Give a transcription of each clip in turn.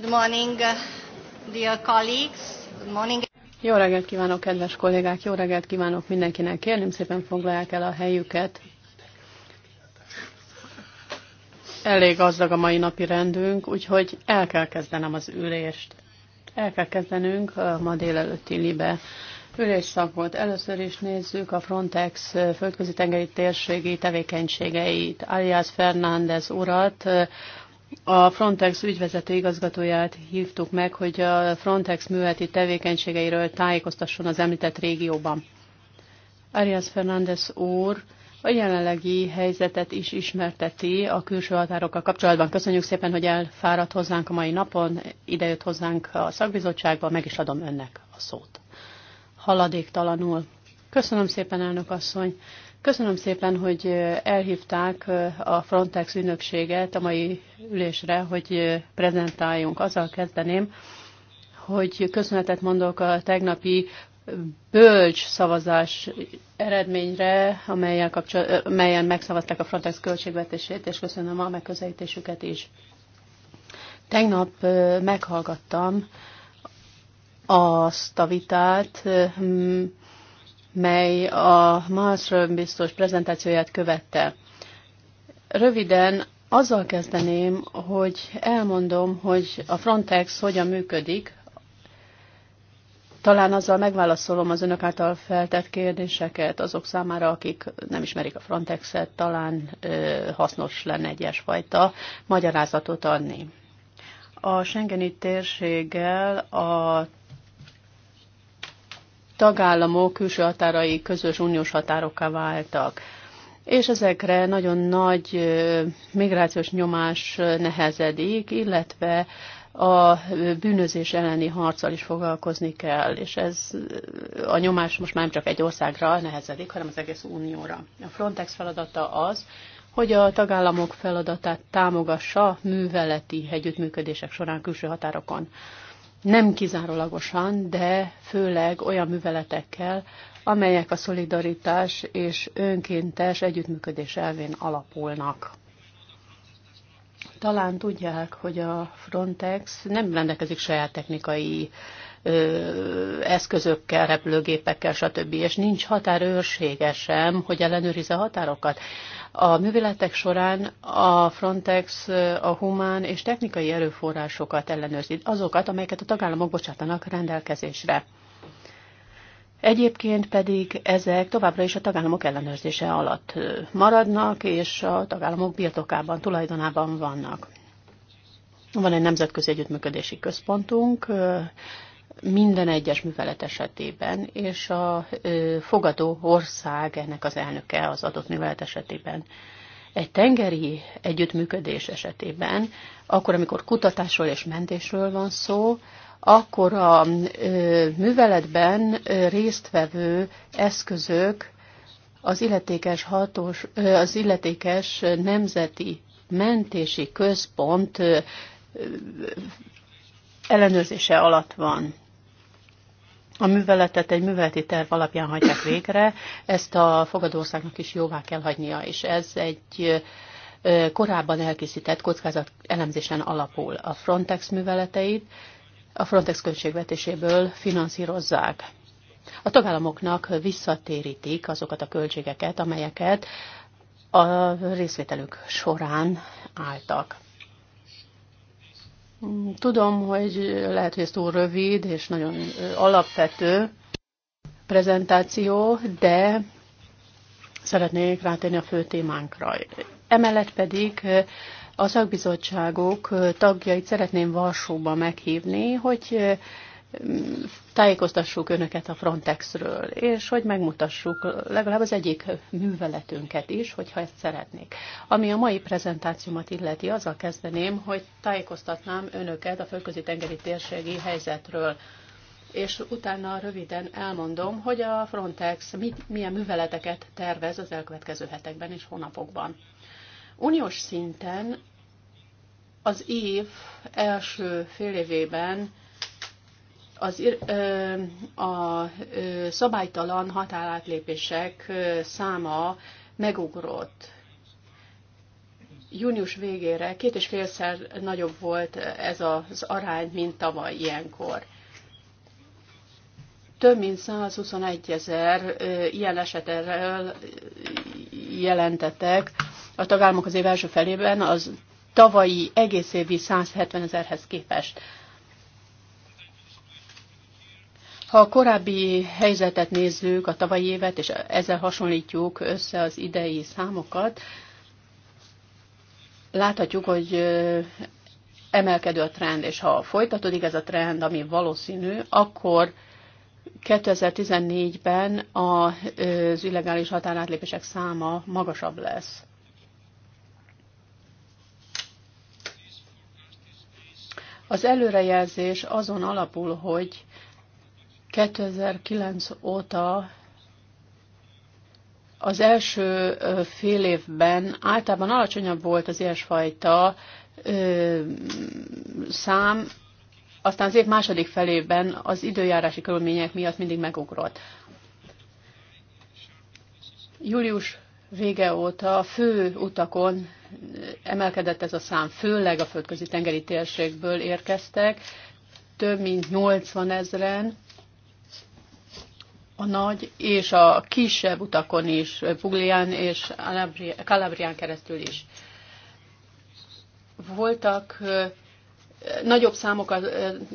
Good morning, dear colleagues. Good morning. Jó reggelt kívánok, kedves kollégák! Jó reggelt kívánok mindenkinek! Kérném szépen foglalják el a helyüket. Elég gazdag a mai napi rendünk, úgyhogy el kell kezdenem az ülést. El kell kezdenünk a ma délelőtti libe ülésszakot. Először is nézzük a Frontex földközi tengeri térségi tevékenységeit. Alias Fernández urat a Frontex ügyvezető igazgatóját hívtuk meg, hogy a Frontex műveleti tevékenységeiről tájékoztasson az említett régióban. Arias Fernández úr a jelenlegi helyzetet is ismerteti a külső határokkal kapcsolatban. Köszönjük szépen, hogy elfáradt hozzánk a mai napon, idejött hozzánk a szakbizottságba, meg is adom önnek a szót. Haladéktalanul. Köszönöm szépen, elnök asszony. Köszönöm szépen, hogy elhívták a Frontex ügynökséget a mai ülésre, hogy prezentáljunk. Azzal kezdeném, hogy köszönetet mondok a tegnapi bölcs szavazás eredményre, amelyen, amelyen megszavazták a Frontex költségvetését, és köszönöm a megközelítésüket is. Tegnap meghallgattam azt a vitát, mely a Malmström biztos prezentációját követte. Röviden azzal kezdeném, hogy elmondom, hogy a Frontex hogyan működik. Talán azzal megválaszolom az önök által feltett kérdéseket azok számára, akik nem ismerik a Frontexet, talán ö, hasznos lenne egyesfajta magyarázatot adni. A Schengeni térséggel a tagállamok külső határai közös uniós határokká váltak. És ezekre nagyon nagy migrációs nyomás nehezedik, illetve a bűnözés elleni harccal is foglalkozni kell, és ez a nyomás most már nem csak egy országra nehezedik, hanem az egész unióra. A Frontex feladata az, hogy a tagállamok feladatát támogassa műveleti együttműködések során külső határokon nem kizárólagosan, de főleg olyan műveletekkel, amelyek a szolidaritás és önkéntes együttműködés elvén alapulnak. Talán tudják, hogy a Frontex nem rendelkezik saját technikai eszközökkel, repülőgépekkel, stb. És nincs határőrsége sem, hogy ellenőrizze a határokat. A műveletek során a Frontex a humán és technikai erőforrásokat ellenőrzi, azokat, amelyeket a tagállamok bocsátanak rendelkezésre. Egyébként pedig ezek továbbra is a tagállamok ellenőrzése alatt maradnak, és a tagállamok birtokában, tulajdonában vannak. Van egy nemzetközi együttműködési központunk, minden egyes művelet esetében, és a fogadó ország ennek az elnöke az adott művelet esetében. Egy tengeri együttműködés esetében, akkor, amikor kutatásról és mentésről van szó, akkor a műveletben résztvevő eszközök az illetékes, hatós, az illetékes nemzeti mentési központ ellenőrzése alatt van a műveletet egy műveleti terv alapján hagyják végre, ezt a fogadóországnak is jóvá kell hagynia, és ez egy korábban elkészített kockázat elemzésen alapul a Frontex műveleteit, a Frontex költségvetéséből finanszírozzák. A tagállamoknak visszatérítik azokat a költségeket, amelyeket a részvételük során álltak. Tudom, hogy lehet, hogy ez túl rövid és nagyon alapvető prezentáció, de szeretnék rátenni a fő témánkra. Emellett pedig a szakbizottságok tagjait szeretném Varsóba meghívni, hogy tájékoztassuk önöket a Frontexről, és hogy megmutassuk legalább az egyik műveletünket is, hogyha ezt szeretnék. Ami a mai prezentációmat illeti, azzal kezdeném, hogy tájékoztatnám önöket a földközi tengeri térségi helyzetről és utána röviden elmondom, hogy a Frontex mit, milyen műveleteket tervez az elkövetkező hetekben és hónapokban. Uniós szinten az év első fél évében az, a szabálytalan határátlépések száma megugrott. Június végére két és félszer nagyobb volt ez az arány, mint tavaly ilyenkor. Több mint 121 ezer ilyen esetről jelentettek a tagállamok az év első felében, az tavalyi egész évi 170 ezerhez képest. Ha a korábbi helyzetet nézzük, a tavalyi évet, és ezzel hasonlítjuk össze az idei számokat, láthatjuk, hogy emelkedő a trend, és ha folytatódik ez a trend, ami valószínű, akkor 2014-ben az illegális határátlépések száma magasabb lesz. Az előrejelzés azon alapul, hogy 2009 óta az első fél évben általában alacsonyabb volt az ilyesfajta ö, szám, aztán az év második felében az időjárási körülmények miatt mindig megugrott. Július vége óta a fő utakon emelkedett ez a szám, főleg a földközi tengeri térségből érkeztek, több mint 80 ezeren, a nagy és a kisebb utakon is, Puglián és Kalabrián keresztül is. Voltak nagyobb számokat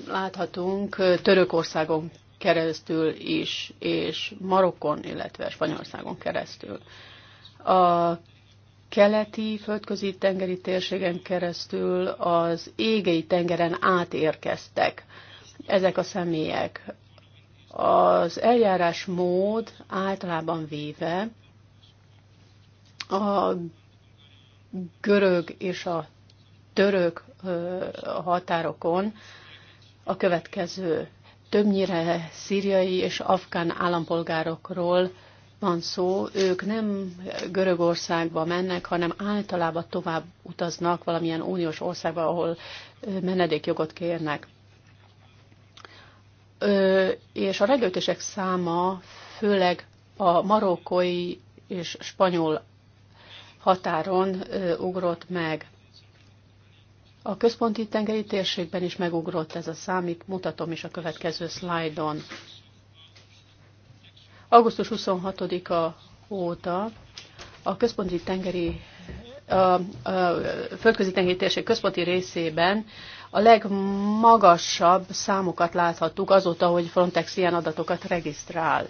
láthatunk Törökországon keresztül is, és Marokkon, illetve Spanyolországon keresztül. A keleti földközi tengeri térségen keresztül az égei tengeren átérkeztek ezek a személyek. Az eljárás mód általában véve a görög és a török határokon a következő. Többnyire szíriai és afgán állampolgárokról van szó, ők nem Görögországba mennek, hanem általában tovább utaznak valamilyen uniós országba, ahol menedékjogot kérnek és a reggelütések száma főleg a marokkói és spanyol határon ugrott meg. A központi tengeri térségben is megugrott ez a szám, itt mutatom is a következő szlájdon. Augusztus 26-a óta a központi tengeri, a, a földközi tengeri térség központi részében a legmagasabb számokat láthattuk azóta, hogy Frontex ilyen adatokat regisztrál.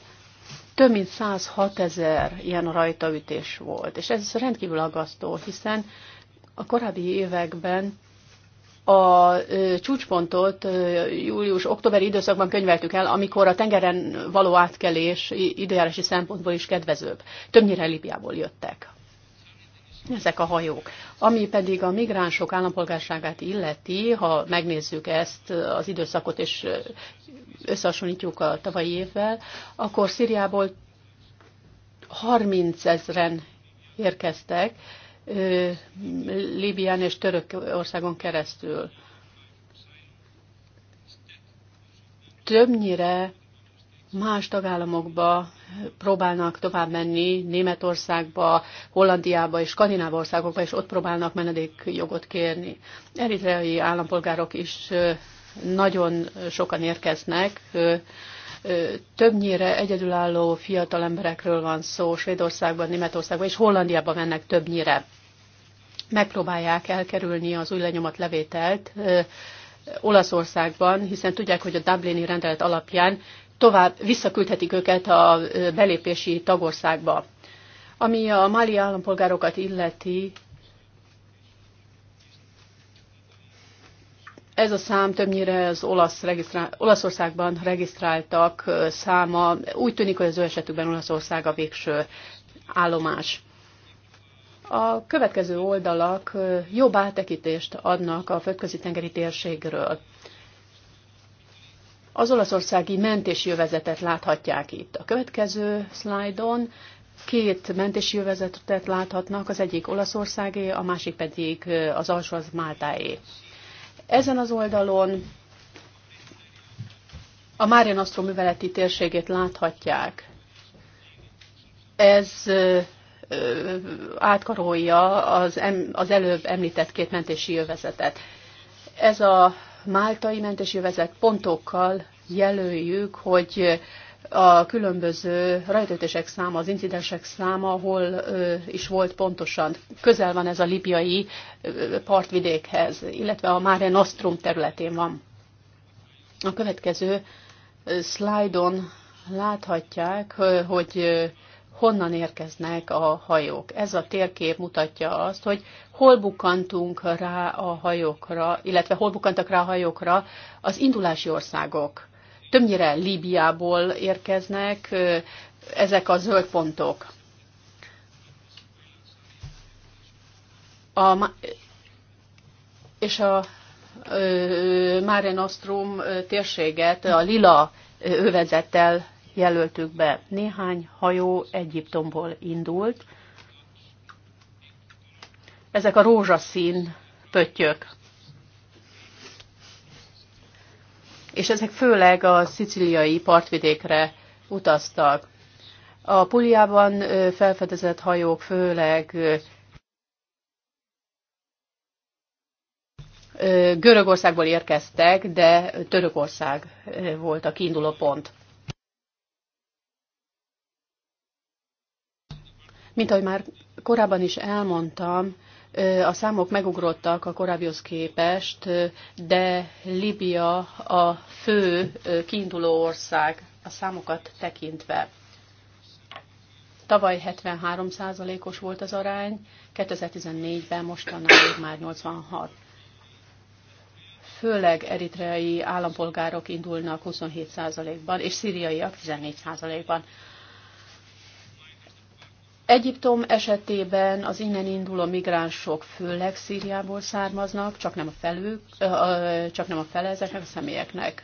Több mint 106 ezer ilyen rajtaütés volt, és ez rendkívül aggasztó, hiszen a korábbi években a csúcspontot július-októberi időszakban könyveltük el, amikor a tengeren való átkelés időjárási szempontból is kedvezőbb. Többnyire Libiából jöttek ezek a hajók. Ami pedig a migránsok állampolgárságát illeti, ha megnézzük ezt az időszakot és összehasonlítjuk a tavalyi évvel, akkor Szíriából 30 ezeren érkeztek Líbián és Törökországon keresztül. Többnyire más tagállamokba próbálnak tovább menni, Németországba, Hollandiába és Skandináv országokba, és ott próbálnak menedékjogot kérni. Eritreai állampolgárok is nagyon sokan érkeznek, többnyire egyedülálló fiatal emberekről van szó, Svédországban, Németországban és Hollandiában mennek többnyire. Megpróbálják elkerülni az új lenyomat levételt Olaszországban, hiszen tudják, hogy a Dublini rendelet alapján tovább visszaküldhetik őket a belépési tagországba. Ami a mali állampolgárokat illeti, ez a szám többnyire az olasz regisztrál, Olaszországban regisztráltak száma. Úgy tűnik, hogy az ő esetükben Olaszország a végső állomás. A következő oldalak jobb áttekintést adnak a földközi tengeri térségről. Az olaszországi mentési jövezetet láthatják itt. A következő szlájdon két mentési jövezetet láthatnak, az egyik Olaszországé, a másik pedig az alsó az Máltáé. Ezen az oldalon a Mária Nostrum műveleti térségét láthatják. Ez átkarolja az, az előbb említett két mentési jövezetet. Ez a máltai jövezet pontokkal jelöljük, hogy a különböző rajtaütések száma, az incidensek száma, hol ö, is volt pontosan. Közel van ez a libiai ö, partvidékhez, illetve a Mare Nostrum területén van. A következő szlájdon láthatják, hogy honnan érkeznek a hajók. Ez a térkép mutatja azt, hogy hol bukantunk rá a hajókra, illetve hol bukantak rá a hajókra az indulási országok. Többnyire Líbiából érkeznek ezek a zöld pontok. A, és a Mare Nostrum térséget a lila övezettel jelöltük be. Néhány hajó Egyiptomból indult. Ezek a rózsaszín pöttyök. És ezek főleg a sziciliai partvidékre utaztak. A Puliában felfedezett hajók főleg Görögországból érkeztek, de Törökország volt a kiinduló pont. Mint ahogy már korábban is elmondtam, a számok megugrottak a korábbihoz képest, de Libia a fő kiinduló ország a számokat tekintve. Tavaly 73%-os volt az arány, 2014-ben mostanáig már 86. Főleg eritreai állampolgárok indulnak 27%-ban, és szíriaiak 14%-ban. Egyiptom esetében az innen induló migránsok főleg Szíriából származnak, csak nem a, felük, csak nem a fele ezeknek a személyeknek.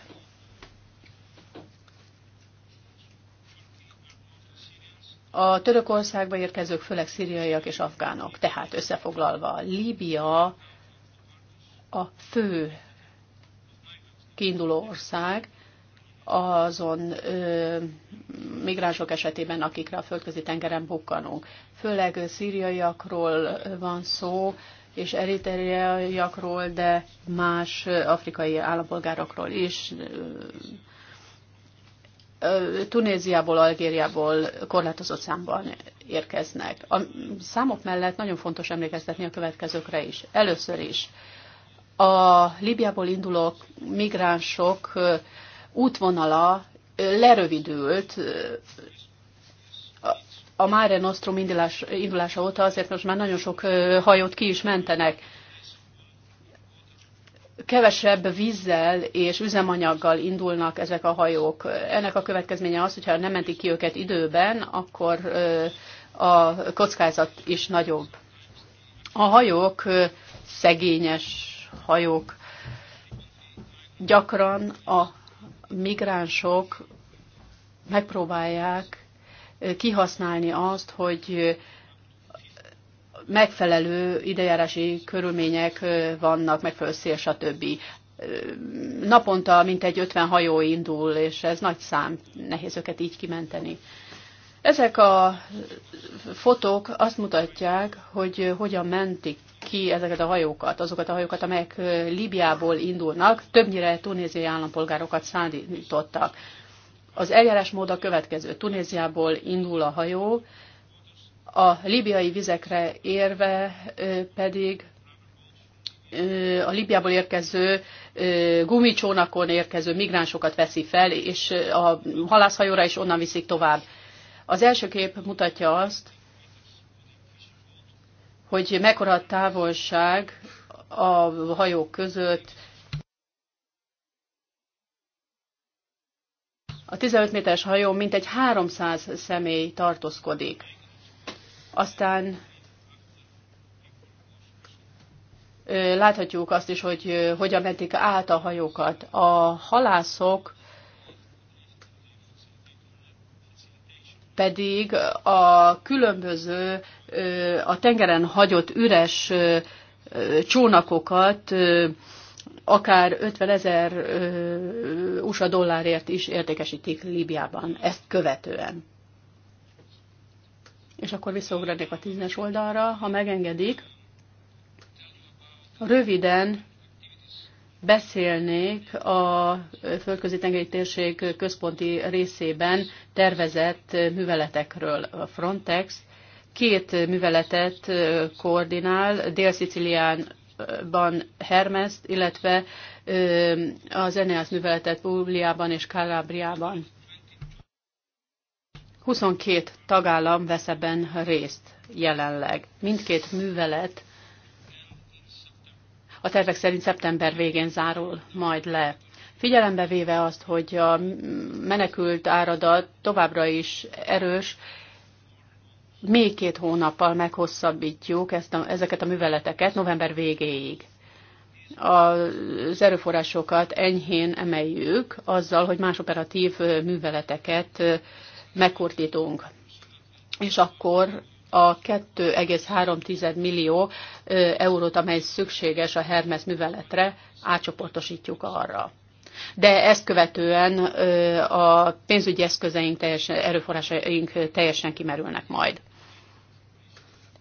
A Törökországba érkezők főleg szíriaiak és afgánok, tehát összefoglalva Líbia a fő kiinduló ország, azon ö, migránsok esetében, akikre a földközi tengeren bukkanunk. Főleg szíriaiakról van szó, és eritreaiakról, de más afrikai állampolgárokról is. Tunéziából, Algériából korlátozott számban érkeznek. A számok mellett nagyon fontos emlékeztetni a következőkre is. Először is a Libiából induló migránsok útvonala lerövidült a Mare Nostrum indulása óta, azért most már nagyon sok hajót ki is mentenek. Kevesebb vízzel és üzemanyaggal indulnak ezek a hajók. Ennek a következménye az, hogyha nem mentik ki őket időben, akkor a kockázat is nagyobb. A hajók szegényes hajók gyakran a migránsok megpróbálják kihasználni azt, hogy megfelelő idejárási körülmények vannak, megfelelő szél, stb. Naponta mintegy 50 hajó indul, és ez nagy szám, nehéz őket így kimenteni. Ezek a fotók azt mutatják, hogy hogyan mentik ki ezeket a hajókat, azokat a hajókat, amelyek Libiából indulnak, többnyire tunéziai állampolgárokat szállítottak. Az eljárásmód a következő. Tunéziából indul a hajó, a libiai vizekre érve pedig a Libiából érkező gumicsónakon érkező migránsokat veszi fel, és a halászhajóra is onnan viszik tovább. Az első kép mutatja azt, hogy mekkora a távolság a hajók között. A 15 méteres hajó mintegy 300 személy tartózkodik. Aztán láthatjuk azt is, hogy hogyan mentik át a hajókat. A halászok pedig a különböző a tengeren hagyott üres csónakokat akár 50 ezer USA dollárért is értékesítik Líbiában, ezt követően. És akkor visszaugranék a tízes oldalra, ha megengedik. Röviden beszélnék a földközi tengeri térség központi részében tervezett műveletekről. A Frontex két műveletet koordinál, Dél-Sziciliánban Hermeszt, illetve az Eneas műveletet Publiában és Kalábriában. 22 tagállam vesz ebben részt jelenleg. Mindkét művelet a tervek szerint szeptember végén zárul majd le. Figyelembe véve azt, hogy a menekült áradat továbbra is erős, még két hónappal meghosszabbítjuk ezt a, ezeket a műveleteket november végéig. Az erőforrásokat enyhén emeljük azzal, hogy más operatív műveleteket megkortítunk. És akkor a 2,3 millió eurót, amely szükséges a Hermes műveletre, átcsoportosítjuk arra. De ezt követően a pénzügyi eszközeink, teljesen, erőforrásaink teljesen kimerülnek majd.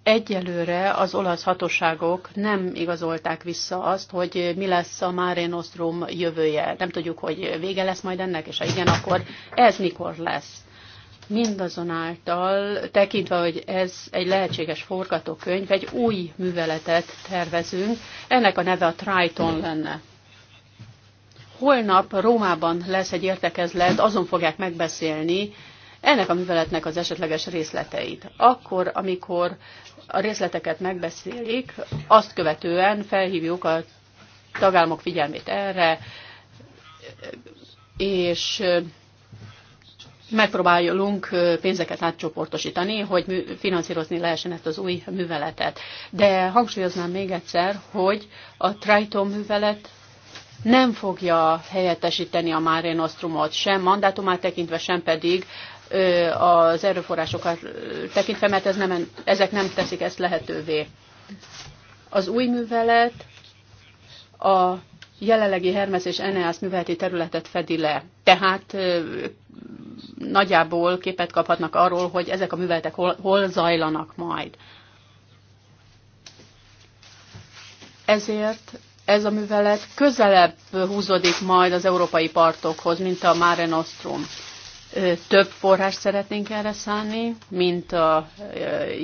Egyelőre az olasz hatóságok nem igazolták vissza azt, hogy mi lesz a Mare Nostrum jövője. Nem tudjuk, hogy vége lesz majd ennek, és ha igen, akkor ez mikor lesz. Mindazonáltal, tekintve, hogy ez egy lehetséges forgatókönyv, egy új műveletet tervezünk, ennek a neve a Triton lenne. Holnap Rómában lesz egy értekezlet, azon fogják megbeszélni ennek a műveletnek az esetleges részleteit. Akkor, amikor a részleteket megbeszélik, azt követően felhívjuk a tagállamok figyelmét erre, és megpróbálunk pénzeket átcsoportosítani, hogy finanszírozni lehessen ezt az új műveletet. De hangsúlyoznám még egyszer, hogy a Triton művelet nem fogja helyettesíteni a Mare Nostrumot, sem mandátumát tekintve, sem pedig az erőforrásokat tekintve, mert ez nem, ezek nem teszik ezt lehetővé. Az új művelet a jelenlegi Hermes és Eneas műveleti területet fedi le. Tehát nagyjából képet kaphatnak arról, hogy ezek a műveletek hol, hol zajlanak majd. Ezért ez a művelet közelebb húzódik majd az európai partokhoz, mint a Mare Nostrum. Több forrást szeretnénk erre szállni, mint a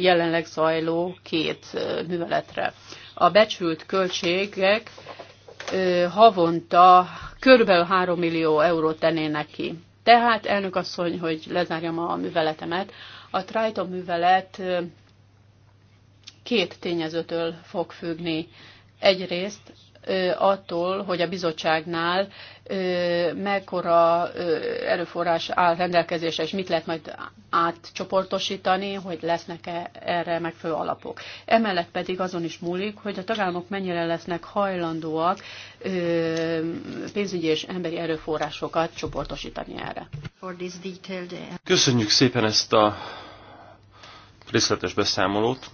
jelenleg zajló két műveletre. A becsült költségek havonta kb. 3 millió eurót tennének ki. Tehát, elnök asszony, hogy lezárjam a műveletemet, a Triton művelet két tényezőtől fog függni. Egyrészt attól, hogy a bizottságnál mekkora erőforrás áll rendelkezésre, és mit lehet majd átcsoportosítani, hogy lesznek-e erre megfelelő alapok. Emellett pedig azon is múlik, hogy a tagállamok mennyire lesznek hajlandóak pénzügyi és emberi erőforrásokat csoportosítani erre. Köszönjük szépen ezt a részletes beszámolót.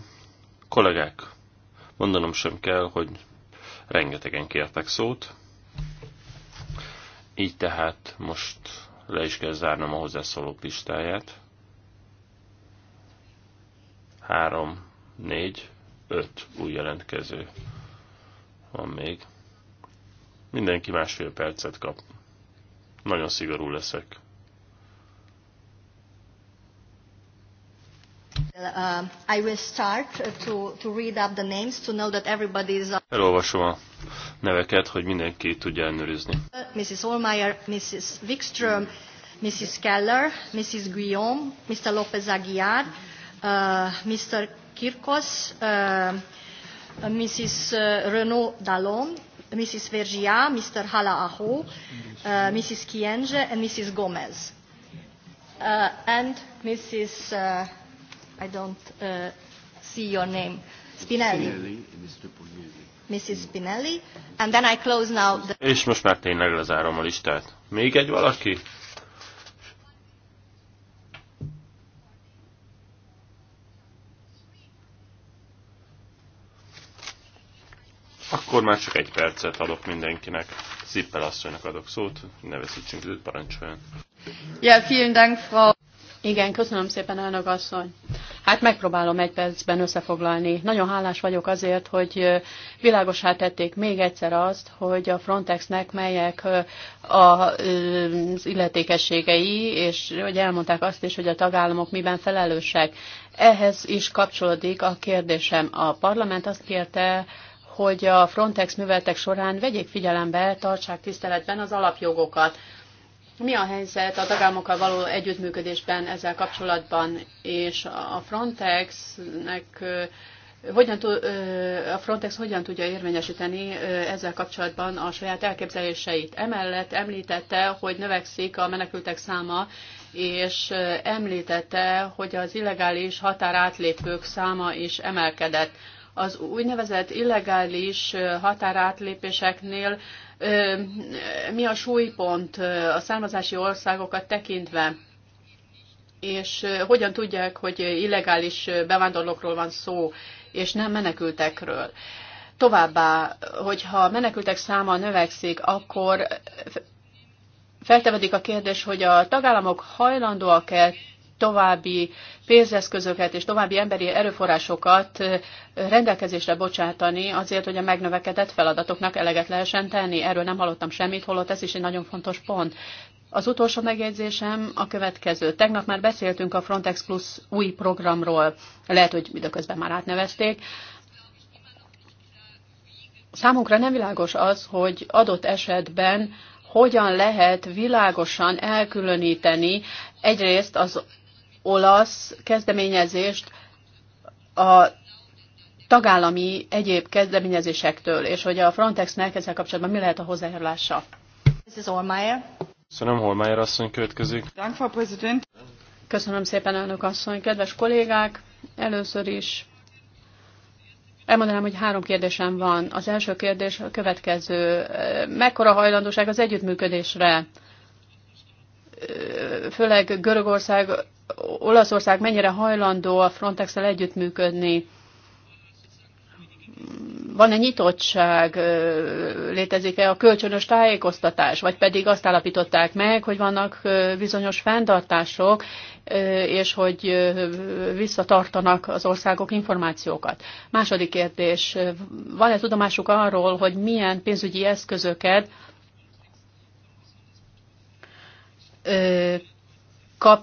Kollégák, mondanom sem kell, hogy rengetegen kértek szót. Így tehát most le is kell zárnom a hozzászólók listáját. 3, 4, 5 új jelentkező van még. Mindenki másfél percet kap. Nagyon szigorú leszek. Uh, I will start uh, to, read the names to know that everybody is... Elolvasom a neveket, hogy mindenki tudja ellenőrizni. Uh, Mrs. Olmeyer, Mrs. Wikström, Mrs. Keller, Mrs. Guillaume, Mr. López Aguiar, uh, Mr. Kirkos, uh, Mrs. Renaud Dallon, Mrs. Vergia, Mr. Hala Aho, uh, Mrs. Kienge, and Mrs. Gomez. Uh, and Mrs. Uh, I don't uh, see your name. Spinelli. Spinelli Mrs. Spinelli. And then I close now the... És most már tényleg lezárom a listát. Még egy valaki? Akkor már csak egy percet adok mindenkinek. Szippel asszonynak adok szót, ne veszítsünk időt, parancsoljon. Ja, vielen Dank, Frau igen, köszönöm szépen, elnök asszony. Hát megpróbálom egy percben összefoglalni. Nagyon hálás vagyok azért, hogy világosá tették még egyszer azt, hogy a Frontexnek melyek az illetékességei, és hogy elmondták azt is, hogy a tagállamok miben felelősek. Ehhez is kapcsolódik a kérdésem. A parlament azt kérte, hogy a Frontex műveletek során vegyék figyelembe, tartsák tiszteletben az alapjogokat. Mi a helyzet a tagállamokkal való együttműködésben ezzel kapcsolatban, és a Frontexnek hogyan a Frontex hogyan tudja érvényesíteni ezzel kapcsolatban a saját elképzeléseit? Emellett említette, hogy növekszik a menekültek száma, és említette, hogy az illegális határátlépők száma is emelkedett az úgynevezett illegális határátlépéseknél mi a súlypont a származási országokat tekintve, és hogyan tudják, hogy illegális bevándorlókról van szó, és nem menekültekről. Továbbá, hogyha menekültek száma növekszik, akkor feltevedik a kérdés, hogy a tagállamok hajlandóak-e további pénzeszközöket és további emberi erőforrásokat rendelkezésre bocsátani azért, hogy a megnövekedett feladatoknak eleget lehessen tenni. Erről nem hallottam semmit, holott ez is egy nagyon fontos pont. Az utolsó megjegyzésem a következő. Tegnap már beszéltünk a Frontex Plus új programról, lehet, hogy időközben már átnevezték. Számunkra nem világos az, hogy adott esetben hogyan lehet világosan elkülöníteni egyrészt az olasz kezdeményezést a tagállami egyéb kezdeményezésektől, és hogy a Frontexnek ezzel kapcsolatban mi lehet a hozzájárulása. Olmeyer. Köszönöm, Holmeyer asszony következik. Köszönöm szépen, önök asszony. Kedves kollégák, először is elmondanám, hogy három kérdésem van. Az első kérdés a következő. Mekkora hajlandóság az együttműködésre? Főleg Görögország Olaszország mennyire hajlandó a Frontex-el együttműködni? Van-e nyitottság, létezik-e a kölcsönös tájékoztatás, vagy pedig azt állapították meg, hogy vannak bizonyos fenntartások, és hogy visszatartanak az országok információkat. Második kérdés, van-e tudomásuk arról, hogy milyen pénzügyi eszközöket kap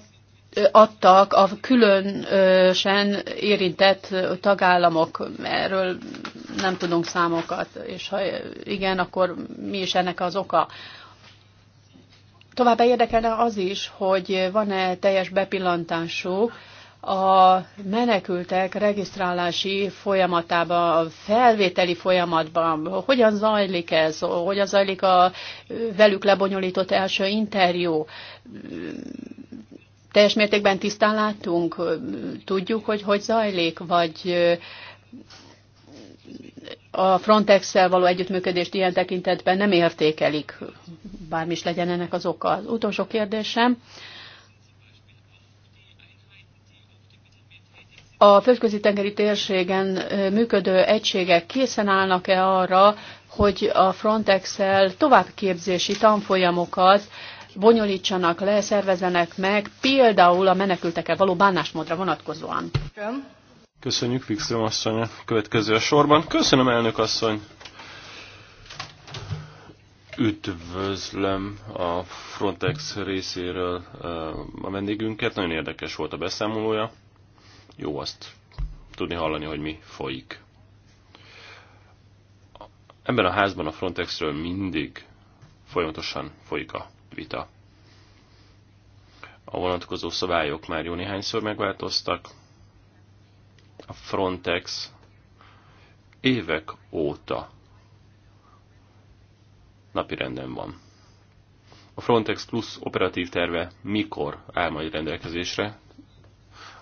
adtak a különösen érintett tagállamok. Erről nem tudunk számokat, és ha igen, akkor mi is ennek az oka. Továbbá érdekelne az is, hogy van-e teljes bepillantásuk a menekültek regisztrálási folyamatában, a felvételi folyamatban, hogyan zajlik ez, hogyan zajlik a velük lebonyolított első interjú, teljes mértékben tisztán látunk, tudjuk, hogy hogy zajlik, vagy a Frontex-szel való együttműködést ilyen tekintetben nem értékelik, bármi is legyen ennek az oka. Az utolsó kérdésem. A földközi tengeri térségen működő egységek készen állnak-e arra, hogy a Frontex-el továbbképzési tanfolyamokat bonyolítsanak le, szervezenek meg, például a menekültekkel való bánásmódra vonatkozóan. Köszönjük, Fixrom asszony, a következő a sorban. Köszönöm, elnök asszony! Üdvözlöm a Frontex részéről eh, a vendégünket, nagyon érdekes volt a beszámolója. Jó azt tudni hallani, hogy mi folyik. Ebben a házban a Frontexről mindig folyamatosan folyik a vita. A vonatkozó szabályok már jó néhányszor megváltoztak. A Frontex évek óta napirenden van. A Frontex Plus operatív terve mikor áll majd rendelkezésre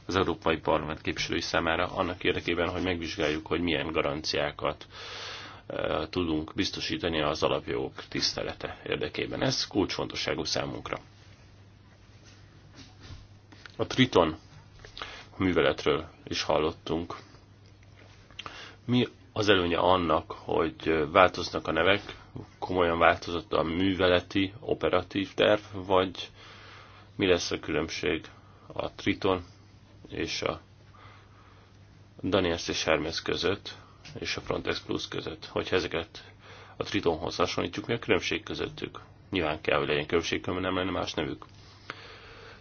az Európai Parlament képviselői számára annak érdekében, hogy megvizsgáljuk, hogy milyen garanciákat tudunk biztosítani az alapjogok tisztelete érdekében. Ez kulcsfontosságú számunkra. A Triton műveletről is hallottunk. Mi az előnye annak, hogy változnak a nevek, komolyan változott a műveleti, operatív terv, vagy mi lesz a különbség a Triton és a Daniels és Hermes között, és a Frontex Plus között. Hogyha ezeket a Tritonhoz hasonlítjuk, mi a különbség közöttük? Nyilván kell, hogy legyen különbség, mert nem lenne más nevük.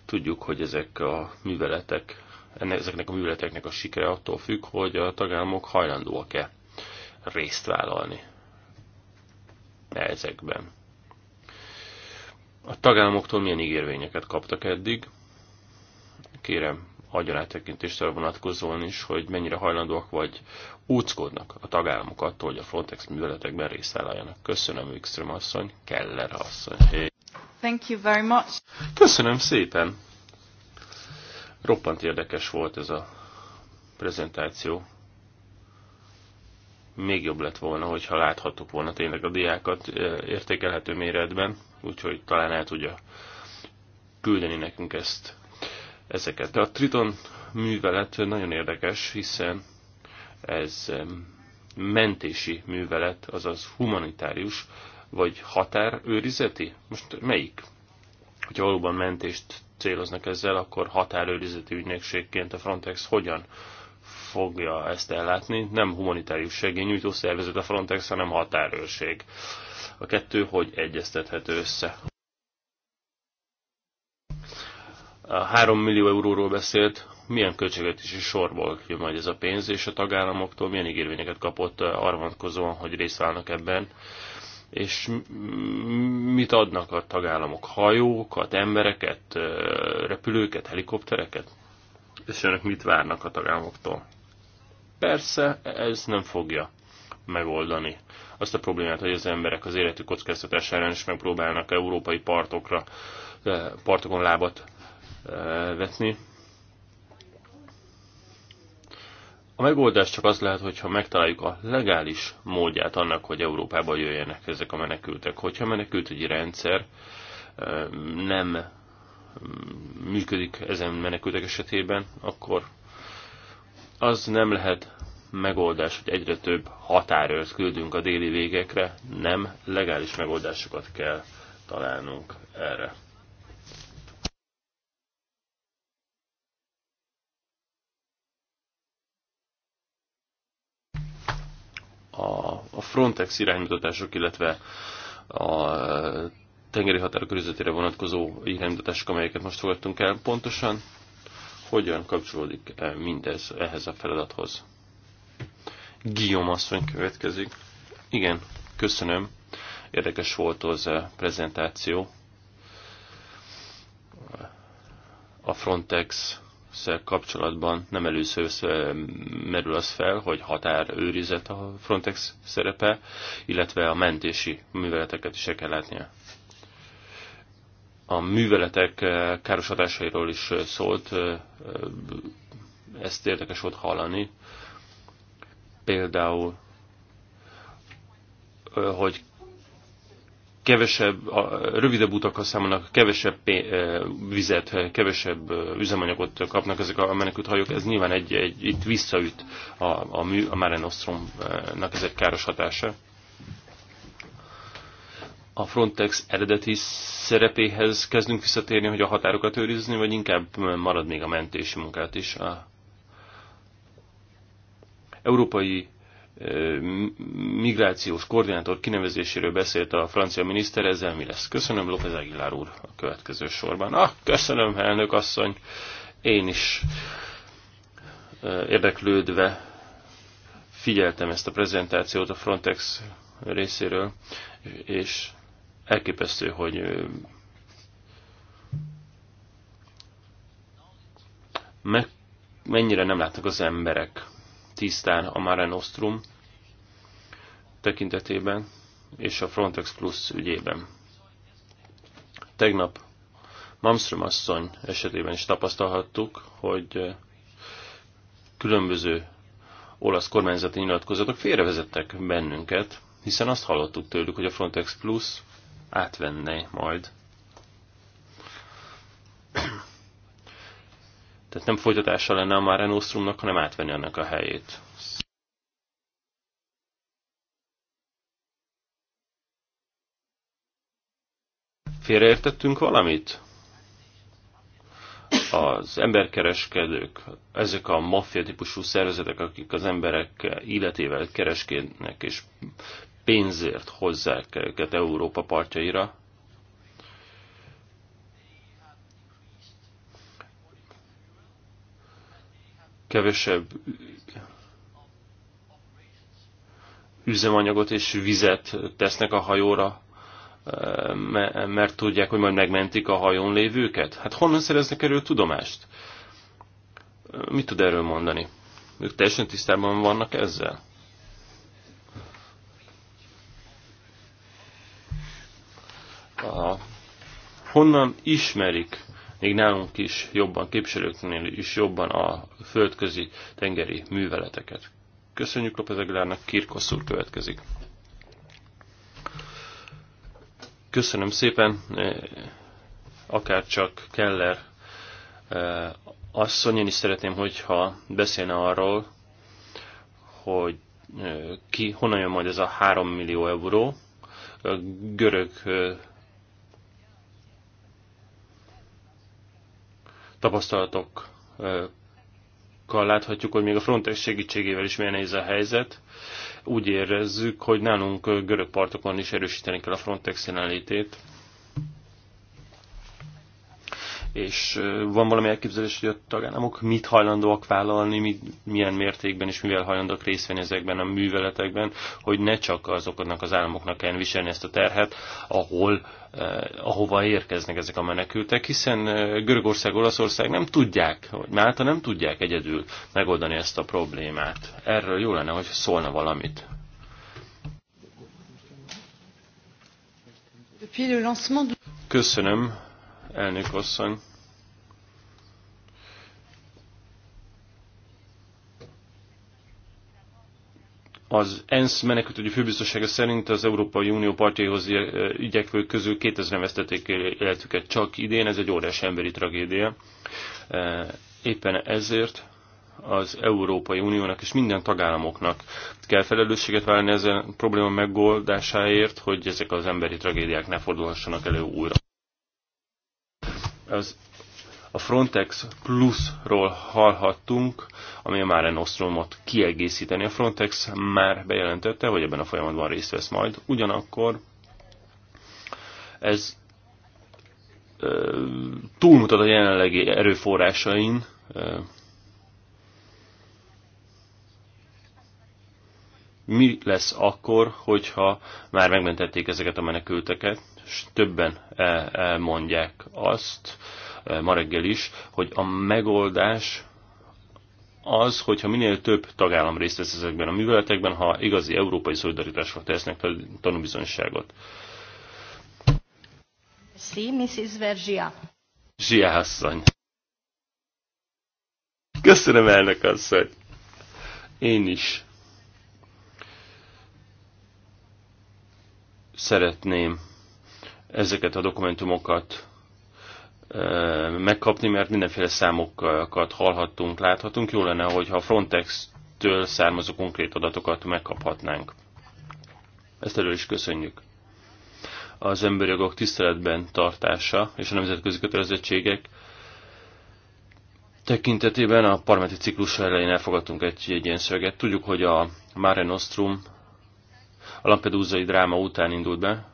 Tudjuk, hogy ezek a műveletek, ennek, ezeknek a műveleteknek a sikere attól függ, hogy a tagállamok hajlandóak-e részt vállalni ezekben. A tagállamoktól milyen ígérvényeket kaptak eddig? Kérem, adjon áttekintést vonatkozóan is, hogy mennyire hajlandóak vagy úckodnak a tagállamok attól, hogy a Frontex műveletekben részt Köszönöm, Wikström asszony, Keller asszony. Thank you very much. Köszönöm szépen. Roppant érdekes volt ez a prezentáció. Még jobb lett volna, hogyha láthattuk volna tényleg a diákat eh, értékelhető méretben, úgyhogy talán el tudja küldeni nekünk ezt ezeket. De a Triton művelet nagyon érdekes, hiszen ez mentési művelet, azaz humanitárius, vagy határőrizeti? Most melyik? Hogyha valóban mentést céloznak ezzel, akkor határőrizeti ügynökségként a Frontex hogyan fogja ezt ellátni? Nem humanitárius segélynyújtó szervezet a Frontex, hanem határőrség. A kettő hogy egyeztethető össze? a 3 millió euróról beszélt, milyen költségvetési sorból jön majd ez a pénz, és a tagállamoktól milyen ígérvényeket kapott eh, arra vonatkozóan, hogy részt válnak ebben, és mit adnak a tagállamok? Hajókat, embereket, eh, repülőket, helikoptereket? És önök mit várnak a tagállamoktól? Persze, ez nem fogja megoldani azt a problémát, hogy az emberek az életük kockáztatására is megpróbálnak európai partokra, eh, partokon lábat Eh, vetni. A megoldás csak az lehet, hogyha megtaláljuk a legális módját annak, hogy Európába jöjjenek ezek a menekültek. Hogyha menekült egy rendszer eh, nem mm, működik ezen menekültek esetében, akkor az nem lehet megoldás, hogy egyre több határőrt küldünk a déli végekre, nem legális megoldásokat kell találnunk erre. a, a Frontex iránymutatások, illetve a tengeri határok körzetére vonatkozó iránymutatások, amelyeket most fogadtunk el, pontosan hogyan kapcsolódik e mindez ehhez a feladathoz? Guillaume asszony következik. Igen, köszönöm. Érdekes volt az a e prezentáció. A Frontex kapcsolatban nem először merül az fel, hogy határőrizet a Frontex szerepe, illetve a mentési műveleteket is el kell látnia. A műveletek káros hatásairól is szólt, ezt érdekes volt hallani. Például, hogy kevesebb, a rövidebb utakkal számolnak, kevesebb vizet, kevesebb üzemanyagot kapnak ezek a menekült hajók. Ez nyilván egy, egy itt visszaüt a, a, mű, a Mare Nostrumnak ez egy káros hatása. A Frontex eredeti szerepéhez kezdünk visszatérni, hogy a határokat őrizni, vagy inkább marad még a mentési munkát is. A európai migrációs koordinátor kinevezéséről beszélt a francia miniszter, ezzel mi lesz? Köszönöm, López Aguilar úr a következő sorban. Ah, köszönöm, elnök asszony, én is érdeklődve figyeltem ezt a prezentációt a Frontex részéről, és elképesztő, hogy meg, mennyire nem látnak az emberek tisztán a Mare Nostrum tekintetében és a Frontex Plus ügyében. Tegnap Mamström asszony esetében is tapasztalhattuk, hogy eh, különböző olasz kormányzati nyilatkozatok félrevezettek bennünket, hiszen azt hallottuk tőlük, hogy a Frontex Plus átvenne majd. Tehát nem folytatása lenne a Mare Nostrumnak, hanem átvenni annak a helyét. Félreértettünk valamit? Az emberkereskedők, ezek a maffia típusú szervezetek, akik az emberek életével kereskednek és pénzért hozzák őket Európa partjaira, kevesebb üzemanyagot és vizet tesznek a hajóra, mert tudják, hogy majd megmentik a hajón lévőket? Hát honnan szereznek erről tudomást? Mit tud erről mondani? Ők teljesen tisztában vannak ezzel? honnan ismerik még nálunk is jobban, képviselőknél is jobban a földközi tengeri műveleteket? Köszönjük a Pezeglárnak, Kirkosz úr következik. Köszönöm szépen, e, akár csak Keller e, asszony, én is szeretném, hogyha beszélne arról, hogy e, ki, honnan jön majd ez a 3 millió euró, görög tapasztalatokkal láthatjuk, hogy még a Frontex segítségével is milyen nehéz a helyzet. Úgy érezzük, hogy nálunk görög partokon is erősíteni kell a Frontex jelenlétét, és van valami elképzelés, hogy a tagállamok mit hajlandóak vállalni, mit, milyen mértékben és mivel hajlandók részt venni ezekben a műveletekben, hogy ne csak azoknak az államoknak kell viselni ezt a terhet, ahol eh, ahova érkeznek ezek a menekültek, hiszen eh, Görögország, Olaszország nem tudják, hogy Málta nem tudják egyedül megoldani ezt a problémát. Erről jó lenne, hogy szólna valamit. Köszönöm elnök asszony. Az ENSZ menekültügyi főbiztossága szerint az Európai Unió partjaihoz igyekvők közül 2000-en vesztették életüket csak idén, ez egy óriási emberi tragédia. Éppen ezért az Európai Uniónak és minden tagállamoknak kell felelősséget válni ezen probléma megoldásáért, hogy ezek az emberi tragédiák ne fordulhassanak elő újra az a Frontex Plus-ról hallhattunk, ami a Mare Nostromot kiegészíteni. A Frontex már bejelentette, hogy ebben a folyamatban részt vesz majd. Ugyanakkor ez ö, túlmutat a jelenlegi erőforrásain, ö, mi lesz akkor, hogyha már megmentették ezeket a menekülteket, és többen e, mondják azt e, ma reggel is, hogy a megoldás az, hogyha minél több tagállam részt vesz ezekben a műveletekben, ha igazi európai szolidaritásra tesznek tanúbizonyságot. Sí, Mrs. Verzsia. Zsia asszony. Köszönöm elnök asszony. Én is szeretném ezeket a dokumentumokat megkapni, mert mindenféle számokat hallhattunk, láthatunk. Jó lenne, hogyha a Frontex-től származó konkrét adatokat megkaphatnánk. Ezt erről is köszönjük. Az emberi jogok tiszteletben tartása és a nemzetközi kötelezettségek tekintetében a parlamenti ciklus elején elfogadtunk egy, egy ilyen szöveget. Tudjuk, hogy a Mare Nostrum a Lampedusa-i dráma után indult be,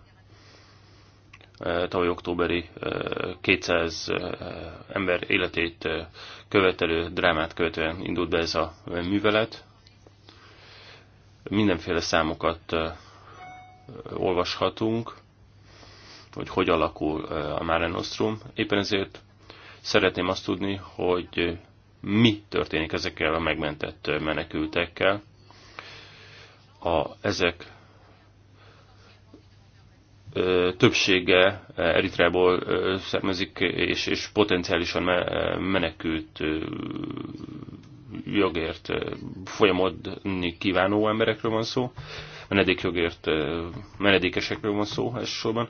Eh, tavaly októberi 200 eh, eh, ember életét követelő drámát követően indult be ez a művelet. Mindenféle számokat olvashatunk, hogy hogy alakul a Mare Nostrum. Éppen ezért szeretném azt tudni, hogy mi történik ezekkel a megmentett menekültekkel. A, ezek többsége Eritreából származik, és, és potenciálisan menekült jogért folyamodni kívánó emberekről van szó, menedékjogért, menedékesekről van szó elsősorban.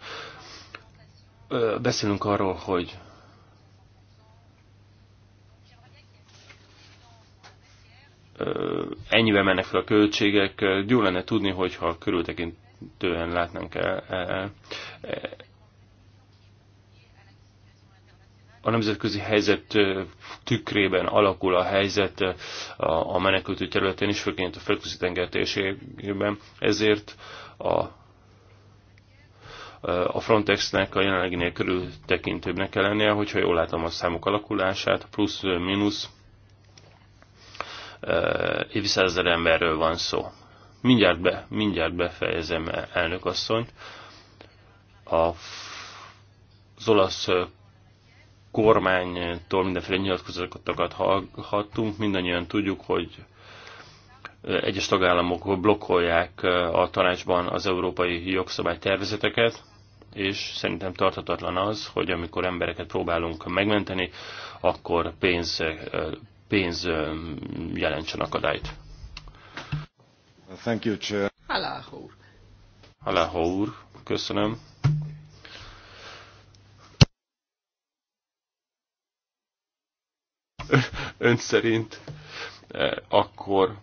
Beszélünk arról, hogy ennyivel mennek fel a költségek. Jó lenne tudni, hogyha körültekint tőlen látnánk el. E, e, e. A nemzetközi helyzet tükrében alakul a helyzet a menekültő területén is, főként a földközi tenger térségében. Ezért a a Frontexnek a jelenleginél körültekintőbbnek kell lennie, hogyha jól látom a számok alakulását, plusz-minusz százezer emberről van szó. Mindjárt, be, mindjárt befejezem, elnök asszonyt. A, az olasz kormánytól mindenféle nyilatkozatokat hallhattunk. Mindannyian tudjuk, hogy egyes tagállamok blokkolják a tanácsban az európai jogszabálytervezeteket, és szerintem tarthatatlan az, hogy amikor embereket próbálunk megmenteni, akkor pénz, pénz jelentsen akadályt. Thank you, Chair. úr. úr, köszönöm. Ön szerint eh, akkor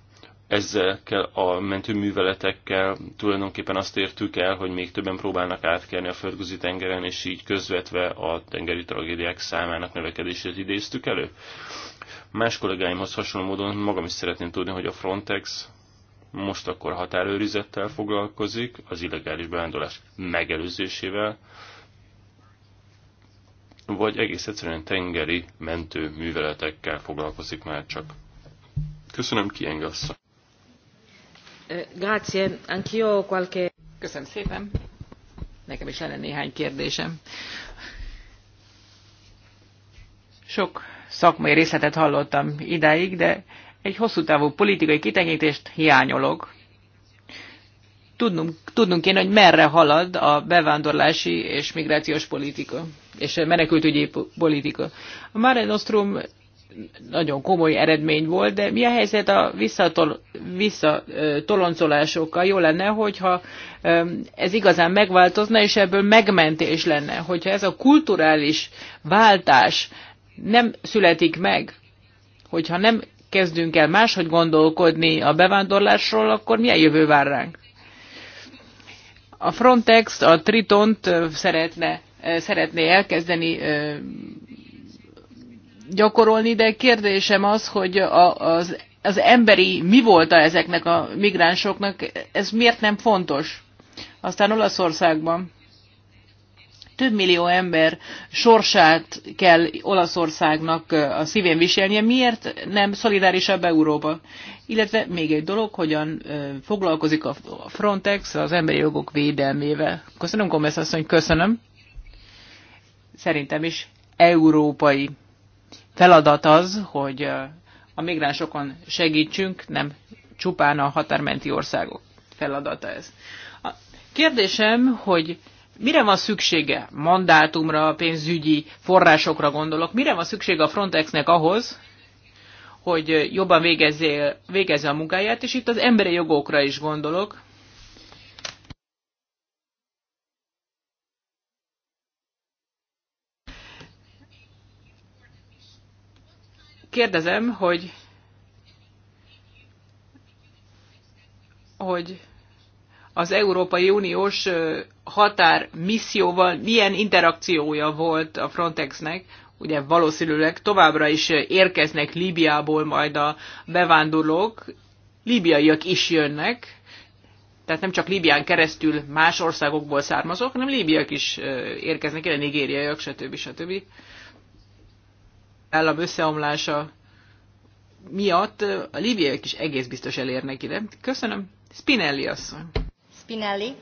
ezekkel a mentőműveletekkel tulajdonképpen azt értük el, hogy még többen próbálnak átkelni a földközi tengeren, és így közvetve a tengeri tragédiák számának növekedését idéztük elő. Más kollégáimhoz hasonló módon magam is szeretném tudni, hogy a Frontex most akkor határőrizettel foglalkozik, az illegális bevándorlás megelőzésével, vagy egész egyszerűen tengeri mentő műveletekkel foglalkozik már csak. Köszönöm, kiengassza. Eh, grazie, anch'io qualche... Köszönöm szépen. Nekem is lenne néhány kérdésem. Sok szakmai részletet hallottam idáig, de egy hosszú távú politikai kitekintést hiányolok. Tudnunk, tudnunk kéne, hogy merre halad a bevándorlási és migrációs politika, és menekültügyi politika. A Mare Nostrum nagyon komoly eredmény volt, de mi a helyzet a visszatol, visszatoloncolásokkal? Jó lenne, hogyha ez igazán megváltozna, és ebből megmentés lenne. Hogyha ez a kulturális váltás nem születik meg, hogyha nem kezdünk el máshogy gondolkodni a bevándorlásról, akkor milyen jövő vár ránk? A Frontex a Tritont szeretne, szeretné elkezdeni gyakorolni, de kérdésem az, hogy a, az, az emberi mi volt -a ezeknek a migránsoknak, ez miért nem fontos? Aztán Olaszországban több millió ember sorsát kell Olaszországnak a szívén viselnie. Miért nem szolidárisabb Európa? Illetve még egy dolog, hogyan foglalkozik a Frontex az emberi jogok védelmével. Köszönöm, Gomez asszony, köszönöm. Szerintem is európai feladat az, hogy a migránsokon segítsünk, nem csupán a határmenti országok feladata ez. A kérdésem, hogy mire van szüksége? Mandátumra, pénzügyi forrásokra gondolok. Mire van szüksége a Frontexnek ahhoz, hogy jobban végezze, végezze a munkáját, és itt az emberi jogokra is gondolok. Kérdezem, hogy hogy az Európai Uniós határ misszióval milyen interakciója volt a Frontexnek, ugye valószínűleg továbbra is érkeznek Líbiából majd a bevándorlók, líbiaiak is jönnek, tehát nem csak Líbián keresztül más országokból származók, hanem líbiak is érkeznek, ilyen nigériaiak, stb. stb. Állam összeomlása miatt a líbiaiak is egész biztos elérnek ide. Köszönöm. Spinelli asszony. Spinelli.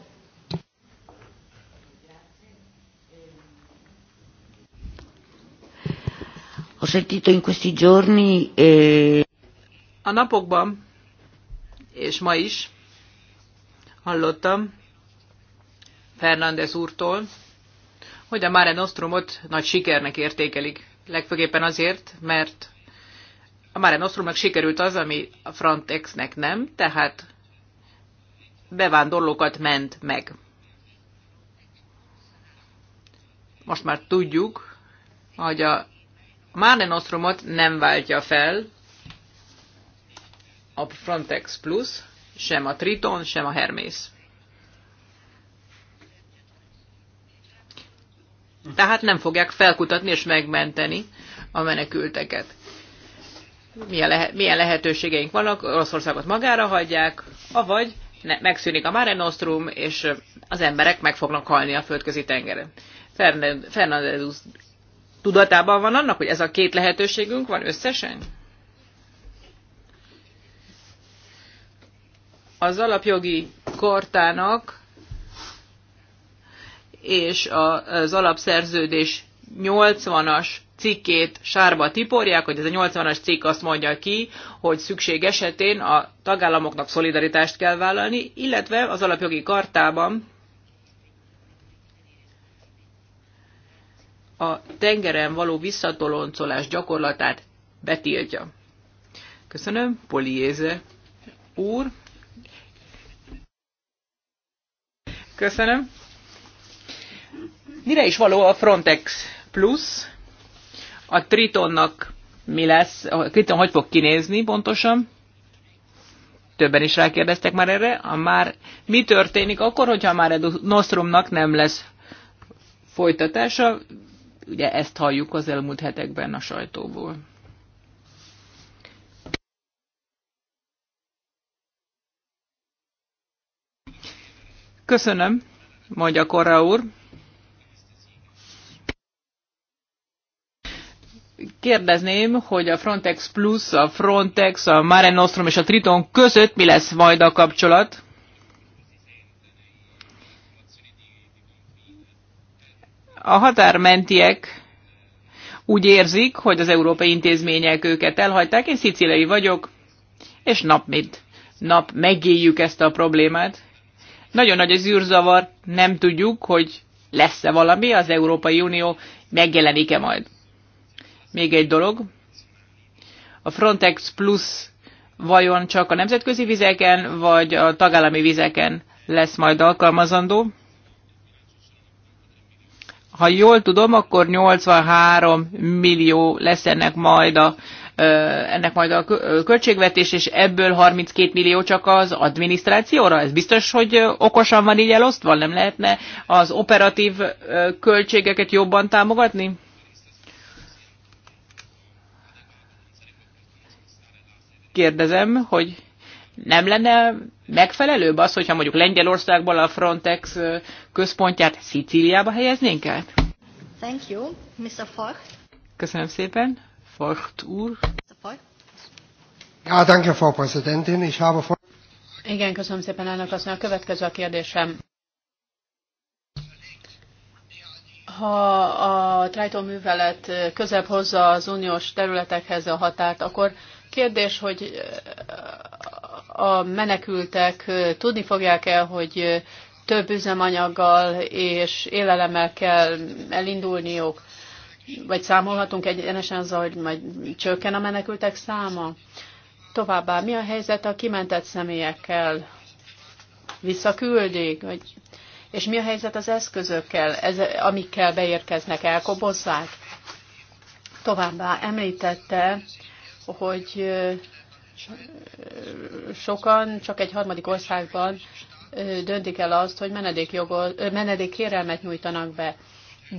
Ho sentito in questi giorni e... A napokban, és ma is hallottam Fernández úrtól, hogy a Mare Nostrumot nagy sikernek értékelik. Legfőképpen azért, mert a Mare Nostrumnak sikerült az, ami a Frontexnek nem, tehát bevándorlókat ment meg. Most már tudjuk, hogy a Mare Nostrumot nem váltja fel a Frontex Plus, sem a Triton, sem a Hermész. Tehát nem fogják felkutatni és megmenteni a menekülteket. Milyen, lehe- milyen lehetőségeink vannak, Oroszországot magára hagyják, avagy megszűnik a Mare Nostrum, és az emberek meg fognak halni a földközi tengeren. Fernandez tudatában van annak, hogy ez a két lehetőségünk van összesen? Az alapjogi kortának és az alapszerződés 80-as cikkét sárba tiporják, hogy ez a 80-as cikk azt mondja ki, hogy szükség esetén a tagállamoknak szolidaritást kell vállalni, illetve az alapjogi kartában a tengeren való visszatoloncolás gyakorlatát betiltja. Köszönöm, Poliéze úr. Köszönöm. Mire is való a Frontex plusz. A Tritonnak mi lesz? A Triton hogy fog kinézni pontosan? Többen is rákérdeztek már erre. A már mi történik akkor, hogyha már a Nostrumnak nem lesz folytatása? Ugye ezt halljuk az elmúlt hetekben a sajtóból. Köszönöm, mondja Korra úr. kérdezném, hogy a Frontex Plus, a Frontex, a Mare Nostrum és a Triton között mi lesz majd a kapcsolat? A határmentiek úgy érzik, hogy az európai intézmények őket elhagyták. Én szicilei vagyok, és nap mint nap megéljük ezt a problémát. Nagyon nagy az űrzavar, nem tudjuk, hogy lesz-e valami, az Európai Unió megjelenik-e majd. Még egy dolog, a Frontex Plus vajon csak a nemzetközi vizeken, vagy a tagállami vizeken lesz majd alkalmazandó? Ha jól tudom, akkor 83 millió lesz ennek majd a, ennek majd a költségvetés, és ebből 32 millió csak az adminisztrációra. Ez biztos, hogy okosan van így elosztva? Nem lehetne az operatív költségeket jobban támogatni? kérdezem, hogy nem lenne megfelelőbb az, hogyha mondjuk Lengyelországból a Frontex központját Szicíliába helyeznénk el? Thank you, Mr. Fort. Köszönöm szépen. Fort úr. Ja, danke, Frau Präsidentin. Ich habe vor... Igen, köszönöm szépen, elnök asszony. A következő a kérdésem. Ha a Triton művelet közebb hozza az uniós területekhez a határt, akkor Kérdés, hogy a menekültek tudni fogják-e, hogy több üzemanyaggal és élelemmel kell elindulniuk? Vagy számolhatunk egyenesen azzal, hogy majd csökken a menekültek száma? Továbbá, mi a helyzet a kimentett személyekkel? Visszaküldik? Vagy... És mi a helyzet az eszközökkel, ez, amikkel beérkeznek, elkobozzák? Továbbá említette hogy sokan csak egy harmadik országban döntik el azt, hogy menedék kérelmet nyújtanak be.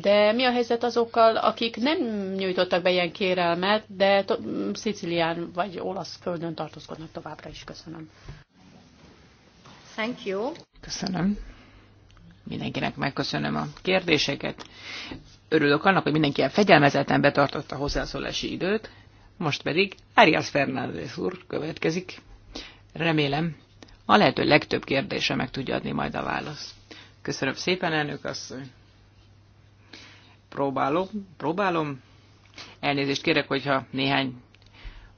De mi a helyzet azokkal, akik nem nyújtottak be ilyen kérelmet, de Szicilián vagy olasz földön tartózkodnak továbbra is? Köszönöm. Thank you. Köszönöm. Mindenkinek megköszönöm a kérdéseket. Örülök annak, hogy mindenki ilyen fegyelmezetten betartotta a hozzászólási időt. Most pedig Arias Fernández úr következik. Remélem, a lehető legtöbb kérdése meg tudja adni majd a választ. Köszönöm szépen, elnök asszony. Próbálom, próbálom. Elnézést kérek, hogyha néhány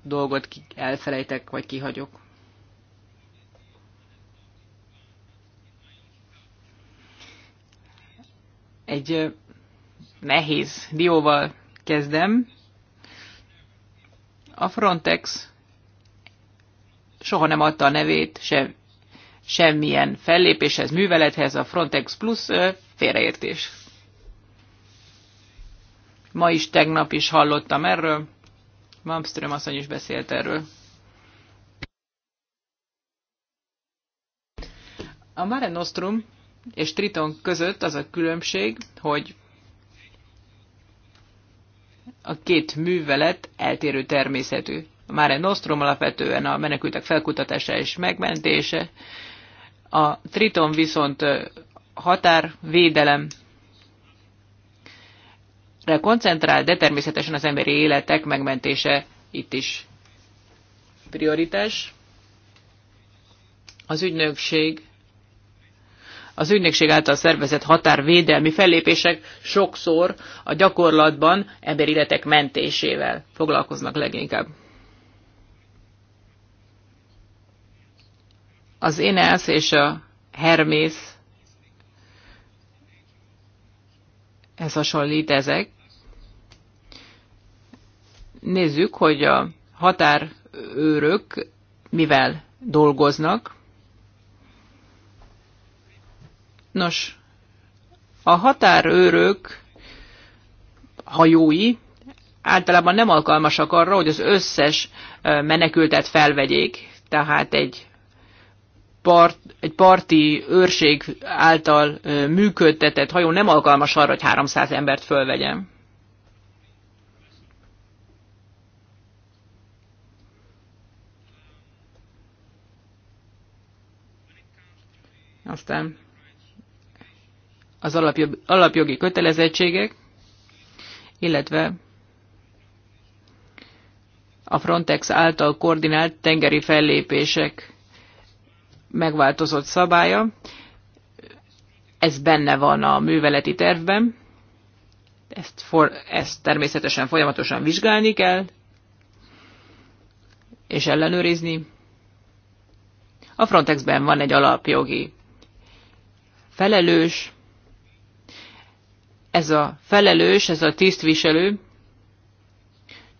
dolgot elfelejtek, vagy kihagyok. Egy nehéz dióval kezdem. A Frontex soha nem adta a nevét se, semmilyen fellépéshez, művelethez, a Frontex Plus félreértés. Ma is, tegnap is hallottam erről, Malmström asszony is beszélt erről. A Mare Nostrum és Triton között az a különbség, hogy a két művelet eltérő természetű. Már egy Nostrom alapvetően a menekültek felkutatása és megmentése, a Triton viszont határvédelem, rekoncentrál, koncentrál, de természetesen az emberi életek megmentése itt is prioritás. Az ügynökség az ügynökség által szervezett határvédelmi fellépések sokszor a gyakorlatban emberéletek mentésével foglalkoznak leginkább. Az Inász és a Hermész ez hasonlít ezek. Nézzük, hogy a határőrök mivel dolgoznak. Nos, a határőrök hajói általában nem alkalmasak arra, hogy az összes menekültet felvegyék, tehát egy, part, egy parti őrség által működtetett hajó nem alkalmas arra, hogy 300 embert fölvegyen. Aztán az alapjogi, alapjogi kötelezettségek, illetve a Frontex által koordinált tengeri fellépések megváltozott szabálya. Ez benne van a műveleti tervben, ezt, for, ezt természetesen folyamatosan vizsgálni kell, és ellenőrizni. A Frontexben van egy alapjogi felelős, ez a felelős, ez a tisztviselő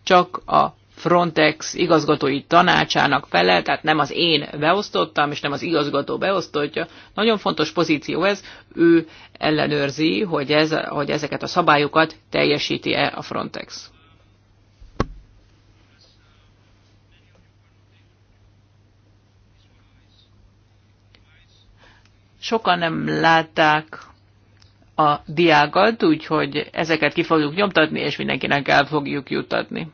csak a Frontex igazgatói tanácsának felel, tehát nem az én beosztottam, és nem az igazgató beosztottja. Nagyon fontos pozíció ez, ő ellenőrzi, hogy, ez, hogy ezeket a szabályokat teljesíti-e a Frontex. Sokan nem látták a diákat, úgyhogy ezeket ki fogjuk nyomtatni, és mindenkinek el fogjuk juttatni.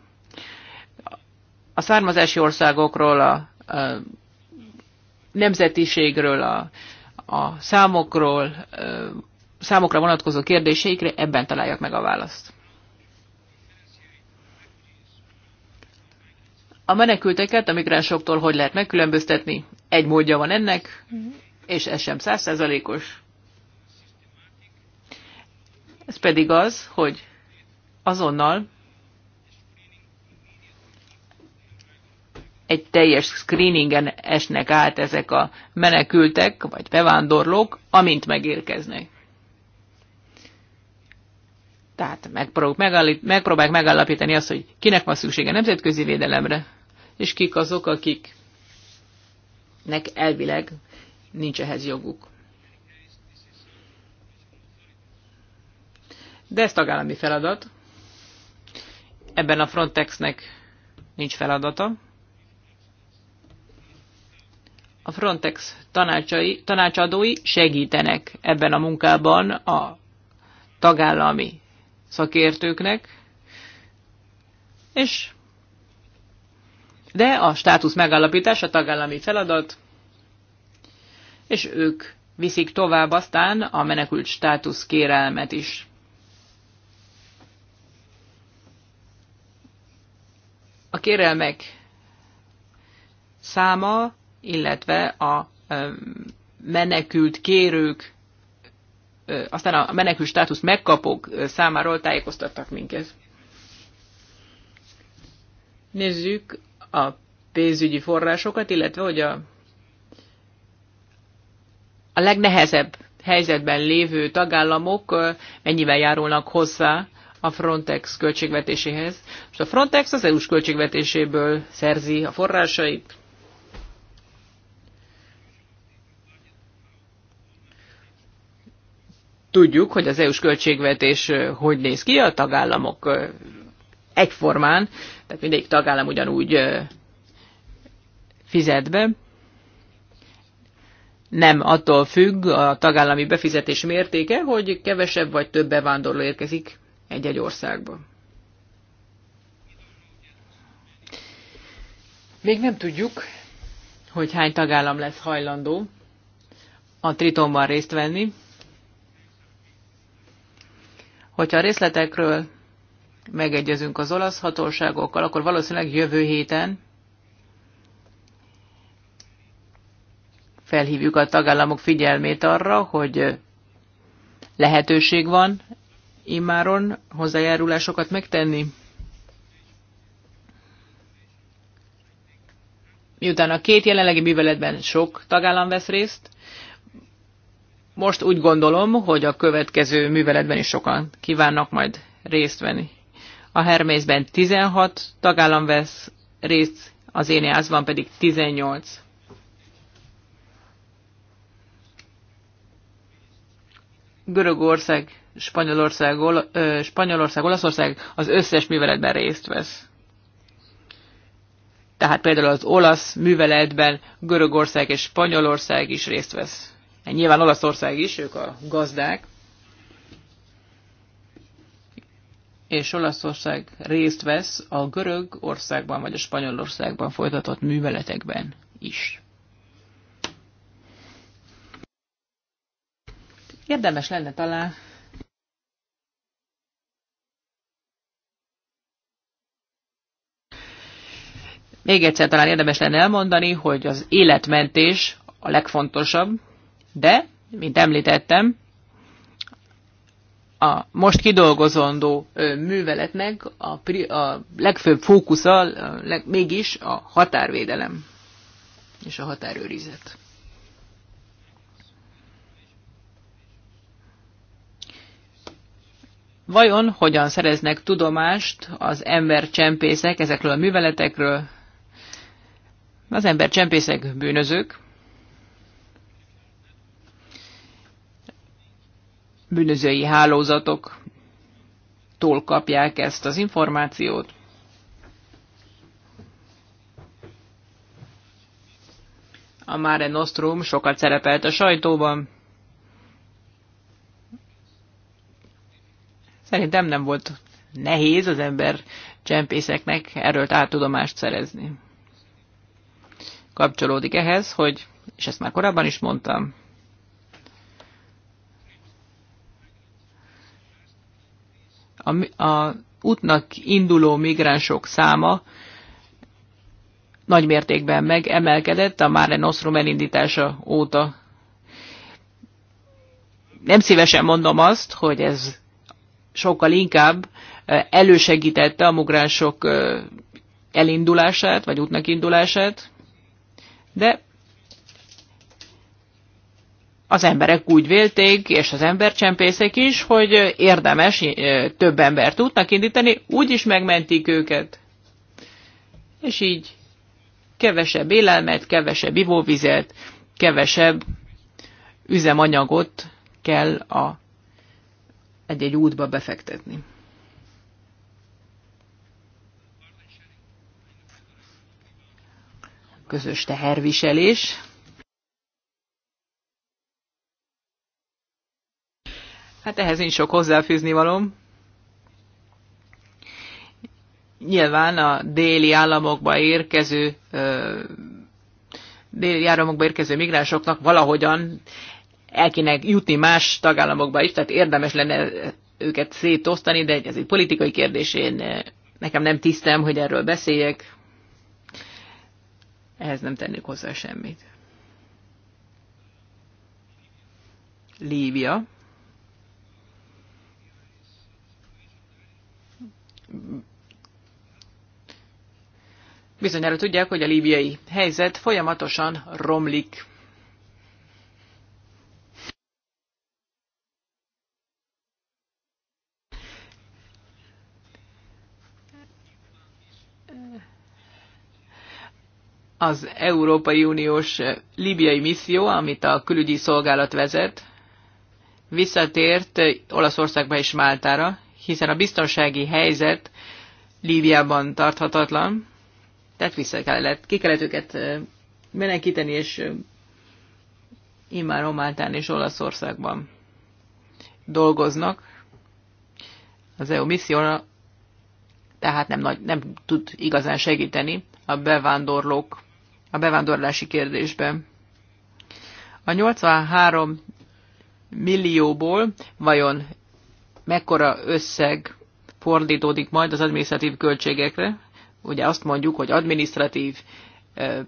A származási országokról, a, a nemzetiségről, a, a számokról, a számokra vonatkozó kérdéseikre ebben találják meg a választ. A menekülteket a migránsoktól hogy lehet megkülönböztetni? Egy módja van ennek, mhm. és ez sem százszázalékos. Ez pedig az, hogy azonnal egy teljes screeningen esnek át ezek a menekültek, vagy bevándorlók, amint megérkeznek. Tehát megpróbálják megpróbál megállapítani azt, hogy kinek van szüksége nemzetközi védelemre, és kik azok, akiknek elvileg nincs ehhez joguk. De ez tagállami feladat. Ebben a Frontexnek nincs feladata. A Frontex tanácsai, tanácsadói segítenek ebben a munkában a tagállami szakértőknek, és de a státusz a tagállami feladat, és ők viszik tovább aztán a menekült státusz kérelmet is. a kérelmek száma, illetve a menekült kérők, aztán a menekült státusz megkapók számáról tájékoztattak minket. Nézzük a pénzügyi forrásokat, illetve hogy a, a legnehezebb helyzetben lévő tagállamok mennyivel járulnak hozzá a Frontex költségvetéséhez. Most a Frontex az EU-s költségvetéséből szerzi a forrásait. Tudjuk, hogy az EU-s költségvetés hogy néz ki, a tagállamok egyformán, tehát mindegyik tagállam ugyanúgy fizet be. Nem attól függ a tagállami befizetés mértéke, hogy kevesebb vagy több bevándorló érkezik egy-egy országba. Még nem tudjuk, hogy hány tagállam lesz hajlandó a Tritonban részt venni. Hogyha a részletekről megegyezünk az olasz hatóságokkal, akkor valószínűleg jövő héten felhívjuk a tagállamok figyelmét arra, hogy lehetőség van immáron hozzájárulásokat megtenni? Miután a két jelenlegi műveletben sok tagállam vesz részt, most úgy gondolom, hogy a következő műveletben is sokan kívánnak majd részt venni. A Hermészben 16 tagállam vesz részt, az Éneászban pedig 18. Görögország Spanyolország, Ola, Spanyolország, Olaszország az összes műveletben részt vesz. Tehát például az olasz műveletben Görögország és Spanyolország is részt vesz. Nyilván Olaszország is, ők a gazdák. És Olaszország részt vesz a görög országban vagy a Spanyolországban folytatott műveletekben is. Érdemes lenne talán Még egyszer talán érdemes lenne elmondani, hogy az életmentés a legfontosabb, de, mint említettem, a most kidolgozandó műveletnek a, pri, a legfőbb fókusza a leg, mégis a határvédelem és a határőrizet. Vajon hogyan szereznek tudomást az embercsempészek ezekről a műveletekről, az ember csempészek, bűnözők. Bűnözői hálózatoktól kapják ezt az információt. A Mare Nostrum sokat szerepelt a sajtóban. Szerintem nem volt nehéz az ember csempészeknek erről át tudomást szerezni kapcsolódik ehhez, hogy, és ezt már korábban is mondtam, a, a útnak induló migránsok száma nagy mértékben megemelkedett a Mare Nostrum elindítása óta. Nem szívesen mondom azt, hogy ez sokkal inkább elősegítette a migránsok elindulását, vagy útnak indulását, de az emberek úgy vélték, és az embercsempészek is, hogy érdemes eh, több embert tudnak indítani, úgy is megmentik őket. És így kevesebb élelmet, kevesebb ivóvizet, kevesebb üzemanyagot kell a egy-egy útba befektetni. közös teherviselés. Hát ehhez nincs sok hozzáfűzni való. Nyilván a déli államokba érkező déli államokba érkező migránsoknak valahogyan el kéne jutni más tagállamokba is, tehát érdemes lenne őket szétosztani, de ez egy politikai kérdés, én nekem nem tisztem, hogy erről beszéljek ehhez nem tennék hozzá semmit. Lívia. Bizonyára tudják, hogy a líbiai helyzet folyamatosan romlik. az Európai Uniós eh, libiai misszió, amit a külügyi szolgálat vezet, visszatért eh, Olaszországba és Máltára, hiszen a biztonsági helyzet Líbiában tarthatatlan, tehát vissza kellett, ki kellett őket eh, menekíteni, és immár Máltán és Olaszországban dolgoznak. Az EU misszióna tehát nem, nagy, nem tud igazán segíteni a bevándorlók a bevándorlási kérdésben. A 83 millióból vajon mekkora összeg fordítódik majd az adminisztratív költségekre? Ugye azt mondjuk, hogy adminisztratív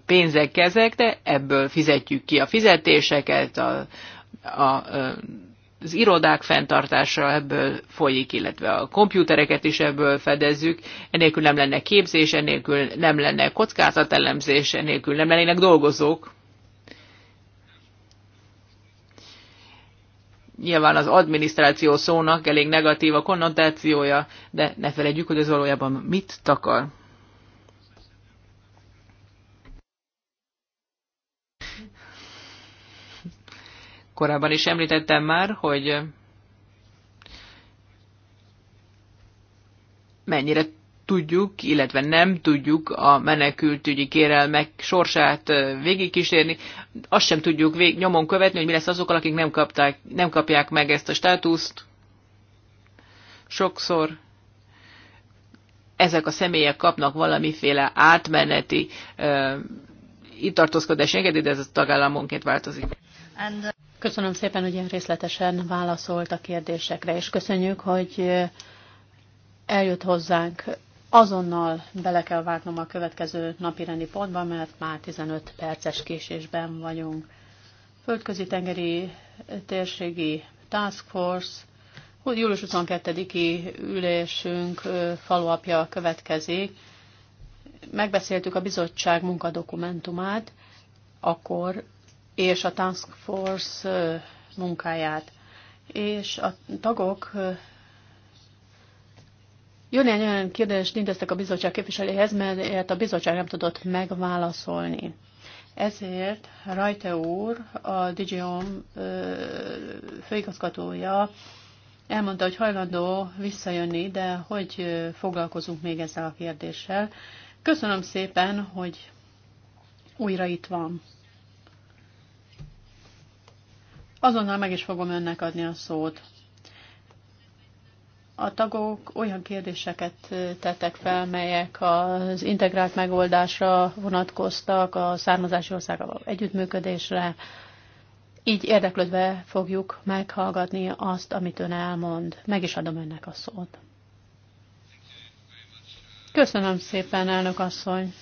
pénzek ezek, de ebből fizetjük ki a fizetéseket, a, a, a az irodák fenntartása ebből folyik, illetve a komputereket is ebből fedezzük, enélkül nem lenne képzés, enélkül nem lenne kockázatelemzés, enélkül nem lennének dolgozók. Nyilván az adminisztráció szónak elég negatív a konnotációja, de ne felejtjük, hogy ez valójában mit takar. Korábban is említettem már, hogy mennyire tudjuk, illetve nem tudjuk a menekültügyi kérelmek sorsát végigkísérni. Azt sem tudjuk vég, nyomon követni, hogy mi lesz azokkal, akik nem, kapták, nem kapják meg ezt a státuszt. Sokszor ezek a személyek kapnak valamiféle átmeneti uh, itt tartózkodási engedélyt, de ez a tagállamonként változik. Uh, Köszönöm szépen, hogy ilyen részletesen válaszolt a kérdésekre, és köszönjük, hogy uh, eljött hozzánk. Azonnal bele kell vágnom a következő napi rendi pontba, mert már 15 perces késésben vagyunk. Földközi tengeri uh, térségi Task Force, július 22-i ülésünk faluapja következik. Megbeszéltük a bizottság munkadokumentumát, akkor és a Task Force munkáját. És a tagok jó néhány olyan kérdést intéztek a bizottság képviselőhez, mert a bizottság nem tudott megválaszolni. Ezért Rajte úr, a DigiOM főigazgatója elmondta, hogy hajlandó visszajönni, de hogy foglalkozunk még ezzel a kérdéssel. Köszönöm szépen, hogy újra itt van. Azonnal meg is fogom önnek adni a szót. A tagok olyan kérdéseket tettek fel, melyek az integrált megoldásra vonatkoztak, a származási országával együttműködésre. Így érdeklődve fogjuk meghallgatni azt, amit ön elmond. Meg is adom önnek a szót. Köszönöm szépen, elnök asszony.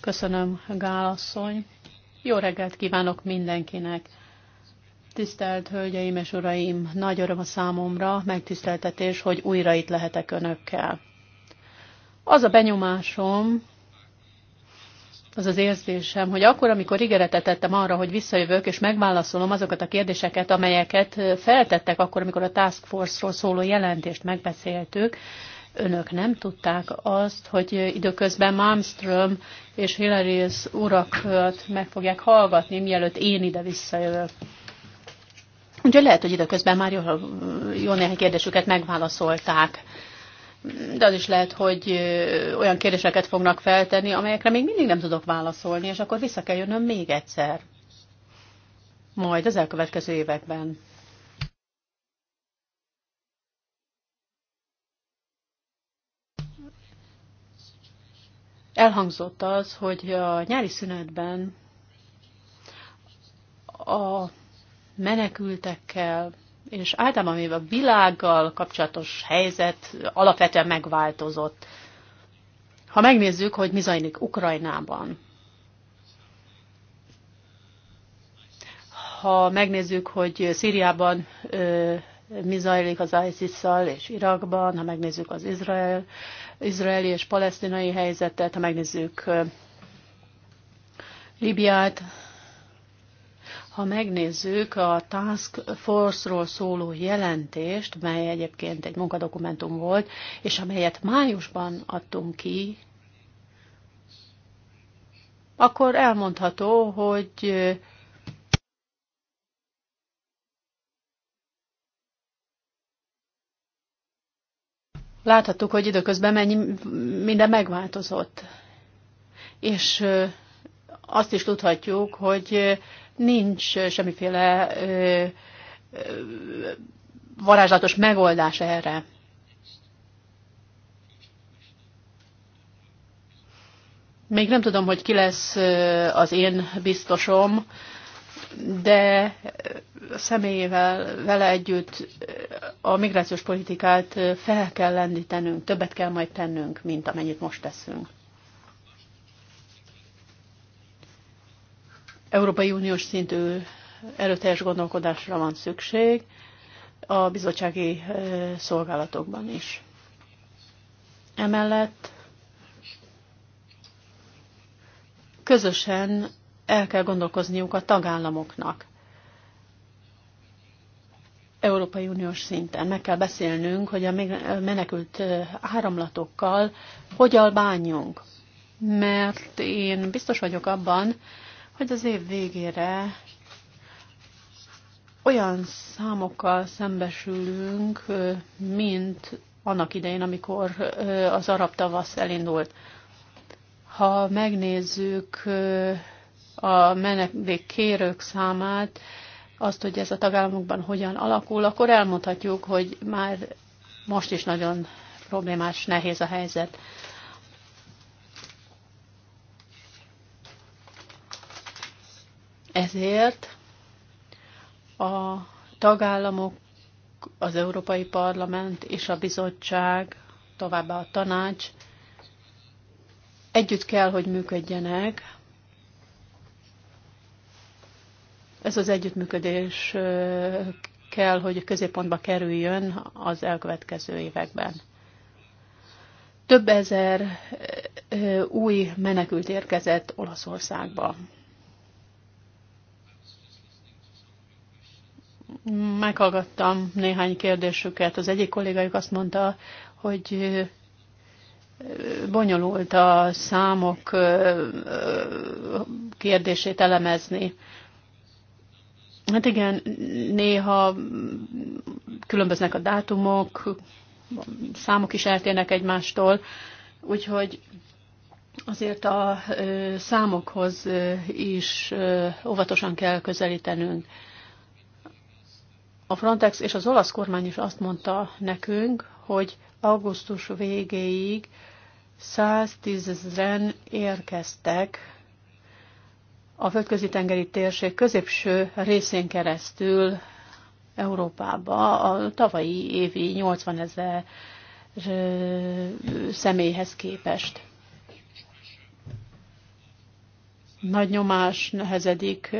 Köszönöm, Gál asszony. Jó reggelt kívánok mindenkinek! Tisztelt Hölgyeim és Uraim, nagy öröm a számomra, megtiszteltetés, hogy újra itt lehetek Önökkel. Az a benyomásom, az az érzésem, hogy akkor, amikor ígéretet tettem arra, hogy visszajövök és megválaszolom azokat a kérdéseket, amelyeket feltettek akkor, amikor a Task Force-ról szóló jelentést megbeszéltük, önök nem tudták azt, hogy időközben Malmström és Hilary's urakat meg fogják hallgatni, mielőtt én ide visszajövök. Úgyhogy lehet, hogy időközben már jó, jó néhány kérdésüket megválaszolták. De az is lehet, hogy olyan kérdéseket fognak feltenni, amelyekre még mindig nem tudok válaszolni, és akkor vissza kell jönnöm még egyszer. Majd az elkövetkező években. elhangzott az, hogy a nyári szünetben a menekültekkel és általában a világgal kapcsolatos helyzet alapvetően megváltozott. Ha megnézzük, hogy mi zajlik Ukrajnában, ha megnézzük, hogy Szíriában mi zajlik az ISIS-szal és Irakban, ha megnézzük az Izrael izraeli és palesztinai helyzetet, ha megnézzük Libiát, ha megnézzük a Task Force-ról szóló jelentést, mely egyébként egy munkadokumentum volt, és amelyet májusban adtunk ki, akkor elmondható, hogy Láthattuk, hogy időközben mennyi minden megváltozott. És azt is tudhatjuk, hogy nincs semmiféle varázslatos megoldás erre. Még nem tudom, hogy ki lesz az én biztosom, de a személyével, vele együtt a migrációs politikát fel kell lendítenünk, többet kell majd tennünk, mint amennyit most teszünk. Európai Uniós szintű erőteljes gondolkodásra van szükség a bizottsági eh, szolgálatokban is. Emellett közösen el kell gondolkozniuk a tagállamoknak. Európai Uniós szinten meg kell beszélnünk, hogy a menekült áramlatokkal hogyan bánjunk. Mert én biztos vagyok abban, hogy az év végére olyan számokkal szembesülünk, mint annak idején, amikor az arab tavasz elindult. Ha megnézzük a menedékkérők kérők számát, azt, hogy ez a tagállamokban hogyan alakul, akkor elmondhatjuk, hogy már most is nagyon problémás, nehéz a helyzet. Ezért a tagállamok, az Európai Parlament és a bizottság, továbbá a tanács együtt kell, hogy működjenek Ez az együttműködés kell, hogy középpontba kerüljön az elkövetkező években. Több ezer új menekült érkezett Olaszországba. Meghallgattam néhány kérdésüket. Az egyik kollégájuk azt mondta, hogy bonyolult a számok kérdését elemezni. Hát igen, néha különböznek a dátumok, a számok is eltérnek egymástól, úgyhogy azért a számokhoz is óvatosan kell közelítenünk. A Frontex és az olasz kormány is azt mondta nekünk, hogy augusztus végéig 110 ezeren érkeztek a földközi tengeri térség középső részén keresztül Európába a tavalyi évi 80 ezer személyhez képest. Nagy nyomás nehezedik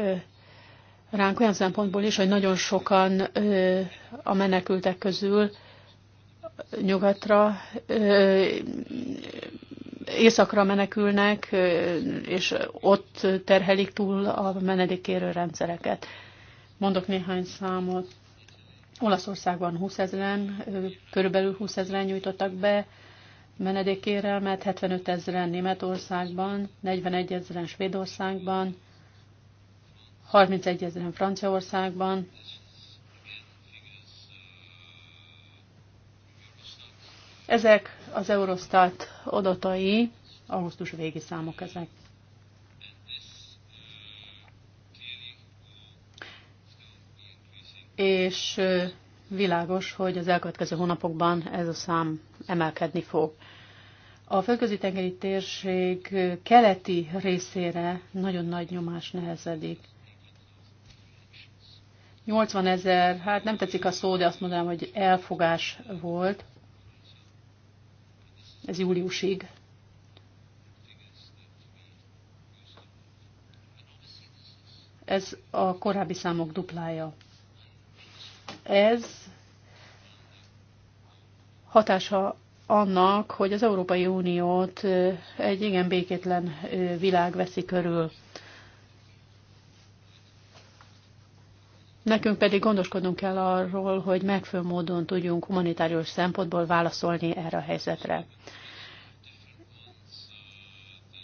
ránk olyan szempontból is, hogy nagyon sokan a menekültek közül nyugatra északra menekülnek, és ott terhelik túl a menedékérő rendszereket. Mondok néhány számot. Olaszországban 20 ezeren, körülbelül 20 ezeren nyújtottak be menedékérelmet, 75 ezeren Németországban, 41 ezeren Svédországban, 31 ezeren Franciaországban, Ezek az Eurostat adatai, augusztus végi számok ezek. És világos, hogy az elkövetkező hónapokban ez a szám emelkedni fog. A földközi tengeri térség keleti részére nagyon nagy nyomás nehezedik. 80 ezer, hát nem tetszik a szó, de azt mondanám, hogy elfogás volt ez júliusig. Ez a korábbi számok duplája. Ez hatása annak, hogy az Európai Uniót egy igen békétlen világ veszi körül. Nekünk pedig gondoskodnunk kell arról, hogy megfelelő módon tudjunk humanitárius szempontból válaszolni erre a helyzetre.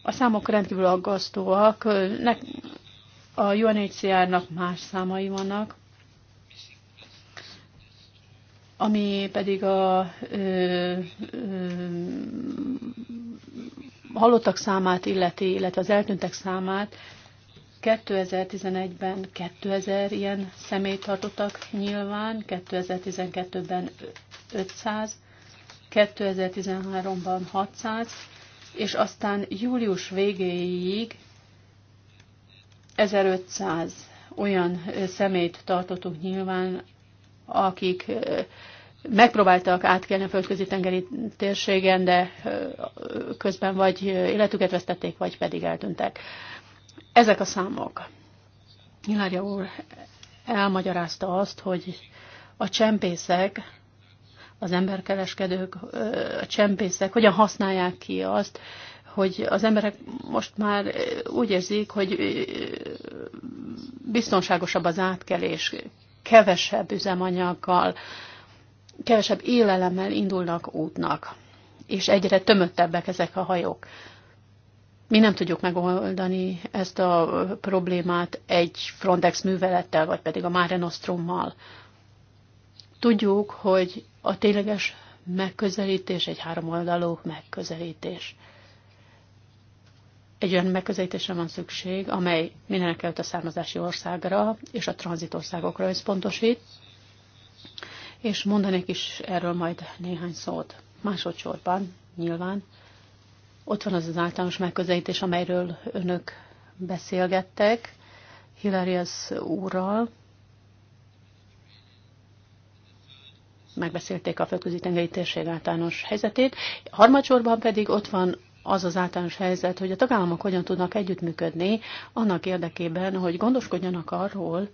A számok rendkívül aggasztóak. A UNHCR-nak más számai vannak, ami pedig a ö, ö, halottak számát illeti, illetve az eltűntek számát, 2011-ben 2000 ilyen személyt tartottak nyilván, 2012-ben 500, 2013-ban 600, és aztán július végéig 1500 olyan személyt tartottuk nyilván, akik megpróbáltak átkelni a földközi tengeri térségen, de közben vagy életüket vesztették, vagy pedig eltűntek. Ezek a számok. Hilária úr elmagyarázta azt, hogy a csempészek, az emberkereskedők, a csempészek hogyan használják ki azt, hogy az emberek most már úgy érzik, hogy biztonságosabb az átkelés, kevesebb üzemanyaggal, kevesebb élelemmel indulnak útnak, és egyre tömöttebbek ezek a hajók. Mi nem tudjuk megoldani ezt a problémát egy Frontex művelettel, vagy pedig a Mare Nostrummal. Tudjuk, hogy a tényleges megközelítés egy háromoldalú megközelítés. Egy olyan megközelítésre van szükség, amely mindenek előtt a származási országra és a tranzitországokra összpontosít, és mondanék is erről majd néhány szót. Másodszorban nyilván ott van az az általános megközelítés, amelyről önök beszélgettek Hilarius úrral. Megbeszélték a földközi tengeri térség általános helyzetét. Harmadsorban pedig ott van az az általános helyzet, hogy a tagállamok hogyan tudnak együttműködni annak érdekében, hogy gondoskodjanak arról,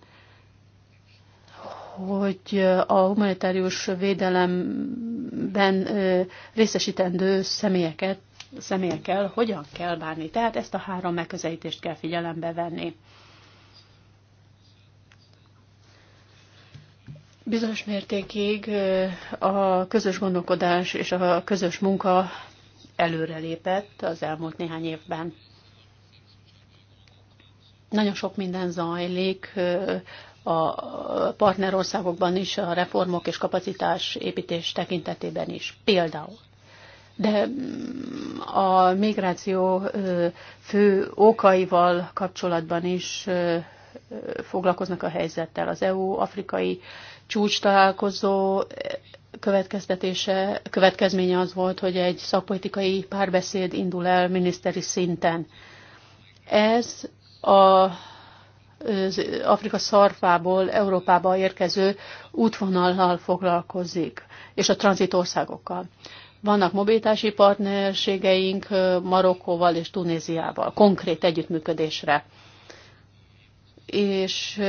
hogy a humanitárius védelemben részesítendő személyeket személyekkel hogyan kell bánni. Tehát ezt a három megközelítést kell figyelembe venni. Bizonyos mértékig a közös gondolkodás és a közös munka előrelépett az elmúlt néhány évben. Nagyon sok minden zajlik a partnerországokban is, a reformok és kapacitás építés tekintetében is. Például de a migráció fő okaival kapcsolatban is foglalkoznak a helyzettel. Az EU-afrikai csúcs találkozó következtetése, következménye az volt, hogy egy szakpolitikai párbeszéd indul el miniszteri szinten. Ez a az Afrika szarvából Európába érkező útvonallal foglalkozik, és a tranzitországokkal. Vannak mobilitási partnerségeink Marokkóval és Tunéziával, konkrét együttműködésre. És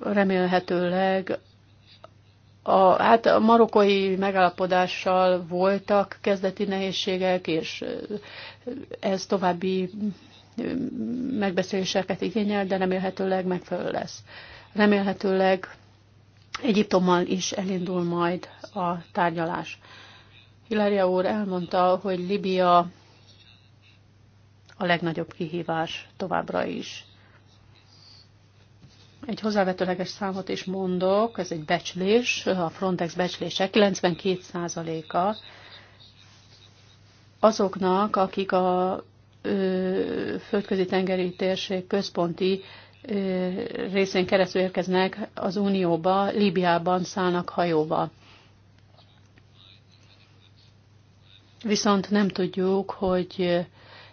remélhetőleg a, hát a marokkói megállapodással voltak kezdeti nehézségek, és ez további megbeszéléseket igényel, de remélhetőleg megfelelő lesz. Remélhetőleg Egyiptommal is elindul majd a tárgyalás. Hilaria úr elmondta, hogy Libia a legnagyobb kihívás továbbra is. Egy hozzávetőleges számot is mondok, ez egy becslés, a Frontex becslése, 92%-a azoknak, akik a földközi tengeri térség központi részén keresztül érkeznek az Unióba, Líbiában szállnak hajóba. Viszont nem tudjuk, hogy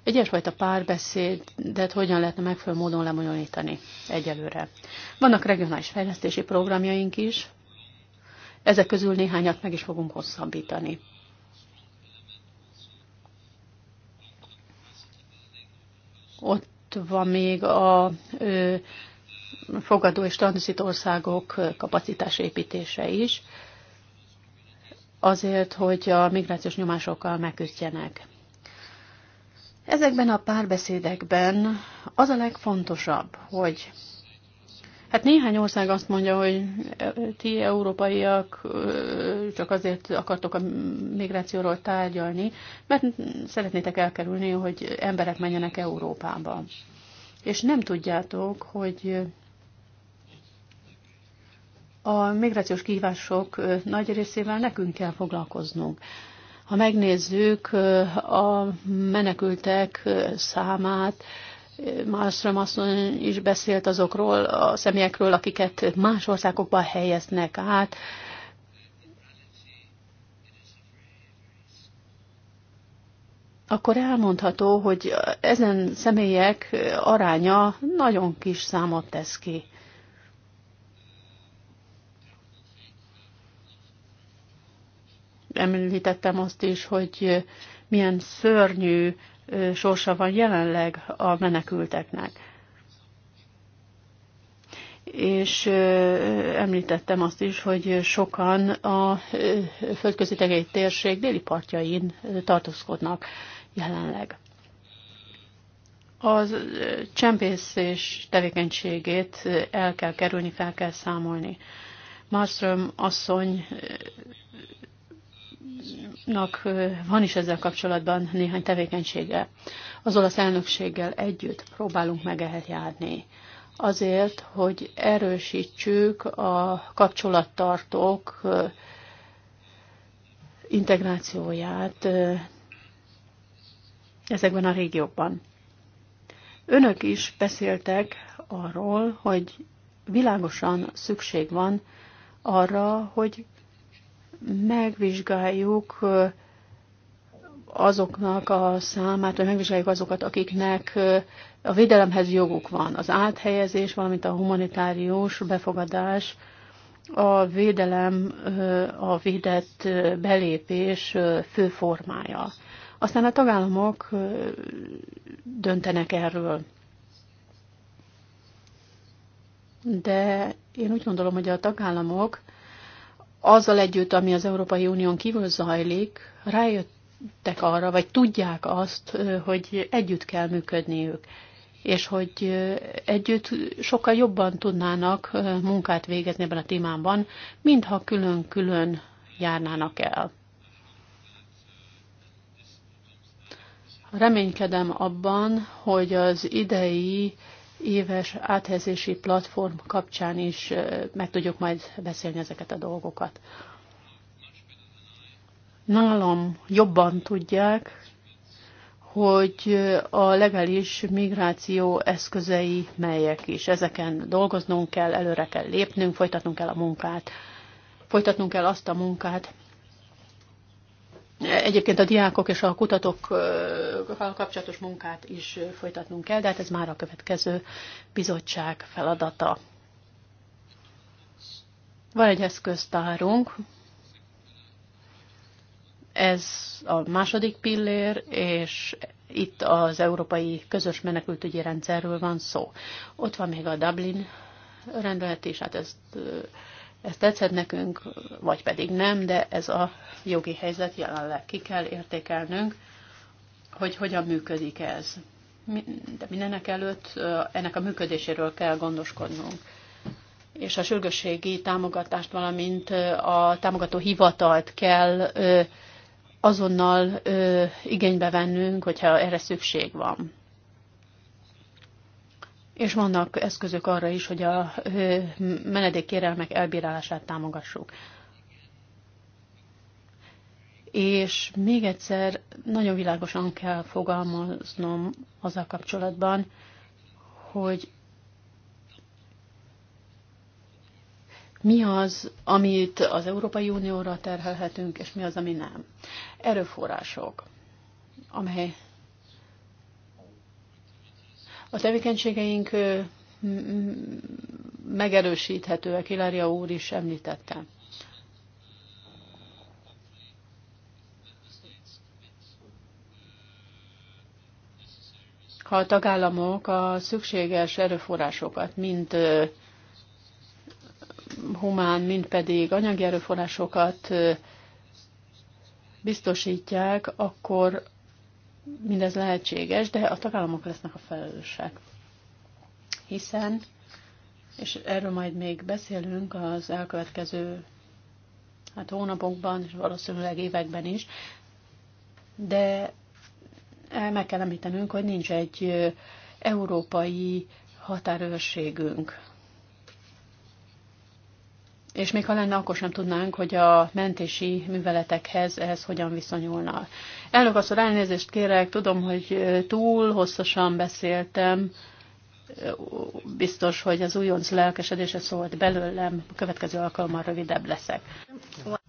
egyesfajta párbeszédet hogyan lehetne megfelelő módon lemonyolítani egyelőre. Vannak regionális fejlesztési programjaink is, ezek közül néhányat meg is fogunk hosszabbítani. Ott ott van még a fogadó és kapacitás kapacitásépítése is, azért, hogy a migrációs nyomásokkal megküzdjenek. Ezekben a párbeszédekben az a legfontosabb, hogy Hát néhány ország azt mondja, hogy ti európaiak csak azért akartok a migrációról tárgyalni, mert szeretnétek elkerülni, hogy emberek menjenek Európába. És nem tudjátok, hogy a migrációs kihívások nagy részével nekünk kell foglalkoznunk. Ha megnézzük a menekültek számát, Malmström asszony is beszélt azokról a személyekről, akiket más országokban helyeznek át. akkor elmondható, hogy ezen személyek aránya nagyon kis számot tesz ki. Említettem azt is, hogy milyen szörnyű sorsa van jelenleg a menekülteknek. És említettem azt is, hogy sokan a földközi tegei térség déli partjain tartózkodnak jelenleg. Az csempészés tevékenységét el kell kerülni, fel kell számolni. Marström asszony nak van is ezzel kapcsolatban néhány tevékenysége. Az olasz elnökséggel együtt próbálunk meg ehhez járni. Azért, hogy erősítsük a kapcsolattartók integrációját ezekben a régiókban. Önök is beszéltek arról, hogy világosan szükség van arra, hogy megvizsgáljuk azoknak a számát, vagy megvizsgáljuk azokat, akiknek a védelemhez joguk van. Az áthelyezés, valamint a humanitárius befogadás, a védelem, a védett belépés fő formája. Aztán a tagállamok döntenek erről. De én úgy gondolom, hogy a tagállamok azzal együtt, ami az Európai Unión kívül zajlik, rájöttek arra, vagy tudják azt, hogy együtt kell működniük, és hogy együtt sokkal jobban tudnának munkát végezni ebben a témában, mintha külön-külön járnának el. Reménykedem abban, hogy az idei éves áthelyezési platform kapcsán is meg tudjuk majd beszélni ezeket a dolgokat. Nálam jobban tudják, hogy a legális migráció eszközei melyek is. Ezeken dolgoznunk kell, előre kell lépnünk, folytatnunk kell a munkát. Folytatnunk kell azt a munkát, Egyébként a diákok és a kutatókkal kapcsolatos munkát is folytatnunk kell, de hát ez már a következő bizottság feladata. Van egy eszköztárunk, ez a második pillér, és itt az európai közös menekültügyi rendszerről van szó. Ott van még a Dublin rendelet is, hát ezt ez tetszett nekünk, vagy pedig nem, de ez a jogi helyzet jelenleg ki kell értékelnünk, hogy hogyan működik ez. De mindenek előtt ennek a működéséről kell gondoskodnunk és a sürgősségi támogatást, valamint a támogató hivatalt kell azonnal igénybe vennünk, hogyha erre szükség van és vannak eszközök arra is, hogy a menedékkérelmek elbírálását támogassuk. És még egyszer nagyon világosan kell fogalmaznom azzal kapcsolatban, hogy mi az, amit az Európai Unióra terhelhetünk, és mi az, ami nem. Erőforrások, amely a tevékenységeink megerősíthetőek, Ilária úr is említette. ha a tagállamok a szükséges erőforrásokat, mint humán, mint pedig anyagi erőforrásokat biztosítják, akkor mindez lehetséges, de a tagállamok lesznek a felelősek. Hiszen, és erről majd még beszélünk az elkövetkező hát hónapokban, és valószínűleg években is, de meg kell említenünk, hogy nincs egy európai határőrségünk és még ha lenne, akkor sem tudnánk, hogy a mentési műveletekhez ehhez hogyan viszonyulna. Elnök asszor, elnézést kérek, tudom, hogy túl hosszasan beszéltem, biztos, hogy az újonc lelkesedése szólt belőlem, a következő alkalommal rövidebb leszek.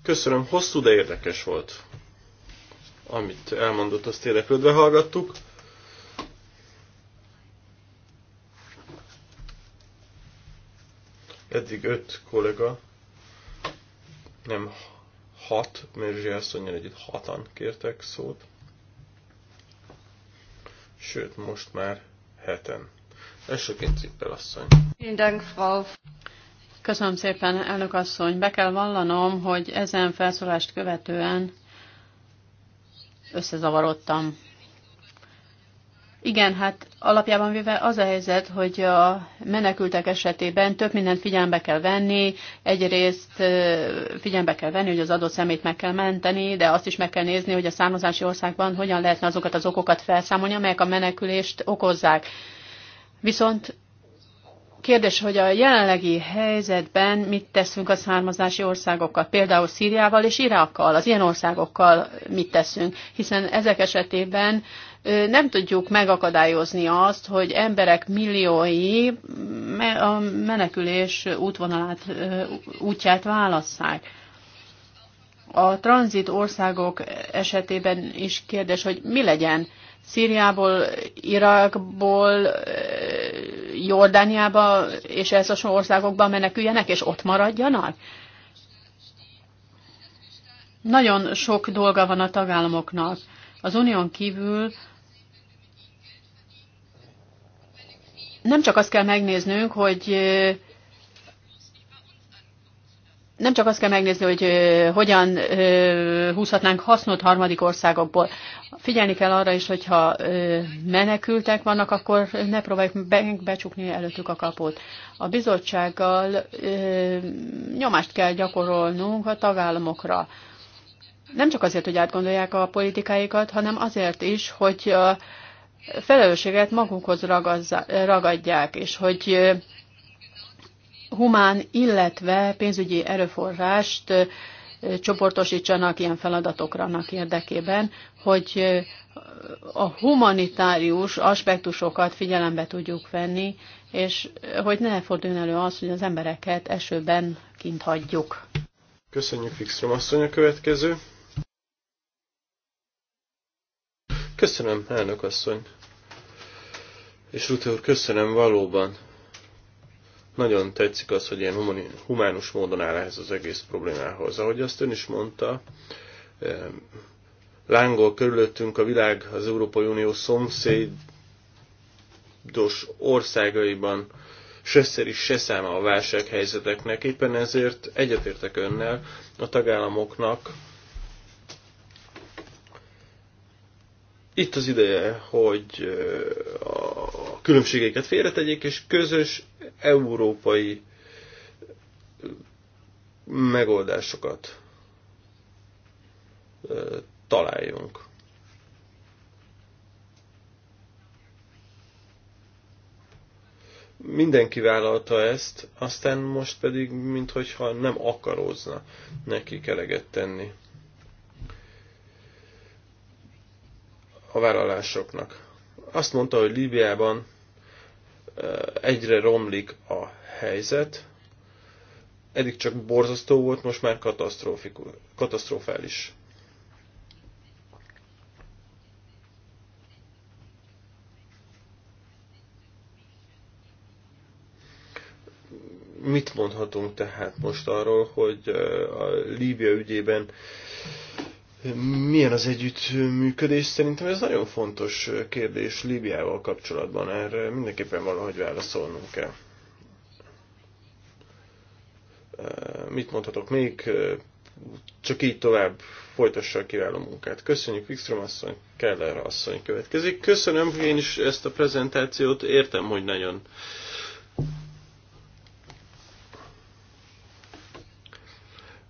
Köszönöm, hosszú, de érdekes volt. Amit elmondott, azt érdeklődve hallgattuk. Eddig öt kollega nem hat, Mérzsi asszonyjal együtt hatan kértek szót. Sőt, most már heten. Elsőként Cippel asszony. Köszönöm szépen, elnök asszony. Be kell vallanom, hogy ezen felszólást követően összezavarodtam. Igen, hát alapjában véve az a helyzet, hogy a menekültek esetében több mindent figyelembe kell venni. Egyrészt figyelembe kell venni, hogy az adott szemét meg kell menteni, de azt is meg kell nézni, hogy a származási országban hogyan lehetne azokat az okokat felszámolni, amelyek a menekülést okozzák. Viszont kérdés, hogy a jelenlegi helyzetben mit teszünk a származási országokkal, például Szíriával és Irákkal, az ilyen országokkal mit teszünk, hiszen ezek esetében nem tudjuk megakadályozni azt, hogy emberek milliói a menekülés útvonalát, útját válasszák. A tranzit országok esetében is kérdés, hogy mi legyen Szíriából, Irakból, Jordániába és ez a országokban meneküljenek, és ott maradjanak? Nagyon sok dolga van a tagállamoknak. Az unión kívül nem csak azt kell megnéznünk, hogy nem csak azt kell megnézni, hogy hogyan húzhatnánk hasznot harmadik országokból. Figyelni kell arra is, hogyha menekültek vannak, akkor ne próbáljuk becsukni előttük a kapót. A bizottsággal nyomást kell gyakorolnunk a tagállamokra. Nem csak azért, hogy átgondolják a politikáikat, hanem azért is, hogy a felelősséget magukhoz ragadják, és hogy humán, illetve pénzügyi erőforrást csoportosítsanak ilyen feladatokra annak érdekében, hogy a humanitárius aspektusokat figyelembe tudjuk venni, és hogy ne forduljon elő az, hogy az embereket esőben kint hagyjuk. Köszönjük Fixrom asszony a következő. Köszönöm, elnök asszony. És Rute úr, köszönöm valóban. Nagyon tetszik az, hogy ilyen humánus módon áll ehhez az egész problémához. Ahogy azt ön is mondta, lángol körülöttünk a világ, az Európai Unió szomszédos országaiban se szeri, se száma a válsághelyzeteknek. Éppen ezért egyetértek önnel, a tagállamoknak itt az ideje, hogy a különbségeket félretegyék, és közös európai megoldásokat találjunk. Mindenki vállalta ezt, aztán most pedig, minthogyha nem akarózna nekik eleget tenni. a vállalásoknak. Azt mondta, hogy Líbiában egyre romlik a helyzet, eddig csak borzasztó volt, most már katasztrofális. Mit mondhatunk tehát most arról, hogy a Líbia ügyében milyen az együttműködés? Szerintem ez nagyon fontos kérdés Líbiával kapcsolatban. Erre mindenképpen valahogy válaszolnunk kell. Mit mondhatok még? Csak így tovább folytassa a kiváló munkát. Köszönjük Wikström asszony, Keller asszony következik. Köszönöm, én is ezt a prezentációt értem, hogy nagyon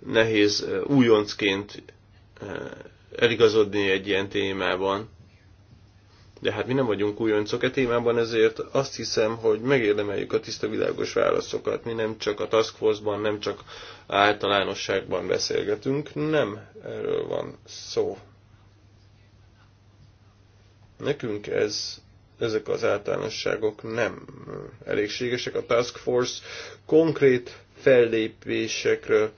nehéz újoncként Eh, eligazodni egy ilyen témában. De hát mi nem vagyunk újoncok e témában, ezért azt hiszem, hogy megérdemeljük a tiszta világos válaszokat. Mi nem csak a Task Force-ban, nem csak általánosságban beszélgetünk, nem erről van szó. Nekünk ez, ezek az általánosságok nem elégségesek. A Task Force konkrét fellépésekről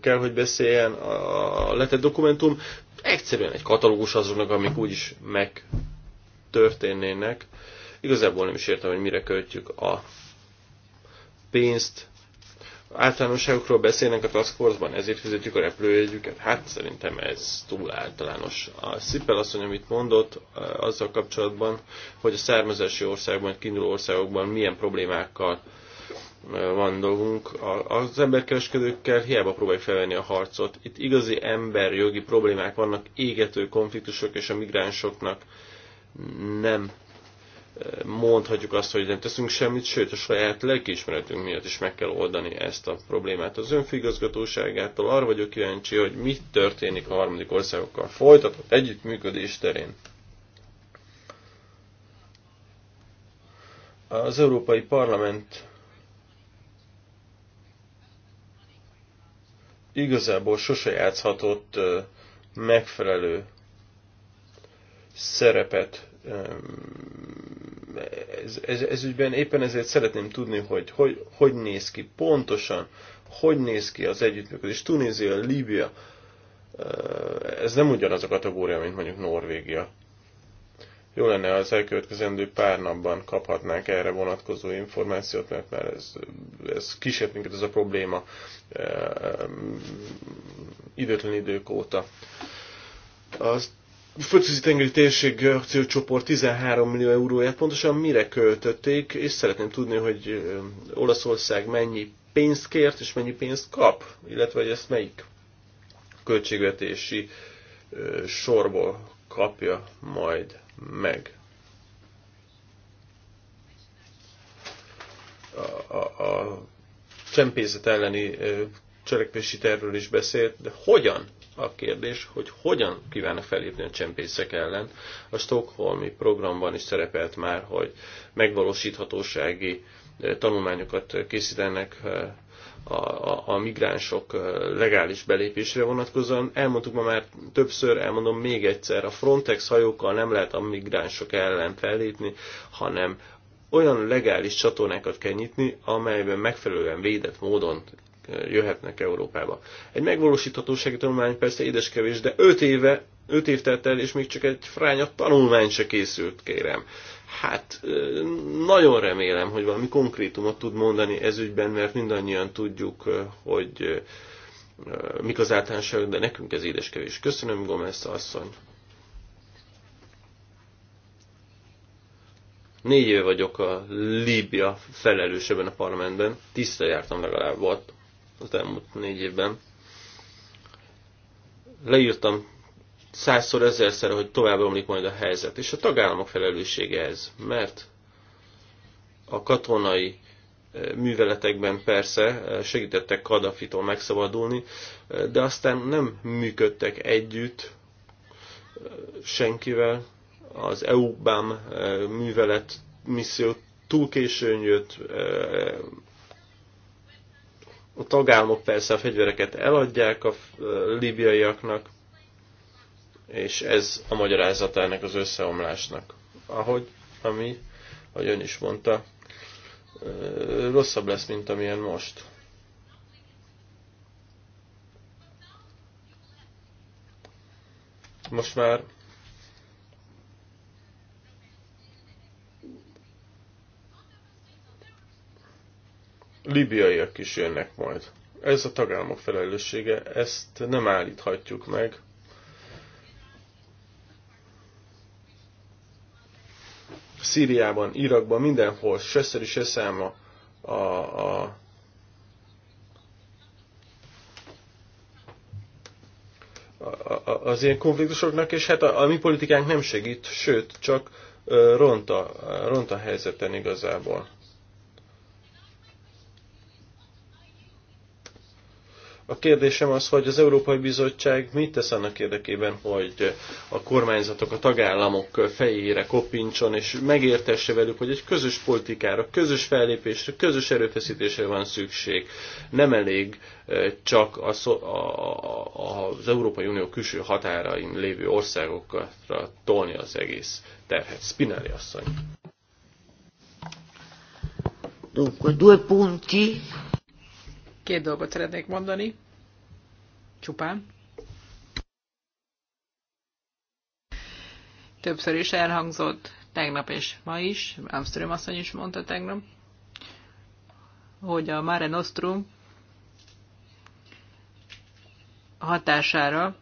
kell, hogy beszéljen a letett dokumentum. Egyszerűen egy katalógus azoknak, amik úgyis megtörténnének. Igazából nem is értem, hogy mire költjük a pénzt. Általánosságokról beszélnek a Task Force-ban, ezért fizetjük a repülőjegyüket. Hát szerintem ez túl általános. A Szippel asszony, amit mondott azzal kapcsolatban, hogy a származási országban, kiinduló országokban milyen problémákkal van dolgunk. Az emberkereskedőkkel hiába próbálj felvenni a harcot. Itt igazi emberjogi problémák vannak, égető konfliktusok, és a migránsoknak nem e, mondhatjuk azt, hogy nem teszünk semmit, sőt a saját lelkiismeretünk miatt is meg kell oldani ezt a problémát. Az önfigazgatóságától arra vagyok kíváncsi, hogy mit történik a harmadik országokkal folytatott együttműködés terén. Az Európai Parlament igazából sose játszhatott megfelelő szerepet ez, ez, ez ügyben éppen ezért szeretném tudni, hogy, hogy hogy néz ki pontosan, hogy néz ki az együttműködés. Tunézia, Líbia, ez nem ugyanaz a kategória, mint mondjuk Norvégia. Jó lenne, az elkövetkezendő pár napban kaphatnánk erre vonatkozó információt, mert már ez, ez kísért minket ez a probléma e, e, időtlen idők óta. A földközi tengeri térség akciócsoport 13 millió euróját pontosan mire költötték, és szeretném tudni, hogy e, Olaszország mennyi pénzt kért, és mennyi pénzt kap, illetve hogy ezt melyik költségvetési e, sorból kapja majd meg. A, a, a csempészet elleni cselekvési tervről is beszélt, de hogyan a kérdés, hogy hogyan kívánna felépni a csempészek ellen. A Stockholmi programban is szerepelt már, hogy megvalósíthatósági tanulmányokat készítenek a, a, a migránsok legális belépésre vonatkozóan. Elmondtuk ma már többször, elmondom még egyszer, a Frontex hajókkal nem lehet a migránsok ellen fellépni, hanem olyan legális csatornákat kell nyitni, amelyben megfelelően védett módon jöhetnek Európába. Egy megvalósíthatósági tanulmány persze édeskevés, de 5 éve, 5 év telt el, és még csak egy fránya tanulmány se készült, kérem. Hát nagyon remélem, hogy valami konkrétumot tud mondani ez ügyben, mert mindannyian tudjuk, hogy mik az általánosságok, de nekünk ez édes kevés. Köszönöm, Gomez asszony. Négy év vagyok a Líbia felelősebben a parlamentben. Tiszta jártam legalább ott az elmúlt négy évben. Leírtam százszor, ezerszer, hogy tovább omlik majd a helyzet. És a tagállamok felelőssége ez, mert a katonai e, műveletekben persze e, segítettek Kadafitól megszabadulni, e, de aztán nem működtek együtt senkivel. Az EU-BAM művelet misszió túl későn jött, a tagállamok persze a fegyvereket eladják a libiaiaknak, és ez a magyarázata ennek az összeomlásnak. Ahogy, ami, ahogy ön is mondta, rosszabb lesz, mint amilyen most. Most már libiaiak is jönnek majd. Ez a tagállamok felelőssége, ezt nem állíthatjuk meg. Szíriában, Irakban, mindenhol, sösszer is a, a, a az ilyen konfliktusoknak, és hát a, a mi politikánk nem segít, sőt, csak ront a, ront a helyzeten igazából. A kérdésem az, hogy az Európai Bizottság mit tesz annak érdekében, hogy a kormányzatok, a tagállamok fejére kopincson, és megértesse velük, hogy egy közös politikára, közös fellépésre, közös erőfeszítésre van szükség. Nem elég eh, csak az, a, a, az Európai Unió külső határain lévő országokra tolni az egész terhet. Spinelli asszony. Dunque, due punti Két dolgot szeretnék mondani, csupán. Többször is elhangzott, tegnap és ma is, Amström asszony is mondta tegnap, hogy a Mare Nostrum hatására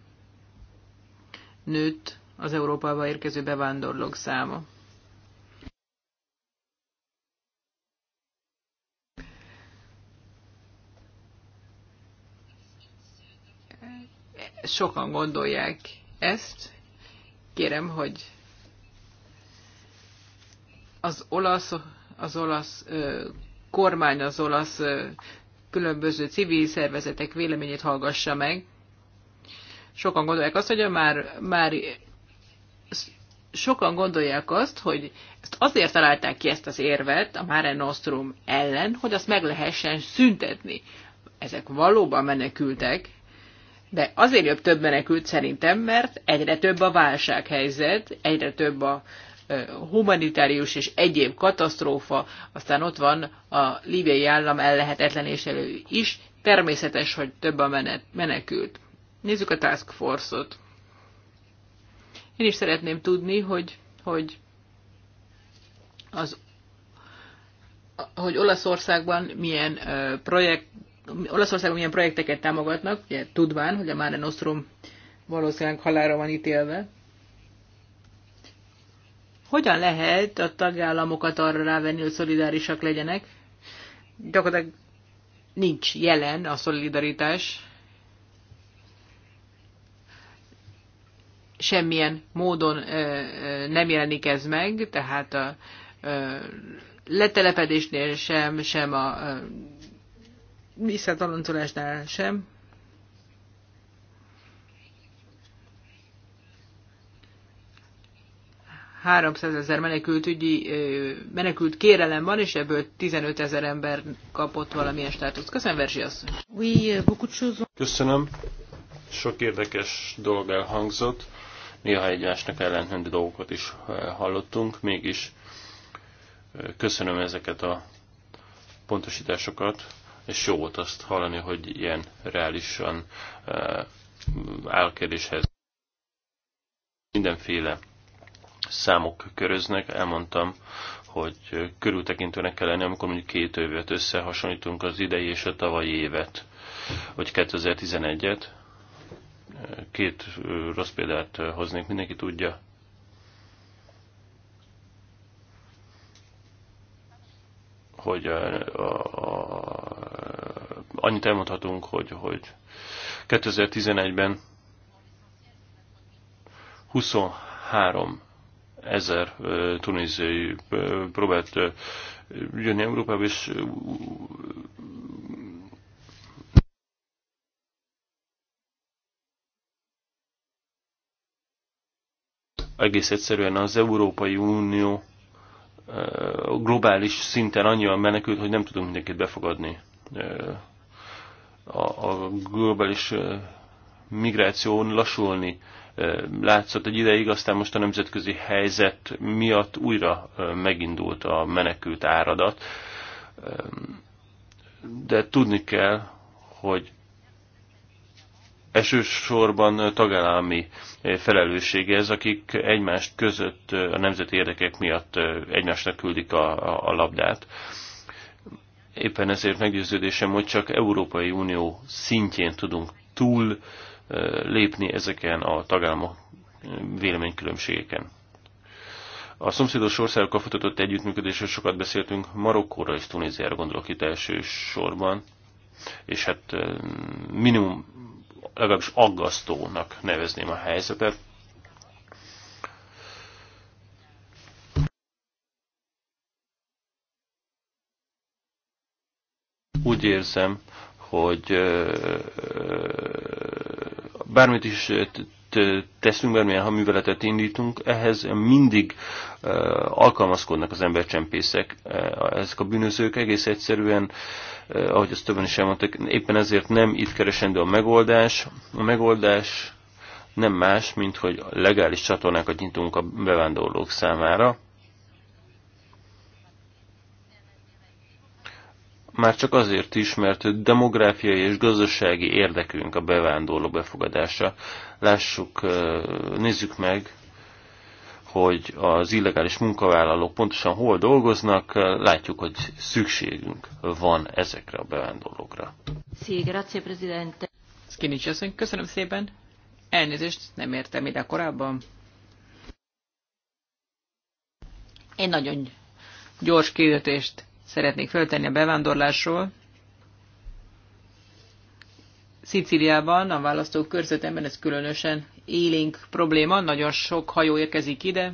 nőtt az Európába érkező bevándorlók száma. sokan gondolják ezt. Kérem, hogy az olasz, az olasz ö, kormány, az olasz ö, különböző civil szervezetek véleményét hallgassa meg. Sokan gondolják azt, hogy már, már sokan gondolják azt, hogy ezt azért találták ki ezt az érvet a Mare Nostrum ellen, hogy azt meg lehessen szüntetni. Ezek valóban menekültek, de azért jobb több menekült szerintem, mert egyre több a válsághelyzet, egyre több a humanitárius és egyéb katasztrófa, aztán ott van a líbiai állam ellehetetlenéselő is, természetes, hogy több a menet, menekült. Nézzük a Task Force-ot. Én is szeretném tudni, hogy, hogy az hogy Olaszországban milyen projekt, Olaszországon milyen projekteket támogatnak, ugye tudván, hogy a Mare Nostrum valószínűleg halára van ítélve. Hogyan lehet a tagállamokat arra rávenni, hogy szolidárisak legyenek? Gyakorlatilag nincs jelen a szolidaritás. Semmilyen módon nem jelenik ez meg, tehát a letelepedésnél sem, sem a vissza toloncolásnál sem. ezer menekültügyi menekült kérelem van, és ebből 15 ezer ember kapott valamilyen státuszt. Köszönöm, Versi asszony. Euh, köszönöm. Sok érdekes dolog elhangzott. Néha egymásnak ellentmondó dolgokat is hallottunk, mégis köszönöm ezeket a pontosításokat és jó volt azt hallani, hogy ilyen reálisan eh, áll kérdéshez. Mindenféle számok köröznek, elmondtam, hogy körültekintőnek kell lenni, amikor mondjuk két évet összehasonlítunk az idei és a tavalyi évet, vagy 2011-et. Két eh, rossz példát eh, hoznék, mindenki tudja. hogy a, a, annyit elmondhatunk, hogy, hogy 2011-ben 23 ezer tunéziai próbált jönni Európába, és egész egyszerűen az Európai Unió globális szinten annyian menekült, hogy nem tudunk mindenkit befogadni a, a globális migráción lassulni látszott egy ideig, aztán most a nemzetközi helyzet miatt újra megindult a menekült áradat. De tudni kell, hogy elsősorban tagállami felelőssége ez, akik egymást között a nemzeti érdekek miatt egymásnak küldik a, a, a labdát. Éppen ezért meggyőződésem, hogy csak Európai Unió szintjén tudunk túl lépni ezeken a tagállamok véleménykülönbségeken. A szomszédos országokkal folytatott együttműködésről sokat beszéltünk, Marokkóra és Tunéziára gondolok itt elsősorban, és hát minimum legalábbis aggasztónak nevezném a helyzetet. úgy érzem, hogy bármit is teszünk, bármilyen műveletet indítunk, ehhez mindig alkalmazkodnak az embercsempészek. Ezek a bűnözők egész egyszerűen, ahogy azt többen is elmondtak, éppen ezért nem itt keresendő a megoldás. A megoldás nem más, mint hogy legális csatornákat nyitunk a bevándorlók számára, Már csak azért is, mert demográfiai és gazdasági érdekünk a bevándorló befogadása. Lássuk, nézzük meg, hogy az illegális munkavállalók pontosan hol dolgoznak, látjuk, hogy szükségünk van ezekre a bevándorlókra. Szia, grazie, presidente. Skinicsi asszony, köszönöm szépen. Elnézést, nem értem ide korábban. Én nagyon gyors kérdést szeretnék föltenni a bevándorlásról. Szicíliában, a választók körzetemben ez különösen élénk probléma, nagyon sok hajó érkezik ide.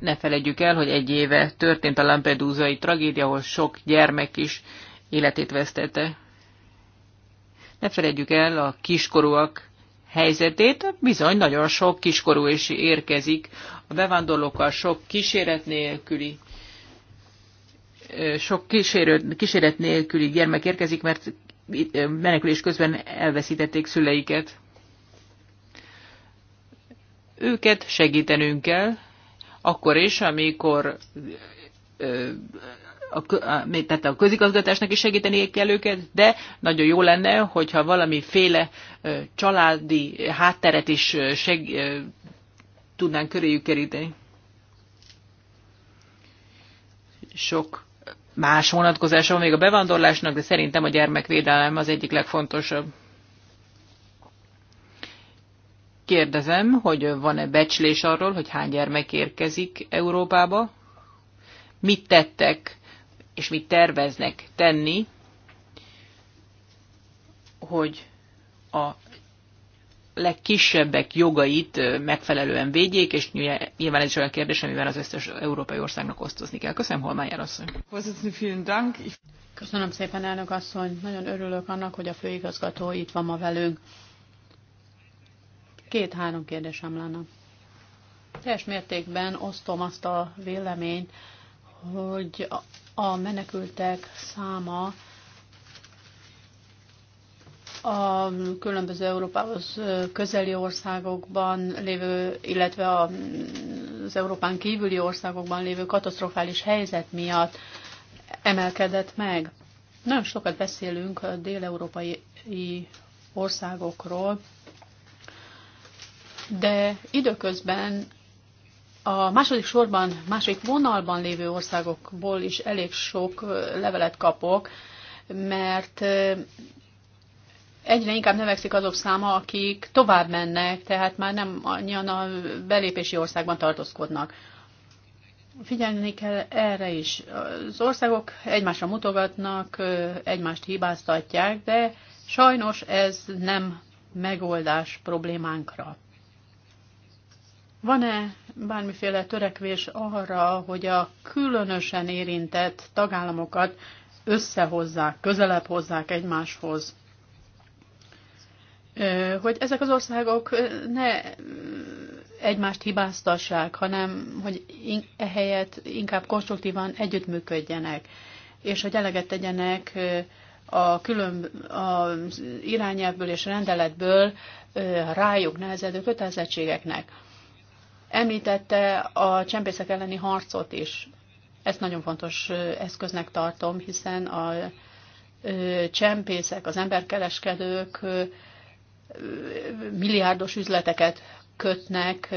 Ne felejtjük el, hogy egy éve történt a Lampedusai tragédia, ahol sok gyermek is életét vesztette. Ne felejtjük el a kiskorúak helyzetét. Bizony nagyon sok kiskorú is érkezik a bevándorlókkal, sok kíséret nélküli sok kísérő, kíséret nélküli gyermek érkezik, mert menekülés közben elveszítették szüleiket. Őket segítenünk kell, akkor is, amikor a, tehát a közigazgatásnak is segíteni kell őket, de nagyon jó lenne, hogyha valamiféle családi hátteret is seg, tudnánk köréjük keríteni. Sok más vonatkozása van még a bevándorlásnak, de szerintem a gyermekvédelem az egyik legfontosabb. Kérdezem, hogy van-e becslés arról, hogy hány gyermek érkezik Európába? Mit tettek és mit terveznek tenni, hogy a legkisebbek jogait megfelelően védjék, és nyilván ez is olyan kérdés, amivel az összes európai országnak osztozni kell. Köszönöm, Holmájár asszony. Köszönöm szépen, elnök asszony. Nagyon örülök annak, hogy a főigazgató itt van ma velünk. Két-három kérdésem lenne. Teljes mértékben osztom azt a véleményt, hogy a menekültek száma a különböző Európához közeli országokban lévő, illetve az Európán kívüli országokban lévő katasztrofális helyzet miatt emelkedett meg. Nagyon sokat beszélünk a dél-európai országokról, de időközben a második sorban, második vonalban lévő országokból is elég sok levelet kapok, mert egyre inkább növekszik azok száma, akik tovább mennek, tehát már nem annyian a belépési országban tartózkodnak. Figyelni kell erre is. Az országok egymásra mutogatnak, egymást hibáztatják, de sajnos ez nem megoldás problémánkra. Van-e bármiféle törekvés arra, hogy a különösen érintett tagállamokat összehozzák, közelebb hozzák egymáshoz. Hogy ezek az országok ne egymást hibáztassák, hanem hogy ehelyett inkább konstruktívan együttműködjenek, és hogy eleget tegyenek a külön az irányelvből és rendeletből rájuk nehezedő kötelezettségeknek. Említette a csempészek elleni harcot is. Ezt nagyon fontos eszköznek tartom, hiszen a csempészek, az emberkereskedők milliárdos üzleteket kötnek,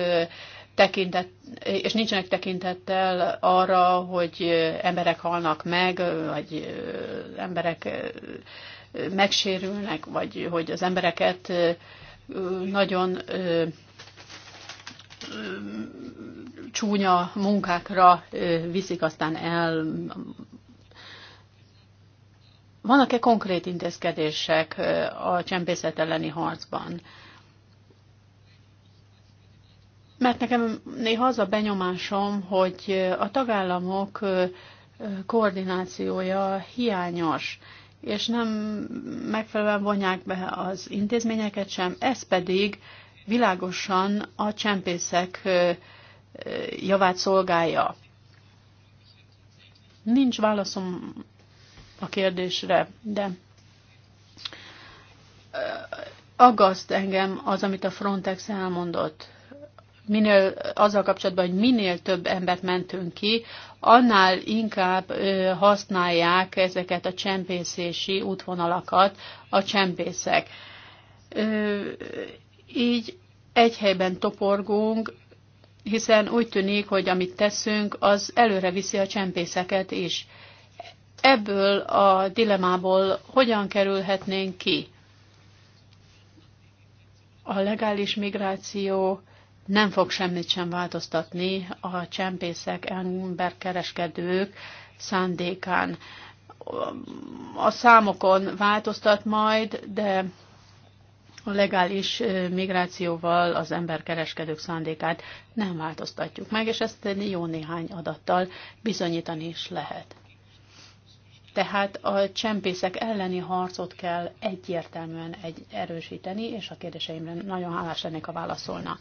tekintet, és nincsenek tekintettel arra, hogy emberek halnak meg, vagy emberek megsérülnek, vagy hogy az embereket nagyon csúnya munkákra viszik aztán el. Vannak-e konkrét intézkedések a csempészet elleni harcban? Mert nekem néha az a benyomásom, hogy a tagállamok koordinációja hiányos, és nem megfelelően vonják be az intézményeket sem, ez pedig világosan a csempészek javát szolgálja. Nincs válaszom a kérdésre, de aggaszt engem az, amit a Frontex elmondott. Minél, azzal kapcsolatban, hogy minél több embert mentünk ki, annál inkább ö, használják ezeket a csempészési útvonalakat a csempészek. Ö, így egy helyben toporgunk, hiszen úgy tűnik, hogy amit teszünk, az előre viszi a csempészeket is. Ebből a dilemából hogyan kerülhetnénk ki? A legális migráció nem fog semmit sem változtatni a csempészek, emberkereskedők szándékán. A számokon változtat majd, de a legális migrációval az emberkereskedők szándékát nem változtatjuk meg, és ezt jó néhány adattal bizonyítani is lehet. Tehát a csempészek elleni harcot kell egyértelműen egy erősíteni, és a kérdéseimre nagyon hálás lennék, a válaszolna.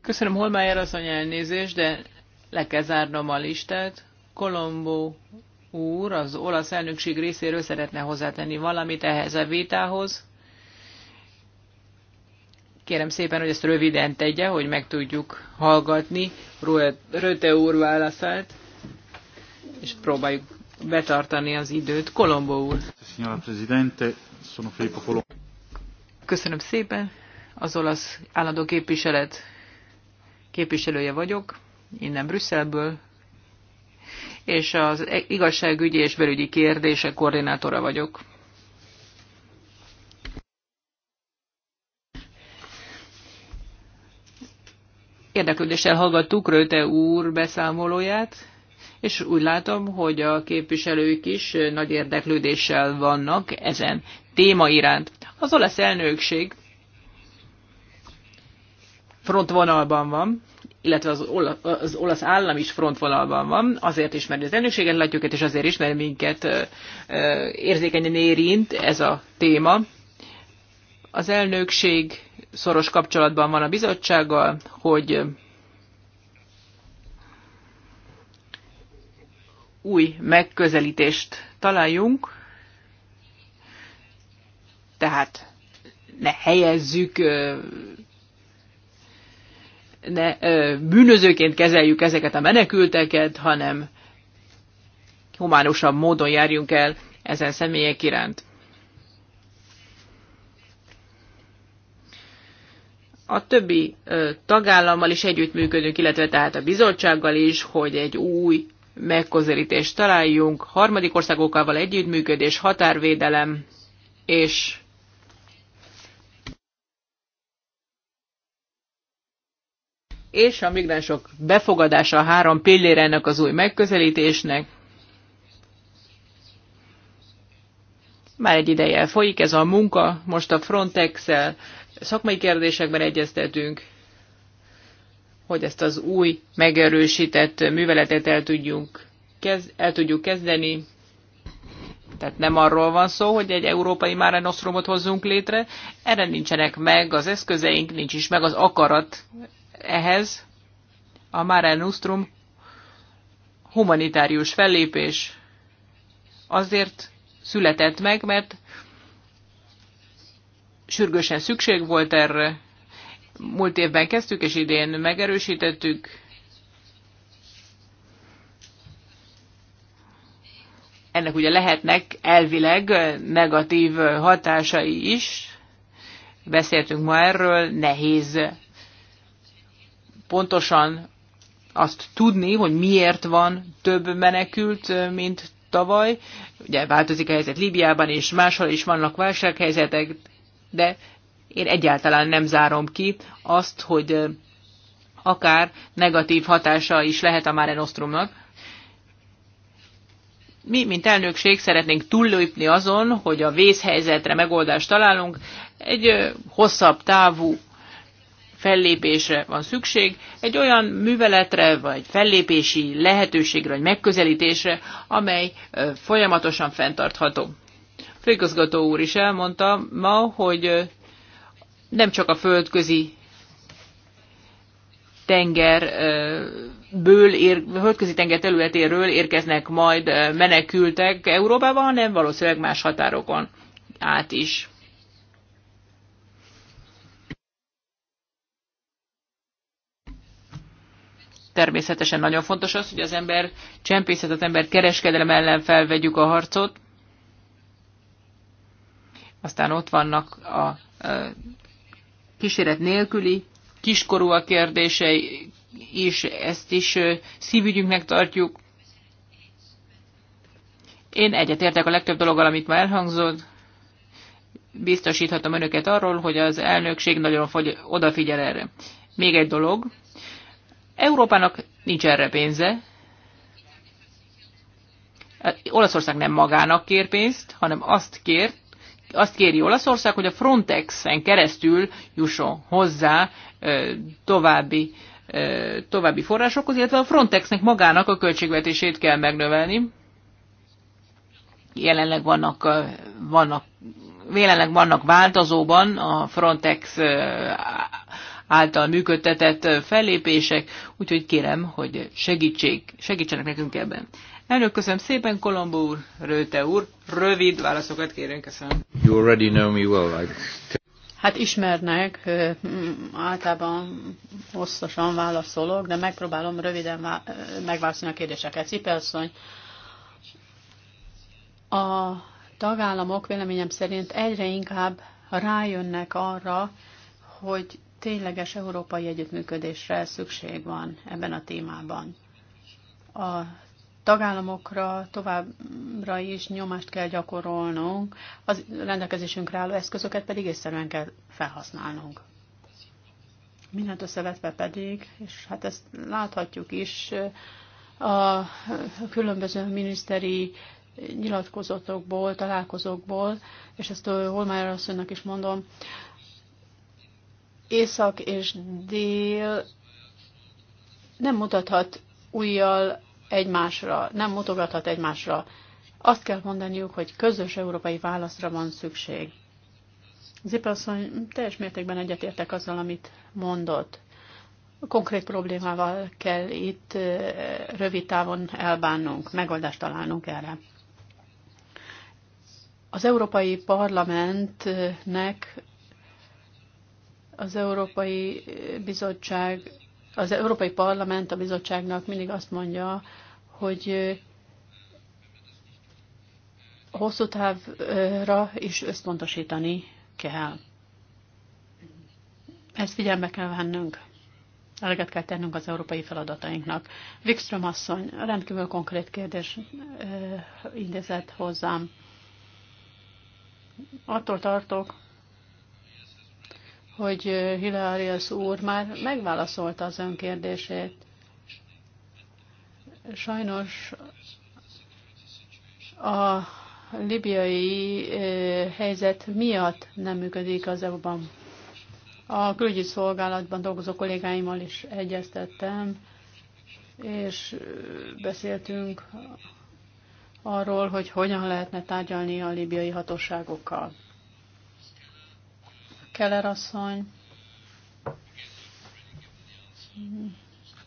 Köszönöm Holmájer az elnézést, de le kell zárnom a listát. Kolombó úr az olasz elnökség részéről szeretne hozzátenni valamit ehhez a vitához. Kérem szépen, hogy ezt röviden tegye, hogy meg tudjuk hallgatni Röte úr válaszát, és próbáljuk betartani az időt. Kolombo úr. Köszönöm szépen. Az olasz állandó képviselet képviselője vagyok, innen Brüsszelből, és az igazságügyi és belügyi kérdések koordinátora vagyok. Érdeklődéssel hallgattuk Röte úr beszámolóját, és úgy látom, hogy a képviselők is nagy érdeklődéssel vannak ezen téma iránt. Az olasz elnökség frontvonalban van, illetve az, ola, az olasz állam is frontvonalban van, azért is, mert az elnökséget látjuk, és azért is, mert minket érzékenyen érint ez a téma. Az elnökség szoros kapcsolatban van a bizottsággal, hogy új megközelítést találjunk, tehát ne helyezzük, ne bűnözőként kezeljük ezeket a menekülteket, hanem humánusabb módon járjunk el ezen személyek iránt. a többi tagállammal is együttműködünk, illetve tehát a bizottsággal is, hogy egy új megközelítést találjunk, harmadik országokkal való együttműködés, határvédelem és és a migránsok befogadása a három pillére ennek az új megközelítésnek. Már egy ideje folyik ez a munka, most a Frontex-el, szakmai kérdésekben egyeztetünk, hogy ezt az új, megerősített műveletet el, tudjunk, kez, el tudjuk kezdeni. Tehát nem arról van szó, hogy egy európai már Nostromot hozzunk létre, erre nincsenek meg az eszközeink, nincs is meg az akarat ehhez. A Mare Nostrum humanitárius fellépés azért született meg, mert sürgősen szükség volt erre. Múlt évben kezdtük, és idén megerősítettük. Ennek ugye lehetnek elvileg negatív hatásai is. Beszéltünk ma erről, nehéz pontosan azt tudni, hogy miért van több menekült, mint tavaly. Ugye változik a helyzet Líbiában, és máshol is vannak válsághelyzetek, de én egyáltalán nem zárom ki azt, hogy akár negatív hatása is lehet a Mare Nostrumnak. Mi, mint elnökség szeretnénk túllépni azon, hogy a vészhelyzetre megoldást találunk, egy hosszabb távú fellépésre van szükség, egy olyan műveletre, vagy fellépési lehetőségre, vagy megközelítésre, amely folyamatosan fenntartható főigazgató úr is elmondta ma, hogy nem csak a földközi tengerből, ér, földközi tenger területéről érkeznek majd menekültek Európába, hanem valószínűleg más határokon át is. Természetesen nagyon fontos az, hogy az ember csempészet, az ember kereskedelem ellen felvegyük a harcot, aztán ott vannak a kíséret nélküli kiskorúak kérdései és ezt is szívügyünknek tartjuk. Én egyetértek a legtöbb dologgal, amit ma elhangzott. Biztosíthatom önöket arról, hogy az elnökség nagyon odafigyel erre. Még egy dolog. Európának nincs erre pénze. Olaszország nem magának kér pénzt, hanem azt kér, azt kéri Olaszország, hogy a Frontexen keresztül jusson hozzá további, további forrásokhoz, illetve a Frontexnek magának a költségvetését kell megnövelni. Jelenleg vannak, vannak, jelenleg vannak változóban a Frontex által működtetett fellépések, úgyhogy kérem, hogy segítség, segítsenek nekünk ebben. Elnök, köszönöm szépen, Kolombó úr, Röte úr. Rövid válaszokat kérünk, köszönöm. You already know me well. I... Hát ismernek, általában hosszasan válaszolok, de megpróbálom röviden megválaszolni a kérdéseket. Cipelszony, a tagállamok véleményem szerint egyre inkább rájönnek arra, hogy tényleges európai együttműködésre szükség van ebben a témában. A tagállamokra továbbra is nyomást kell gyakorolnunk, az rendelkezésünkre álló eszközöket pedig észszerűen kell felhasználnunk. Mindent összevetve pedig, és hát ezt láthatjuk is, a különböző miniszteri nyilatkozatokból, találkozókból, és ezt Holmájer asszonynak is mondom, Észak és Dél nem mutathat újjal egymásra, nem mutogathat egymásra. Azt kell mondaniuk, hogy közös európai válaszra van szükség. Zipasszony, teljes mértékben egyetértek azzal, amit mondott. Konkrét problémával kell itt rövid távon elbánnunk, megoldást találnunk erre. Az Európai Parlamentnek az Európai Bizottság az Európai Parlament a bizottságnak mindig azt mondja, hogy hosszú távra is összpontosítani kell. Ezt figyelme kell vennünk. Eleget kell tennünk az európai feladatainknak. Wikström asszony, rendkívül konkrét kérdés intézett hozzám. Attól tartok, hogy Hilarius úr már megválaszolta az ön kérdését. Sajnos a libiai helyzet miatt nem működik az EU-ban. A külügyi szolgálatban dolgozó kollégáimmal is egyeztettem, és beszéltünk arról, hogy hogyan lehetne tárgyalni a libiai hatóságokkal. Keller asszony,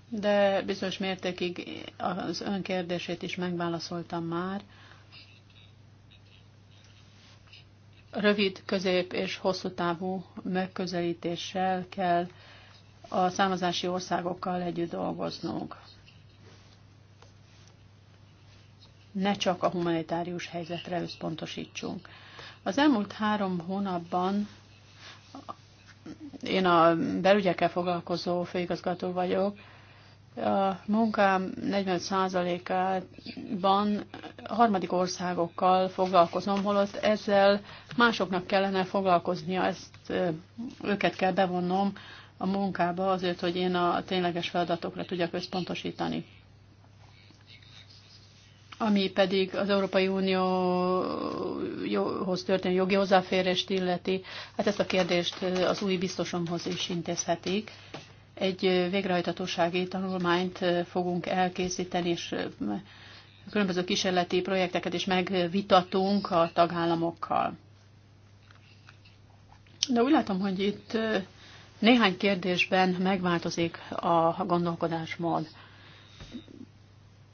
de bizonyos mértékig az ön kérdését is megválaszoltam már. Rövid, közép és hosszú távú megközelítéssel kell a számozási országokkal együtt dolgoznunk. Ne csak a humanitárius helyzetre összpontosítsunk. Az elmúlt három hónapban én a belügyekkel foglalkozó főigazgató vagyok. A munkám 45 ban harmadik országokkal foglalkozom, holott ezzel másoknak kellene foglalkoznia, ezt őket kell bevonnom a munkába azért, hogy én a tényleges feladatokra tudjak összpontosítani ami pedig az Európai Unióhoz történő jogi hozzáférést illeti, hát ezt a kérdést eh, az új biztosomhoz is intézhetik. Egy eh, végrehajtatósági tanulmányt eh, fogunk elkészíteni, és különböző kísérleti projekteket is megvitatunk a tagállamokkal. De úgy látom, hogy itt néhány kérdésben megváltozik a gondolkodásmód.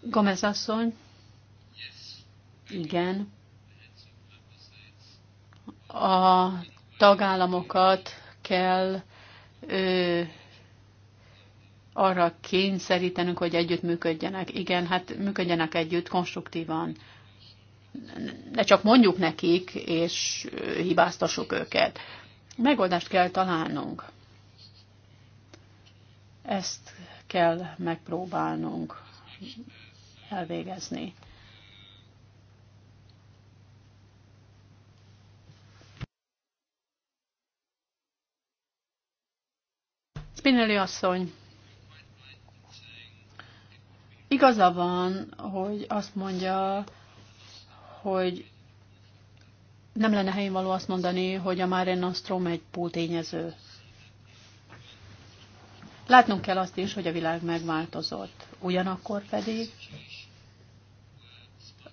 Gomez asszony, igen. A tagállamokat kell ö, arra kényszerítenünk, hogy együttműködjenek. Igen, hát működjenek együtt konstruktívan. Ne csak mondjuk nekik, és hibáztassuk őket. Megoldást kell találnunk. Ezt kell megpróbálnunk elvégezni. Spinelli asszony, igaza van, hogy azt mondja, hogy nem lenne helyén való azt mondani, hogy a Mare Nostrum egy pótényező. Látnunk kell azt is, hogy a világ megváltozott. Ugyanakkor pedig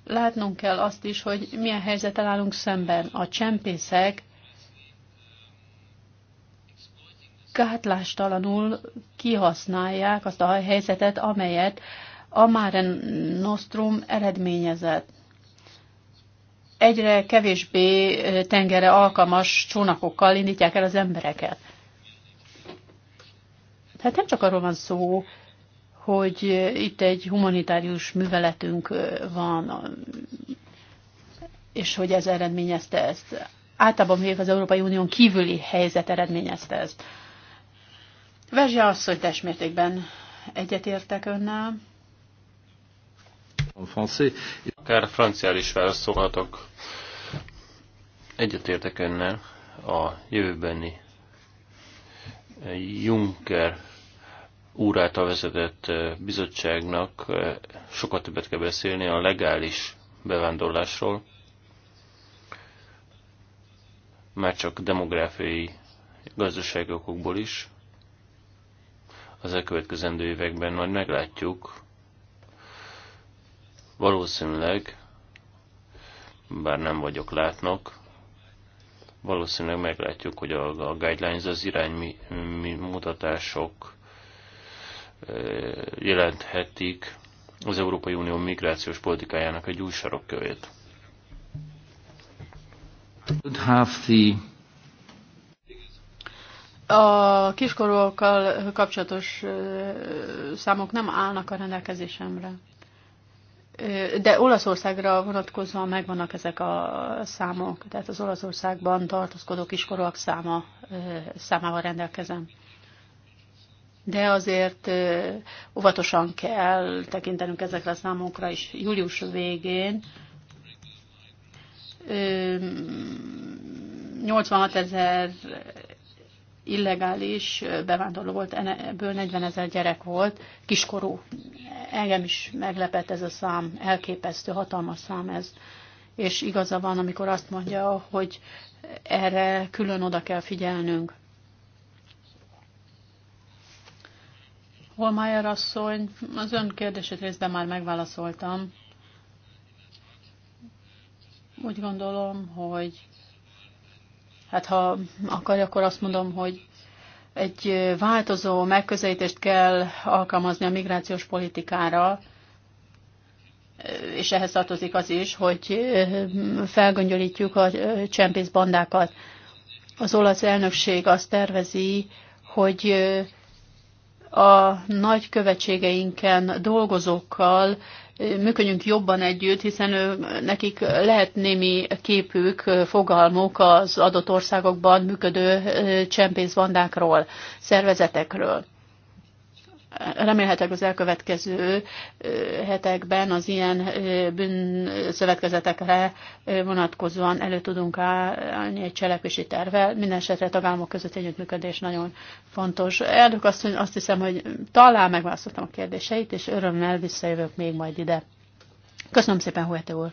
látnunk kell azt is, hogy milyen helyzetel állunk szemben. A csempészek gátlástalanul kihasználják azt a helyzetet, amelyet a Mare Nostrum eredményezett. Egyre kevésbé tengere alkalmas csónakokkal indítják el az embereket. Tehát nem csak arról van szó, hogy itt egy humanitárius műveletünk van, és hogy ez eredményezte ezt. Általában még az Európai Unión kívüli helyzet eredményezte ezt. Verzsia asszony, testmértékben egyetértek önnel. Akár franciál is válaszolhatok. Egyetértek önnel a jövőbeni Juncker úr által vezetett eh, bizottságnak eh, sokat többet kell beszélni a legális bevándorlásról, már csak demográfiai gazdaságokból is, az elkövetkezendő években majd meglátjuk. Valószínűleg, bár nem vagyok látnok, valószínűleg meglátjuk, hogy a, a guidelines, az iránymutatások jelenthetik az Európai Unió migrációs politikájának egy új sarokkövét. Have the a kiskorúakkal kapcsolatos számok nem állnak a rendelkezésemre. De Olaszországra vonatkozóan megvannak ezek a számok, tehát az Olaszországban tartózkodó kiskorúak száma, számával rendelkezem. De azért óvatosan kell tekintenünk ezekre a számokra is. Július végén 86 ezer illegális bevándorló volt, ebből 40 ezer gyerek volt, kiskorú. Engem is meglepett ez a szám, elképesztő, hatalmas szám ez. És igaza van, amikor azt mondja, hogy erre külön oda kell figyelnünk. Holmájer asszony, az ön kérdését részben már megválaszoltam. Úgy gondolom, hogy Hát ha akarja, akkor azt mondom, hogy egy változó megközelítést kell alkalmazni a migrációs politikára, és ehhez tartozik az is, hogy felgöngyölítjük a csempész bandákat. Az olasz elnökség azt tervezi, hogy a nagykövetségeinken dolgozókkal működjünk jobban együtt, hiszen ő, nekik lehet némi képük, fogalmuk az adott országokban működő csempészbandákról, szervezetekről remélhetőleg az elkövetkező hetekben az ilyen bűnszövetkezetekre vonatkozóan elő tudunk állni egy cselekvési tervvel. Minden esetre a tagállamok között együttműködés nagyon fontos. Erdők azt, azt hiszem, hogy talán megválaszoltam a kérdéseit, és örömmel visszajövök még majd ide. Köszönöm szépen, Huete úr!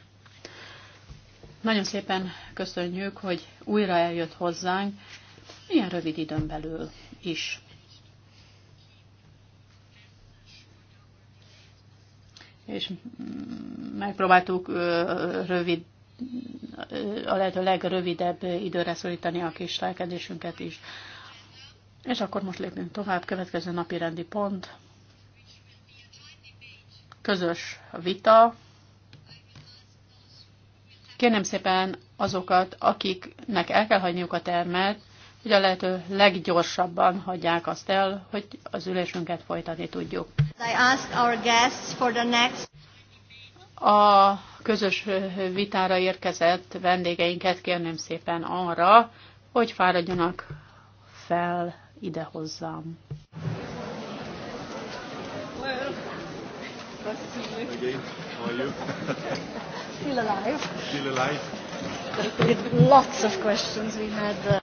Nagyon szépen köszönjük, hogy újra eljött hozzánk, ilyen rövid időn belül is. és megpróbáltuk rövid, a lehető legrövidebb időre szorítani a lelkedésünket is. És akkor most lépünk tovább, következő napi rendi pont, közös vita. Kérném szépen azokat, akiknek el kell hagyniuk a termet, hogy a lehető leggyorsabban hagyják azt el, hogy az ülésünket folytatni tudjuk. A közös vitára érkezett vendégeinket kérném szépen arra, hogy fáradjanak fel ide hozzám. how are you? Still alive. Still alive. With lots of questions we had. Uh,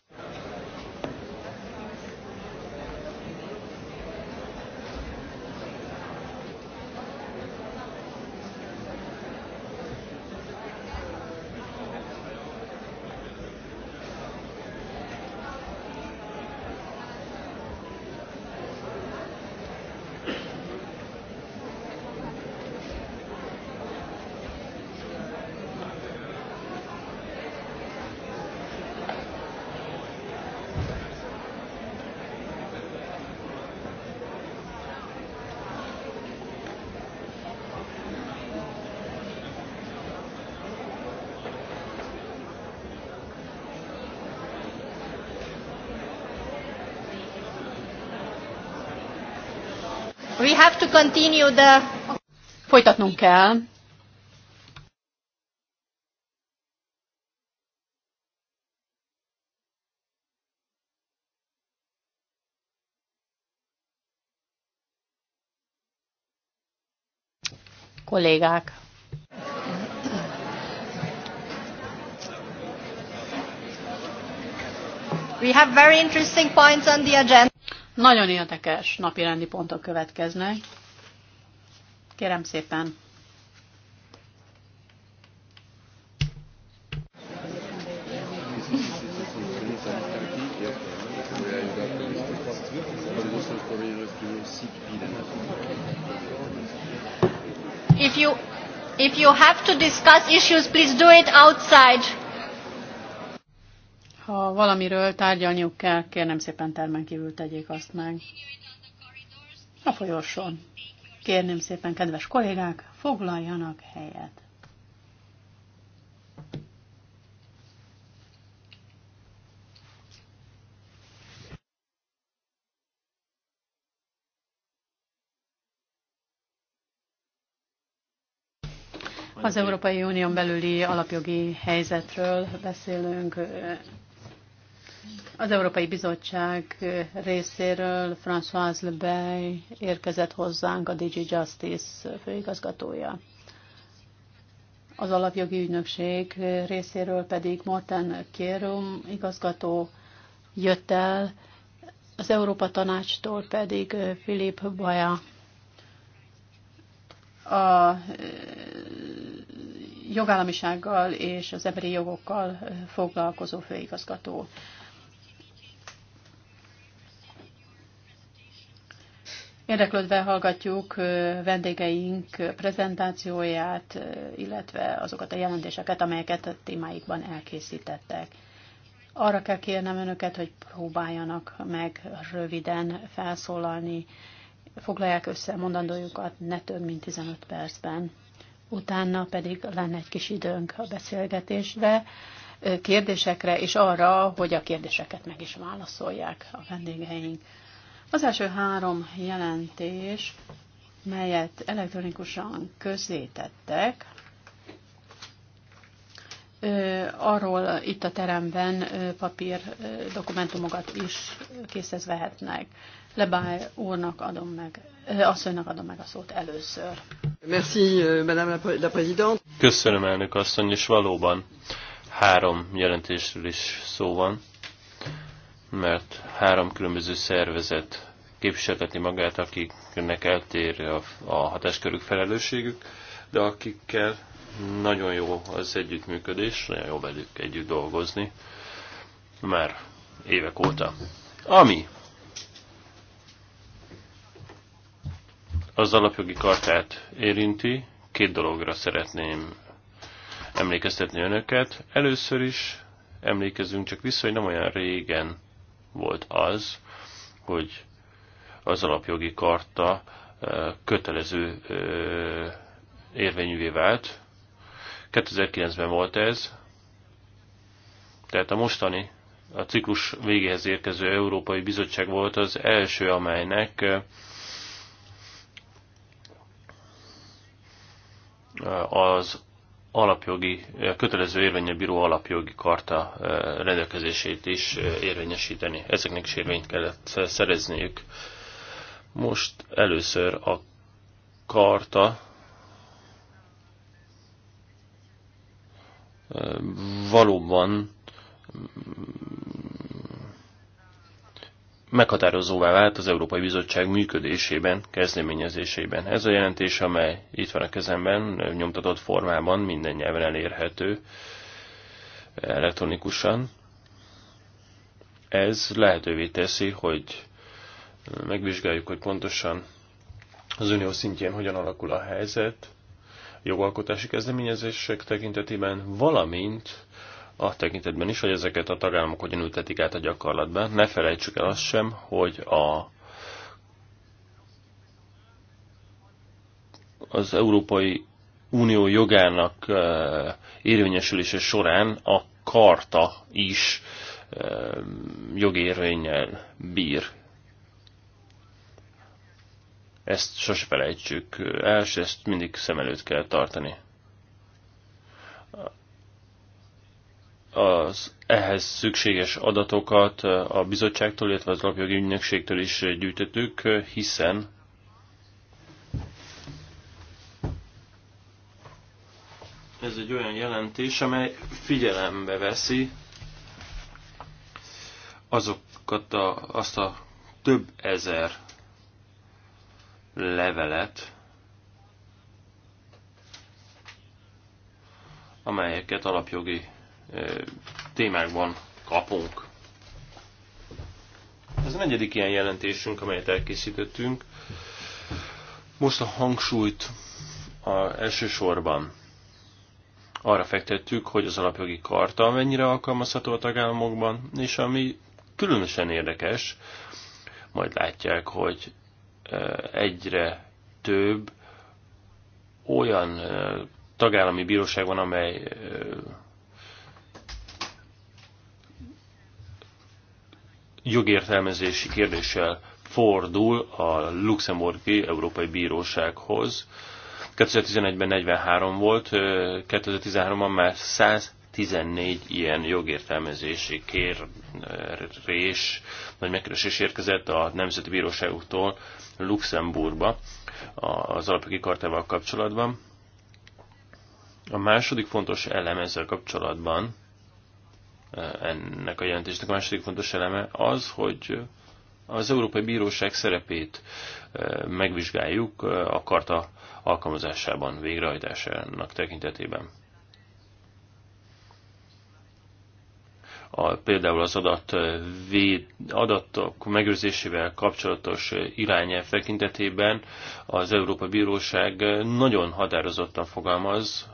We have to continue the... Folytatnunk kell. kollégák. We have very interesting points on the agenda. Nagyon érdekes napirendi pontok következnek. Kérem szépen. If you if you have to discuss issues, please do it outside. Ha valamiről tárgyalniuk kell, kérnem szépen termen kívül tegyék azt meg. A folyosón. Kérném szépen, kedves kollégák, foglaljanak helyet. Az Európai Unión belüli alapjogi helyzetről beszélünk. Az Európai Bizottság részéről François Lebey érkezett hozzánk a DG Justice főigazgatója. Az alapjogi ügynökség részéről pedig Morten Kérum igazgató jött el, az Európa Tanácstól pedig Filip Baja a e, jogállamisággal és az emberi jogokkal foglalkozó főigazgató. Érdeklődve hallgatjuk vendégeink prezentációját, illetve azokat a jelentéseket, amelyeket a témáikban elkészítettek. Arra kell kérnem önöket, hogy próbáljanak meg röviden felszólalni, foglalják össze mondandójukat ne több mint 15 percben. Utána pedig lenne egy kis időnk a beszélgetésre, kérdésekre, és arra, hogy a kérdéseket meg is válaszolják a vendégeink. Az első három jelentés, melyet elektronikusan közzétettek, arról itt a teremben papír dokumentumokat is készhez vehetnek. Lebáj úrnak adom meg, asszonynak adom meg a szót először. Merci, euh, madame la présidente. Köszönöm, elnök asszony, és valóban három jelentésről is szó van mert három különböző szervezet képviselteti magát, akiknek eltér a, a hatáskörük, felelősségük, de akikkel nagyon jó az együttműködés, nagyon jó velük együtt dolgozni, már évek óta. Ami az alapjogi kartát érinti, két dologra szeretném emlékeztetni önöket. Először is emlékezzünk csak vissza, hogy nem olyan régen volt az, hogy az alapjogi karta eh, kötelező eh, érvényűvé vált. 2009-ben volt ez, tehát a mostani, a ciklus végéhez érkező Európai Bizottság volt az első, amelynek eh, az alapjogi, kötelező érvényű bíró alapjogi karta rendelkezését is érvényesíteni. Ezeknek is érvényt kellett szerezniük. Most először a karta valóban meghatározóvá vált az Európai Bizottság működésében, kezdeményezésében. Ez a jelentés, amely itt van a kezemben, nyomtatott formában, minden nyelven elérhető elektronikusan. Ez lehetővé teszi, hogy megvizsgáljuk, hogy pontosan az unió szintjén hogyan alakul a helyzet, jogalkotási kezdeményezések tekintetében, valamint a tekintetben is, hogy ezeket a tagállamok hogyan ültetik át a gyakorlatban. Ne felejtsük el azt sem, hogy a az Európai Unió jogának érvényesülése során a karta is jogérvényel bír. Ezt sose felejtsük el, és ezt mindig szem előtt kell tartani. az ehhez szükséges adatokat a bizottságtól, illetve az alapjogi ügynökségtől is gyűjtöttük, hiszen ez egy olyan jelentés, amely figyelembe veszi azokat a, azt a több ezer levelet, amelyeket alapjogi témákban kapunk. Ez a negyedik ilyen jelentésünk, amelyet elkészítettünk. Most a hangsúlyt a elsősorban arra fektettük, hogy az alapjogi karta mennyire alkalmazható a tagállamokban, és ami különösen érdekes, majd látják, hogy egyre több olyan tagállami bíróság van, amely jogértelmezési kérdéssel fordul a luxemburgi Európai Bírósághoz. 2011-ben 43 volt, 2013-ban már 114 ilyen jogértelmezési kérés, vagy megkeresés érkezett a Nemzeti Bíróságoktól Luxemburgba az alapjogi kartával kapcsolatban. A második fontos elem ezzel kapcsolatban ennek a jelentésnek a második fontos eleme az, hogy az Európai Bíróság szerepét e, megvizsgáljuk e, a karta alkalmazásában, végrehajtásának tekintetében. A, például az adat e, véd, adatok megőrzésével kapcsolatos irányelv tekintetében az Európa Bíróság nagyon határozottan fogalmaz,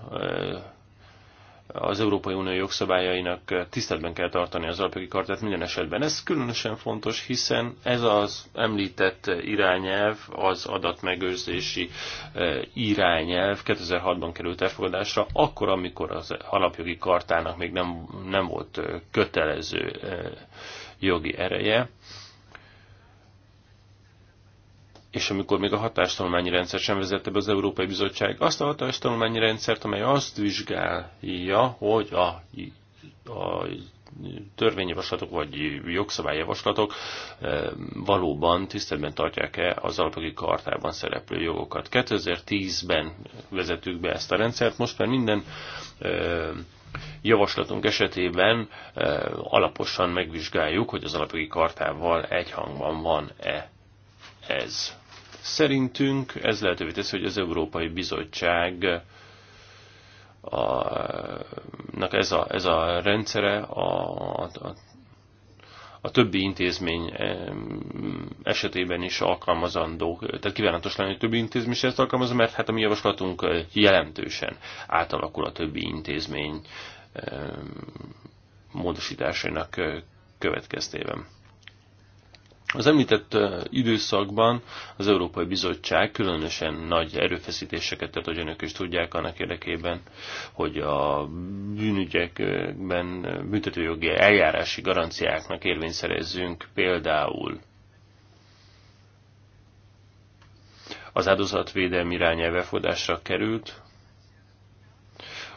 az Európai Unió jogszabályainak tiszteletben kell tartani az alapjogi kartát minden esetben. Ez különösen fontos, hiszen ez az említett irányelv, az adatmegőrzési e, irányelv 2006-ban került elfogadásra, akkor, amikor az alapjogi kartának még nem, nem volt e, kötelező e, jogi ereje és amikor még a hatástanulmányi rendszer sem vezette be az Európai Bizottság, azt a hatástanulmányi rendszert, amely azt vizsgálja, hogy a, a törvényjavaslatok vagy jogszabályjavaslatok e, valóban tiszteletben tartják-e az alapjogi kartában szereplő jogokat. 2010-ben vezetük be ezt a rendszert, most már minden e, javaslatunk esetében e, alaposan megvizsgáljuk, hogy az alapjogi kartával egyhangban van-e ez. Szerintünk ez lehetővé teszi, hogy az Európai Bizottság a, ez, a, ez a rendszere a, a, a többi intézmény esetében is alkalmazandó. Tehát kívánatos lenne, hogy többi intézmény is ezt alkalmazza, mert hát a mi javaslatunk jelentősen átalakul a többi intézmény módosításainak következtében. Az említett időszakban az Európai Bizottság különösen nagy erőfeszítéseket tett, hogy önök is tudják annak érdekében, hogy a bűnügyekben büntetőjogi eljárási garanciáknak érvényt szerezzünk, például az áldozatvédelmi irányelv elfogadásra került,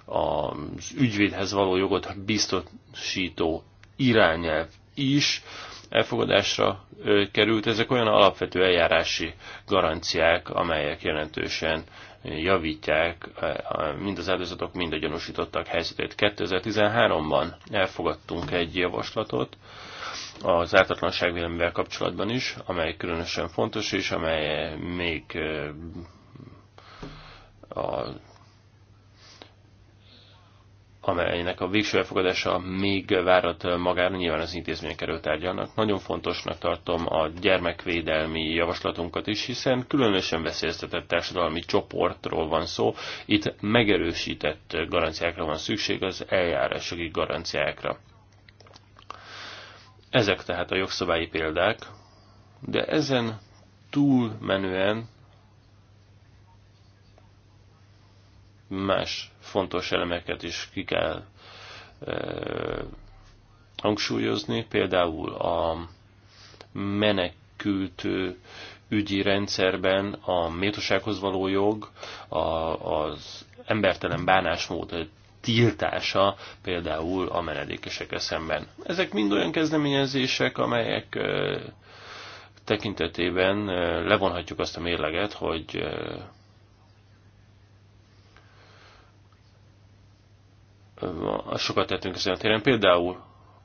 az ügyvédhez való jogot biztosító irányelv is elfogadásra került. Ezek olyan alapvető eljárási garanciák, amelyek jelentősen javítják mind az áldozatok, mind a gyanúsítottak helyzetét. 2013-ban elfogadtunk egy javaslatot az ártatlanság vélemével kapcsolatban is, amely különösen fontos, és amely még a amelynek a végső elfogadása még várat magára, nyilván az intézmények erről tárgyalnak. Nagyon fontosnak tartom a gyermekvédelmi javaslatunkat is, hiszen különösen veszélyeztetett társadalmi csoportról van szó. Itt megerősített garanciákra van szükség, az eljárásjogi garanciákra. Ezek tehát a jogszabályi példák, de ezen túlmenően más fontos elemeket is ki kell hangsúlyozni, például a menekült ügyi rendszerben a méltósághoz való jog, a, az embertelen bánásmód tiltása például a menedékesekkel szemben. Ezek mind olyan kezdeményezések, amelyek tekintetében levonhatjuk azt a mérleget, hogy sokat tettünk ezen a téren. Például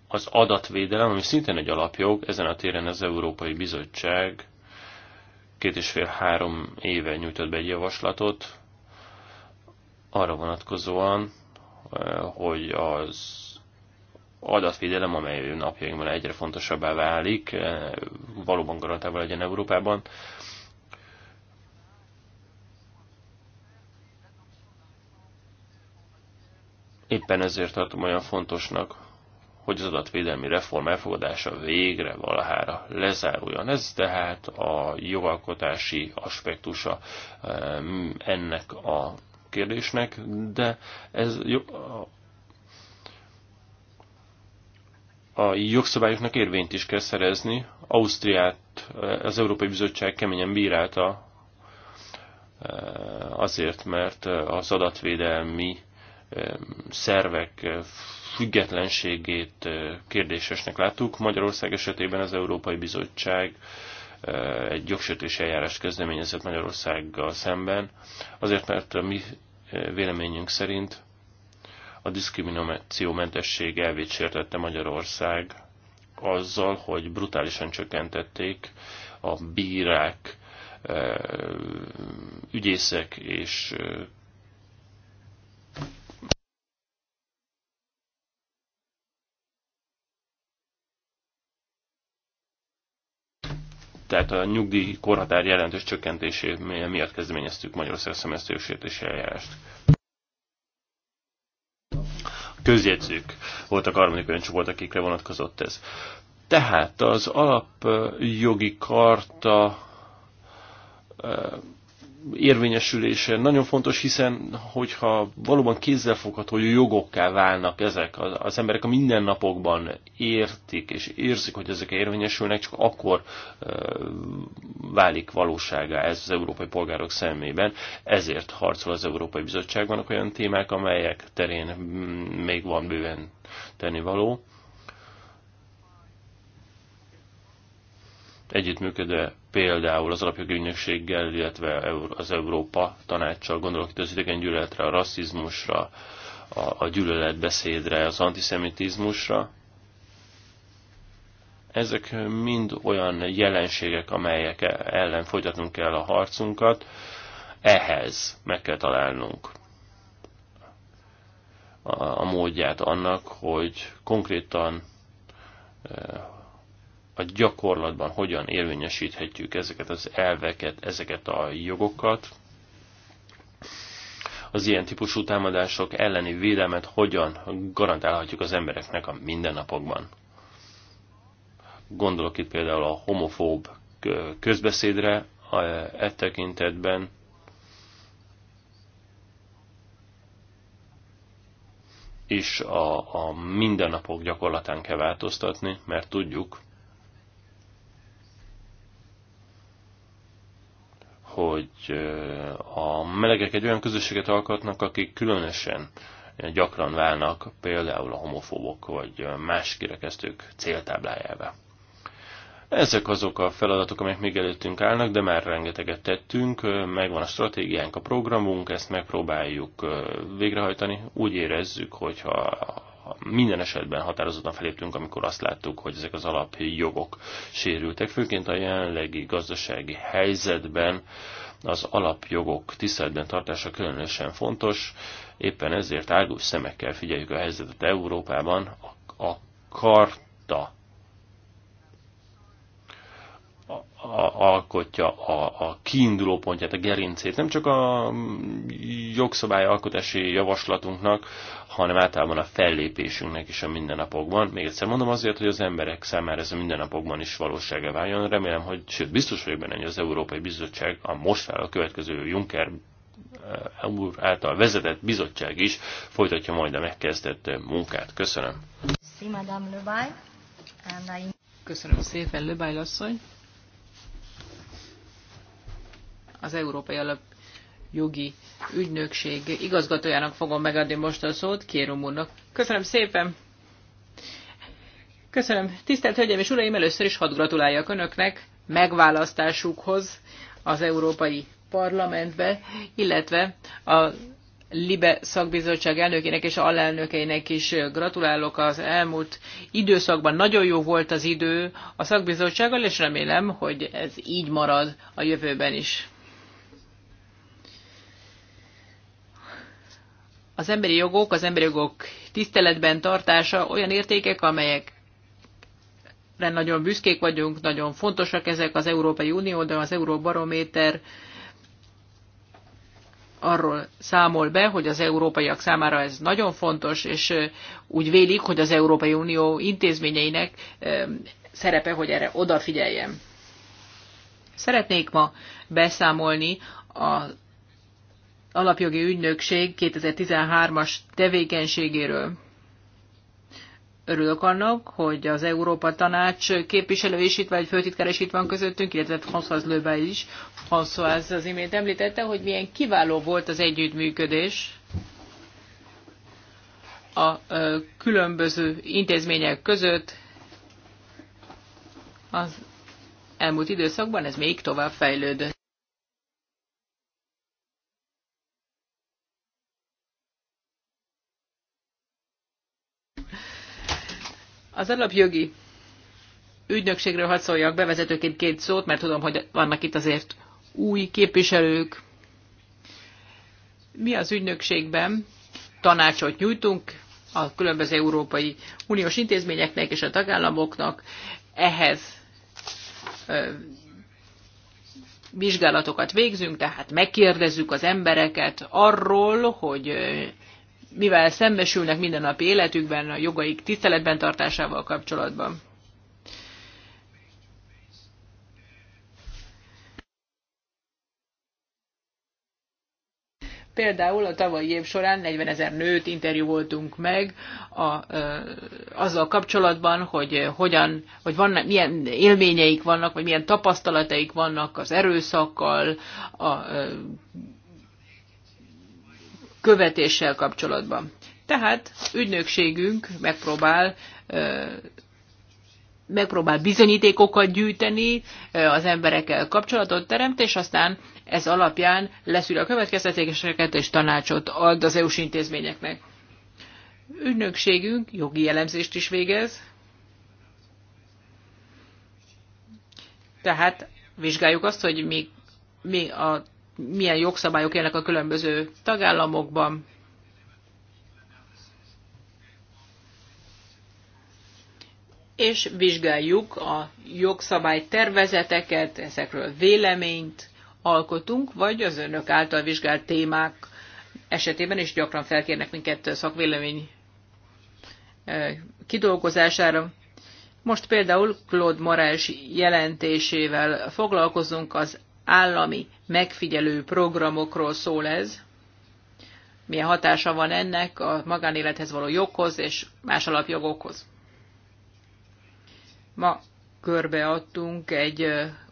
az adatvédelem, ami szintén egy alapjog, ezen a téren az Európai Bizottság két és fél-három éve nyújtott be egy javaslatot arra vonatkozóan, hogy az adatvédelem, amely napjainkban egyre fontosabbá válik, valóban garantálva legyen Európában. Éppen ezért tartom olyan fontosnak, hogy az adatvédelmi reform elfogadása végre valahára lezáruljon. Ez tehát a jogalkotási aspektusa ennek a kérdésnek, de ez a jogszabályoknak érvényt is kell szerezni. Ausztriát eh, az Európai Bizottság keményen bírálta eh, azért, mert eh, az adatvédelmi szervek eh, függetlenségét eh, kérdésesnek láttuk. Magyarország esetében az Európai Bizottság eh, egy jogsértési eljárást kezdeményezett Magyarországgal szemben, azért mert a mi véleményünk szerint a diszkriminációmentesség elvét sértette Magyarország azzal, hogy brutálisan csökkentették a bírák, ügyészek és tehát a nyugdíj korhatár jelentős csökkentésé miatt kezdeményeztük Magyarország szemesztősértési eljárást. Közjegyzők voltak a harmadik olyan csoport, akikre vonatkozott ez. Tehát az alapjogi karta érvényesülése nagyon fontos, hiszen hogyha valóban kézzelfogható jogokká válnak ezek, az, az emberek a mindennapokban értik és érzik, hogy ezek érvényesülnek, csak akkor válik valósága ez az európai polgárok szemében. Ezért harcol az Európai Bizottság. Vannak olyan témák, amelyek terén mm, még van bőven tennivaló. Együttműködve például az alapjogi ügynökséggel, illetve az Európa tanácssal, gondolok itt az idegen gyűlöletre, a rasszizmusra, a, a gyűlöletbeszédre, az antiszemitizmusra. Ezek mind olyan jelenségek, amelyek e- ellen folytatnunk kell a harcunkat. Ehhez meg kell találnunk a, a módját annak, hogy konkrétan e- a gyakorlatban hogyan érvényesíthetjük ezeket az elveket, ezeket a jogokat, az ilyen típusú támadások elleni védelmet hogyan garantálhatjuk az embereknek a mindennapokban. Gondolok itt például a homofób közbeszédre e tekintetben, és a, a mindennapok gyakorlatán kell változtatni, mert tudjuk, hogy a melegek egy olyan közösséget alkotnak, akik különösen gyakran válnak például a homofóbok vagy más kirekesztők céltáblájává. Ezek azok a feladatok, amelyek még előttünk állnak, de már rengeteget tettünk, megvan a stratégiánk, a programunk, ezt megpróbáljuk végrehajtani. Úgy érezzük, hogyha minden esetben határozottan feléptünk, amikor azt láttuk, hogy ezek az alapjogok sérültek. Főként a jelenlegi gazdasági helyzetben az alapjogok tiszteletben tartása különösen fontos, éppen ezért árgus szemekkel figyeljük a helyzetet Európában, a karta a, alkotja a, a kiinduló pontját, a gerincét, nem csak a jogszabály alkotási javaslatunknak, hanem általában a fellépésünknek is a mindennapokban. Még egyszer mondom azért, hogy az emberek számára ez a mindennapokban is valósága váljon. Remélem, hogy, sőt, biztos vagyok benne, hogy az Európai Bizottság a most fel a következő Juncker eh, úr által vezetett bizottság is folytatja majd a megkezdett munkát. Köszönöm. Köszönöm szépen, Löbáj asszony. az Európai Alap jogi ügynökség igazgatójának fogom megadni most a szót, Kérum úrnak. Köszönöm szépen! Köszönöm. Tisztelt Hölgyeim és Uraim, először is hadd gratuláljak Önöknek megválasztásukhoz az Európai Parlamentbe, illetve a LIBE szakbizottság elnökének és alelnökeinek is gratulálok az elmúlt időszakban. Nagyon jó volt az idő a szakbizottsággal, és remélem, hogy ez így marad a jövőben is. az emberi jogok, az emberi jogok tiszteletben tartása olyan értékek, amelyek nagyon büszkék vagyunk, nagyon fontosak ezek az Európai Unió, de az Euróbarométer arról számol be, hogy az európaiak számára ez nagyon fontos, és úgy vélik, hogy az Európai Unió intézményeinek szerepe, hogy erre odafigyeljen. Szeretnék ma beszámolni a alapjogi ügynökség 2013-as tevékenységéről. Örülök annak, hogy az Európa Tanács képviselő is itt, vagy főtitkár is itt van közöttünk, illetve François Löbel is. François az imént említette, hogy milyen kiváló volt az együttműködés a különböző intézmények között az elmúlt időszakban ez még tovább fejlődött. Az alapjogi ügynökségről hadd szóljak bevezetőként két szót, mert tudom, hogy vannak itt azért új képviselők. Mi az ügynökségben tanácsot nyújtunk a különböző Európai Uniós intézményeknek és a tagállamoknak. Ehhez vizsgálatokat végzünk, tehát megkérdezzük az embereket arról, hogy mivel szembesülnek mindennapi életükben, a jogaik tiszteletben tartásával kapcsolatban. Például a tavalyi év során 40 ezer nőt interjúoltunk meg a, a, azzal kapcsolatban, hogy hogyan, hogy vannak, milyen élményeik vannak, vagy milyen tapasztalataik vannak az erőszakkal, a, a követéssel kapcsolatban. Tehát ügynökségünk megpróbál megpróbál bizonyítékokat gyűjteni, az emberekkel kapcsolatot teremt, és aztán ez alapján leszűr a következtetéseket és tanácsot ad az EU-s intézményeknek. Ügynökségünk jogi jellemzést is végez, tehát vizsgáljuk azt, hogy mi, mi a milyen jogszabályok élnek a különböző tagállamokban. És vizsgáljuk a jogszabály tervezeteket, ezekről véleményt alkotunk, vagy az önök által vizsgált témák esetében is gyakran felkérnek minket szakvélemény kidolgozására. Most például Claude Morales jelentésével foglalkozunk az állami megfigyelő programokról szól ez, milyen hatása van ennek a magánélethez való joghoz és más alapjogokhoz. Ma körbeadtunk egy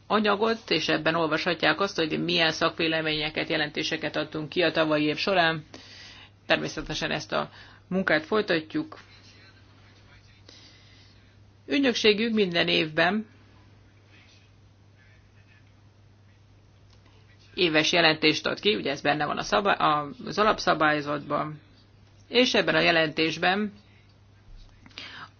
anyagot, és ebben olvashatják azt, hogy milyen szakvéleményeket, jelentéseket adtunk ki a tavalyi év során. Természetesen ezt a munkát folytatjuk. Ügynökségük minden évben éves jelentést ad ki, ugye ez benne van a szabály, az alapszabályzatban, és ebben a jelentésben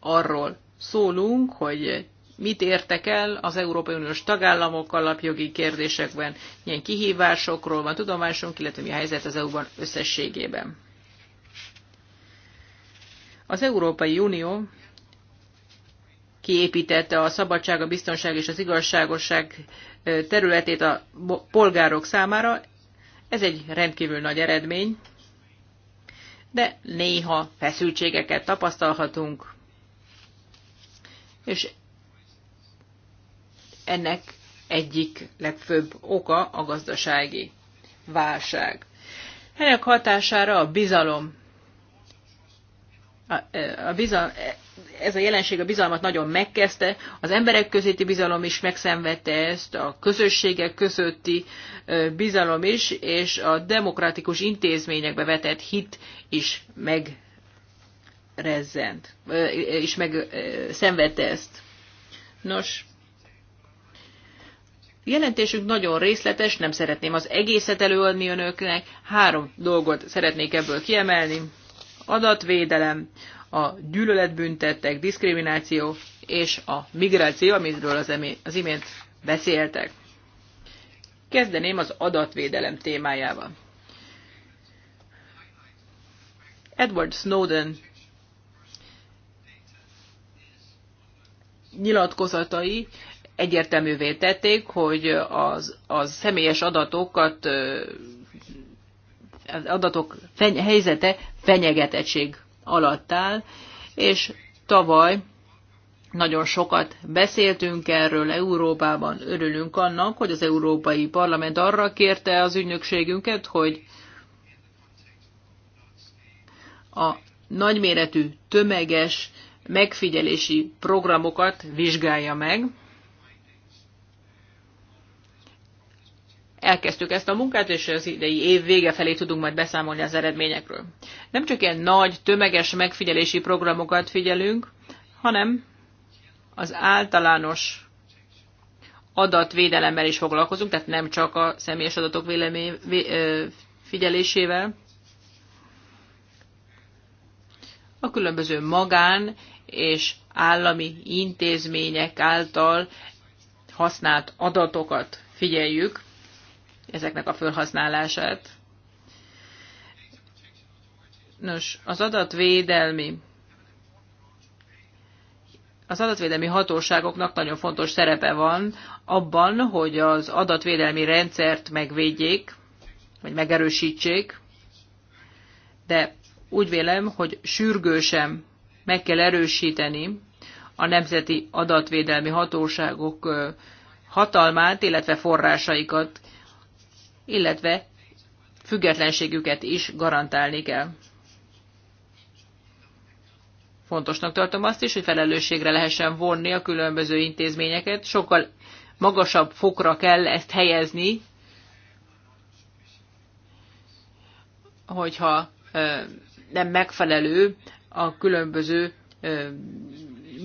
arról szólunk, hogy mit értek el az Európai Uniós tagállamok alapjogi kérdésekben, milyen kihívásokról van tudomásunk, illetve mi a helyzet az EU-ban összességében. Az Európai Unió kiépítette a szabadság, a biztonság és az igazságosság területét a polgárok számára. Ez egy rendkívül nagy eredmény, de néha feszültségeket tapasztalhatunk, és ennek egyik legfőbb oka a gazdasági válság. Ennek hatására a bizalom a, bizal, ez a jelenség a bizalmat nagyon megkezdte, az emberek közötti bizalom is megszenvedte ezt, a közösségek közötti bizalom is, és a demokratikus intézményekbe vetett hit is megrezzent, és megszenvedte ezt. Nos, jelentésünk nagyon részletes, nem szeretném az egészet előadni önöknek, három dolgot szeretnék ebből kiemelni adatvédelem, a gyűlöletbüntettek, diszkrimináció és a migráció, amiről az, az imént beszéltek. Kezdeném az adatvédelem témájával. Edward Snowden nyilatkozatai egyértelművé tették, hogy az, az személyes adatokat az adatok feny, helyzete fenyegetettség alatt áll, és tavaly nagyon sokat beszéltünk erről Európában, örülünk annak, hogy az Európai Parlament arra kérte az ügynökségünket, hogy a nagyméretű tömeges megfigyelési programokat vizsgálja meg, elkezdtük ezt a munkát, és az idei év vége felé tudunk majd beszámolni az eredményekről. Nem csak ilyen nagy, tömeges megfigyelési programokat figyelünk, hanem az általános adatvédelemmel is foglalkozunk, tehát nem csak a személyes adatok vélemény, vé, ö, figyelésével. A különböző magán és állami intézmények által használt adatokat figyeljük ezeknek a felhasználását. Nos, az adatvédelmi az adatvédelmi hatóságoknak nagyon fontos szerepe van abban, hogy az adatvédelmi rendszert megvédjék, vagy megerősítsék, de úgy vélem, hogy sürgősen meg kell erősíteni a nemzeti adatvédelmi hatóságok hatalmát, illetve forrásaikat illetve függetlenségüket is garantálni kell. Fontosnak tartom azt is, hogy felelősségre lehessen vonni a különböző intézményeket, sokkal magasabb fokra kell ezt helyezni, hogyha nem megfelelő a különböző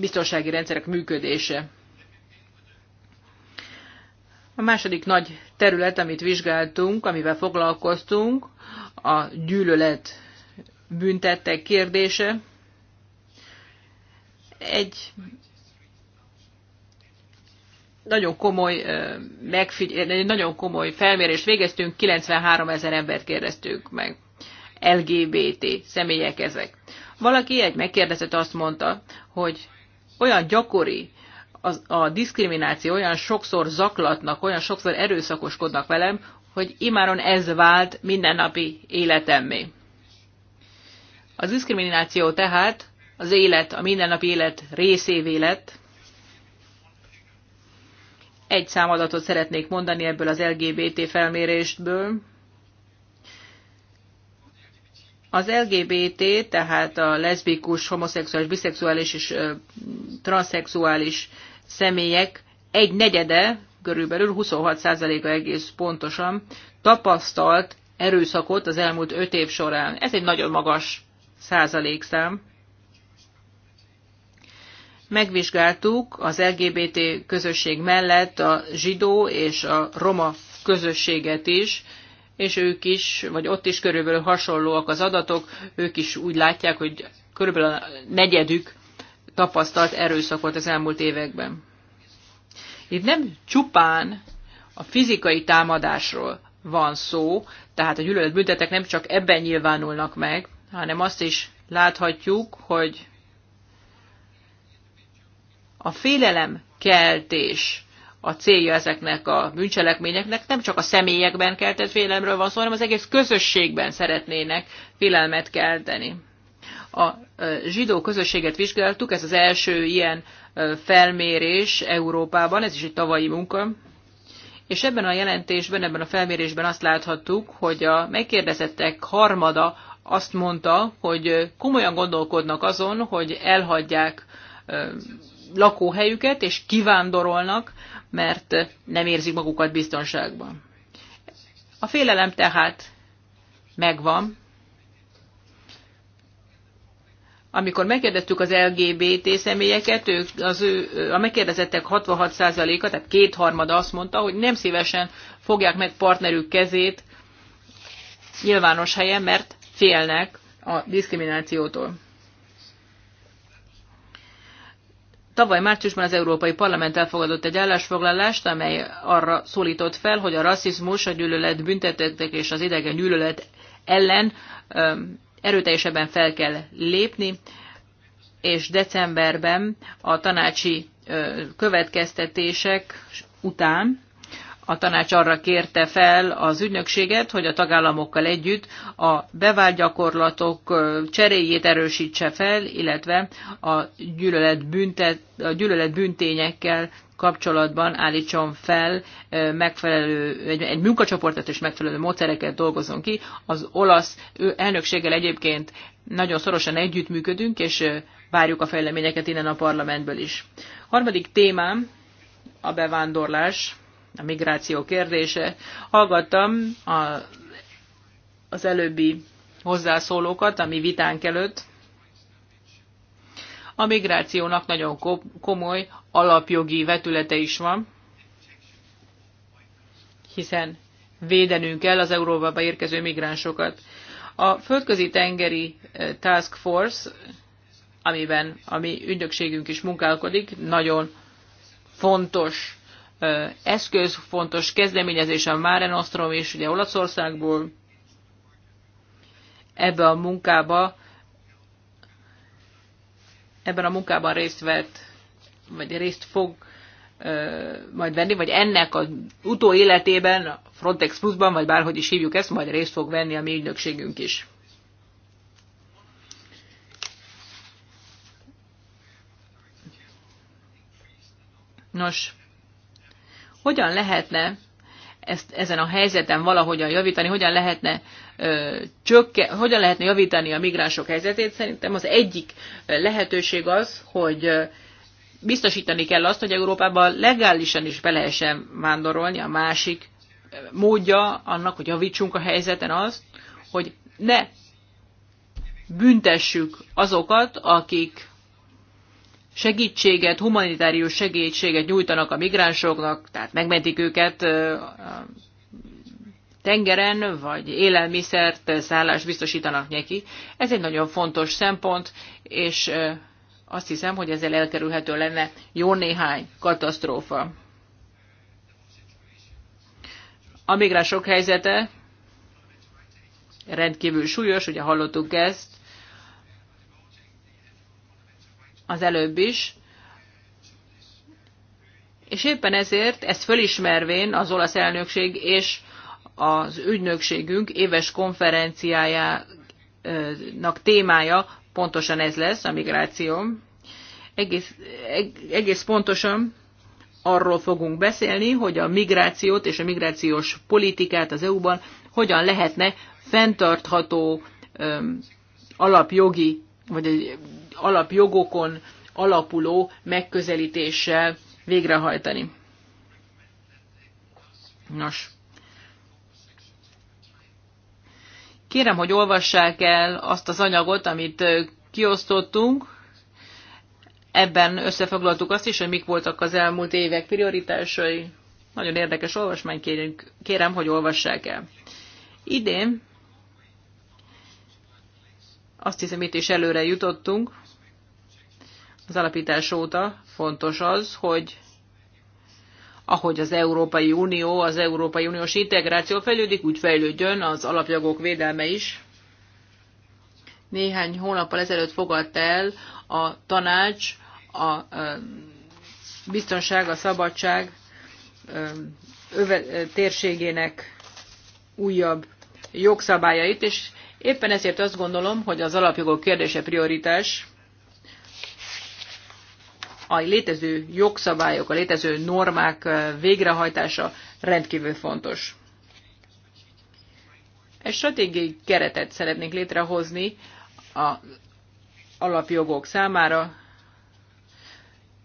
biztonsági rendszerek működése. A második nagy terület, amit vizsgáltunk, amivel foglalkoztunk, a gyűlölet büntettek kérdése. Egy nagyon komoly, megfigy- nagyon komoly felmérést végeztünk, 93 ezer embert kérdeztünk meg. LGBT személyek ezek. Valaki egy megkérdezett azt mondta, hogy olyan gyakori az, a diszkrimináció olyan sokszor zaklatnak, olyan sokszor erőszakoskodnak velem, hogy imáron ez vált mindennapi életemmé. Az diszkrimináció tehát az élet, a mindennapi élet részévé lett. Egy számadatot szeretnék mondani ebből az LGBT felmérésből. Az LGBT, tehát a leszbikus, homoszexuális, biszexuális és transzexuális személyek egy negyede, körülbelül 26%-a egész pontosan, tapasztalt erőszakot az elmúlt öt év során. Ez egy nagyon magas százalékszám. Megvizsgáltuk az LGBT közösség mellett a zsidó és a roma közösséget is, és ők is, vagy ott is körülbelül hasonlóak az adatok, ők is úgy látják, hogy körülbelül a negyedük tapasztalt erőszakot az elmúlt években. Itt nem csupán a fizikai támadásról van szó, tehát a gyűlöletbüntetek nem csak ebben nyilvánulnak meg, hanem azt is láthatjuk, hogy a félelem keltés a célja ezeknek a bűncselekményeknek, nem csak a személyekben keltett félelemről van szó, hanem az egész közösségben szeretnének félelmet kelteni a zsidó közösséget vizsgáltuk, ez az első ilyen felmérés Európában, ez is egy tavalyi munka, és ebben a jelentésben, ebben a felmérésben azt láthattuk, hogy a megkérdezettek harmada azt mondta, hogy komolyan gondolkodnak azon, hogy elhagyják lakóhelyüket, és kivándorolnak, mert nem érzik magukat biztonságban. A félelem tehát megvan, Amikor megkérdeztük az LGBT személyeket, ők, az ő, a megkérdezettek 66%-a, tehát kétharmada azt mondta, hogy nem szívesen fogják meg partnerük kezét nyilvános helyen, mert félnek a diszkriminációtól. Tavaly márciusban az Európai Parlament elfogadott egy állásfoglalást, amely arra szólított fel, hogy a rasszizmus, a gyűlölet büntetettek és az idegen gyűlölet ellen erőteljesebben fel kell lépni, és decemberben a tanácsi következtetések után a tanács arra kérte fel az ügynökséget, hogy a tagállamokkal együtt a bevált gyakorlatok cseréjét erősítse fel, illetve a gyűlölet, büntet, a gyűlölet büntényekkel kapcsolatban állítson fel megfelelő, egy, egy munkacsoportot és megfelelő módszereket dolgozunk ki. Az olasz elnökséggel egyébként nagyon szorosan együttműködünk, és várjuk a fejleményeket innen a parlamentből is. Harmadik témám a bevándorlás a migráció kérdése. Hallgattam a, az előbbi hozzászólókat, ami vitánk előtt. A migrációnak nagyon komoly alapjogi vetülete is van, hiszen védenünk kell az Európába érkező migránsokat. A földközi tengeri eh, Task Force, amiben a mi ügynökségünk is munkálkodik, nagyon fontos eszköz, fontos kezdeményezés a Mare Nostrum és ugye Olaszországból ebbe a munkába, ebben a munkában részt vett, vagy részt fog majd venni, vagy ennek az életében a Frontex Plusban, ban vagy bárhogy is hívjuk ezt, majd részt fog venni a mi ügynökségünk is. Nos, hogyan lehetne ezt, ezen a helyzeten valahogyan javítani, hogyan lehetne, ö, csökke, hogyan lehetne javítani a migránsok helyzetét. Szerintem az egyik lehetőség az, hogy biztosítani kell azt, hogy Európában legálisan is be lehessen vándorolni. A másik módja annak, hogy javítsunk a helyzeten az, hogy ne büntessük azokat, akik segítséget, humanitárius segítséget nyújtanak a migránsoknak, tehát megmentik őket a tengeren, vagy élelmiszert, szállást biztosítanak neki. Ez egy nagyon fontos szempont, és azt hiszem, hogy ezzel elkerülhető lenne jó néhány katasztrófa. A migránsok helyzete rendkívül súlyos, ugye hallottuk ezt, az előbb is, és éppen ezért ezt fölismervén az olasz elnökség és az ügynökségünk éves konferenciájának témája pontosan ez lesz, a migráció. Egész, egész pontosan arról fogunk beszélni, hogy a migrációt és a migrációs politikát az EU-ban hogyan lehetne fenntartható alapjogi vagy egy alapjogokon alapuló megközelítéssel végrehajtani. Nos. Kérem, hogy olvassák el azt az anyagot, amit kiosztottunk. Ebben összefoglaltuk azt is, hogy mik voltak az elmúlt évek prioritásai. Nagyon érdekes olvasmány, kérünk, kérem, hogy olvassák el. Idén azt hiszem, itt is előre jutottunk. Az alapítás óta fontos az, hogy ahogy az Európai Unió, az Európai Uniós integráció fejlődik, úgy fejlődjön az alapjogok védelme is. Néhány hónappal ezelőtt fogadta el a tanács a biztonság, a szabadság öve, térségének újabb jogszabályait, és Éppen ezért azt gondolom, hogy az alapjogok kérdése prioritás, a létező jogszabályok, a létező normák végrehajtása rendkívül fontos. Egy stratégiai keretet szeretnénk létrehozni a alapjogok számára.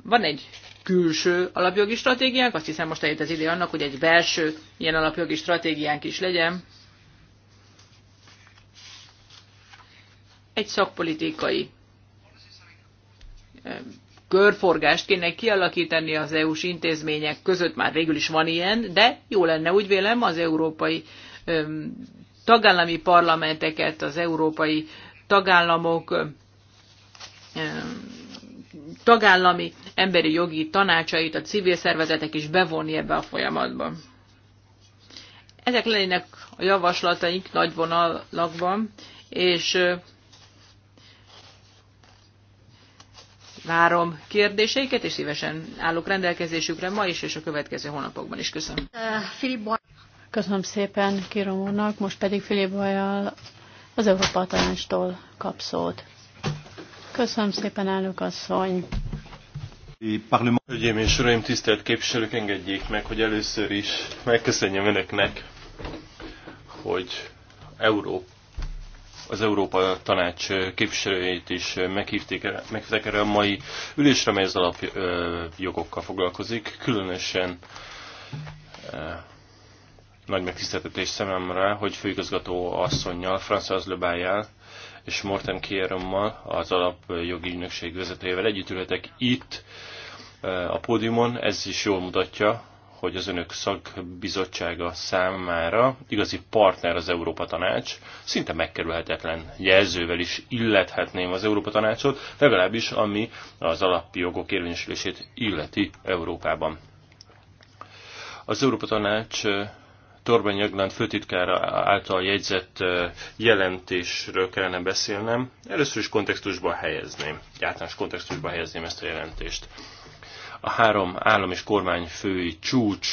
Van egy külső alapjogi stratégiánk, azt hiszem most eljött az idő annak, hogy egy belső ilyen alapjogi stratégiánk is legyen. egy szakpolitikai körforgást kéne kialakítani az EU-s intézmények között, már végül is van ilyen, de jó lenne, úgy vélem, az európai tagállami parlamenteket, az európai tagállamok tagállami emberi jogi tanácsait, a civil szervezetek is bevonni ebbe a folyamatba. Ezek lennének a javaslataink nagy vonalakban, és Várom kérdéseiket, és szívesen állok rendelkezésükre ma is, és a következő hónapokban is. Köszönöm. Köszönöm szépen Kirom úrnak, most pedig Filip Bajal az Európa Tanástól kap szót. Köszönöm szépen, elnök asszony. Hölgyeim és Uraim, tisztelt képviselők, engedjék meg, hogy először is megköszönjem Önöknek, hogy Európa az Európa Tanács képviselőjét is meghívták erre, meghívták erre a mai ülésre, mely az alapjogokkal foglalkozik. Különösen nagy megtiszteltetés szememre, hogy főigazgató asszonynal, François Lebájjal és Morten Kierommal, az alapjogi ügynökség vezetőjével együtt ülhetek itt a pódiumon. Ez is jól mutatja, hogy az önök szakbizottsága számára igazi partner az Európa Tanács, szinte megkerülhetetlen jelzővel is illethetném az Európa Tanácsot, legalábbis ami az alapjogok érvényesülését illeti Európában. Az Európa Tanács Torben Jagland főtitkára által jegyzett jelentésről kellene beszélnem. Először is kontextusban helyezném, általános kontextusban helyezném ezt a jelentést a három állam és fői csúcs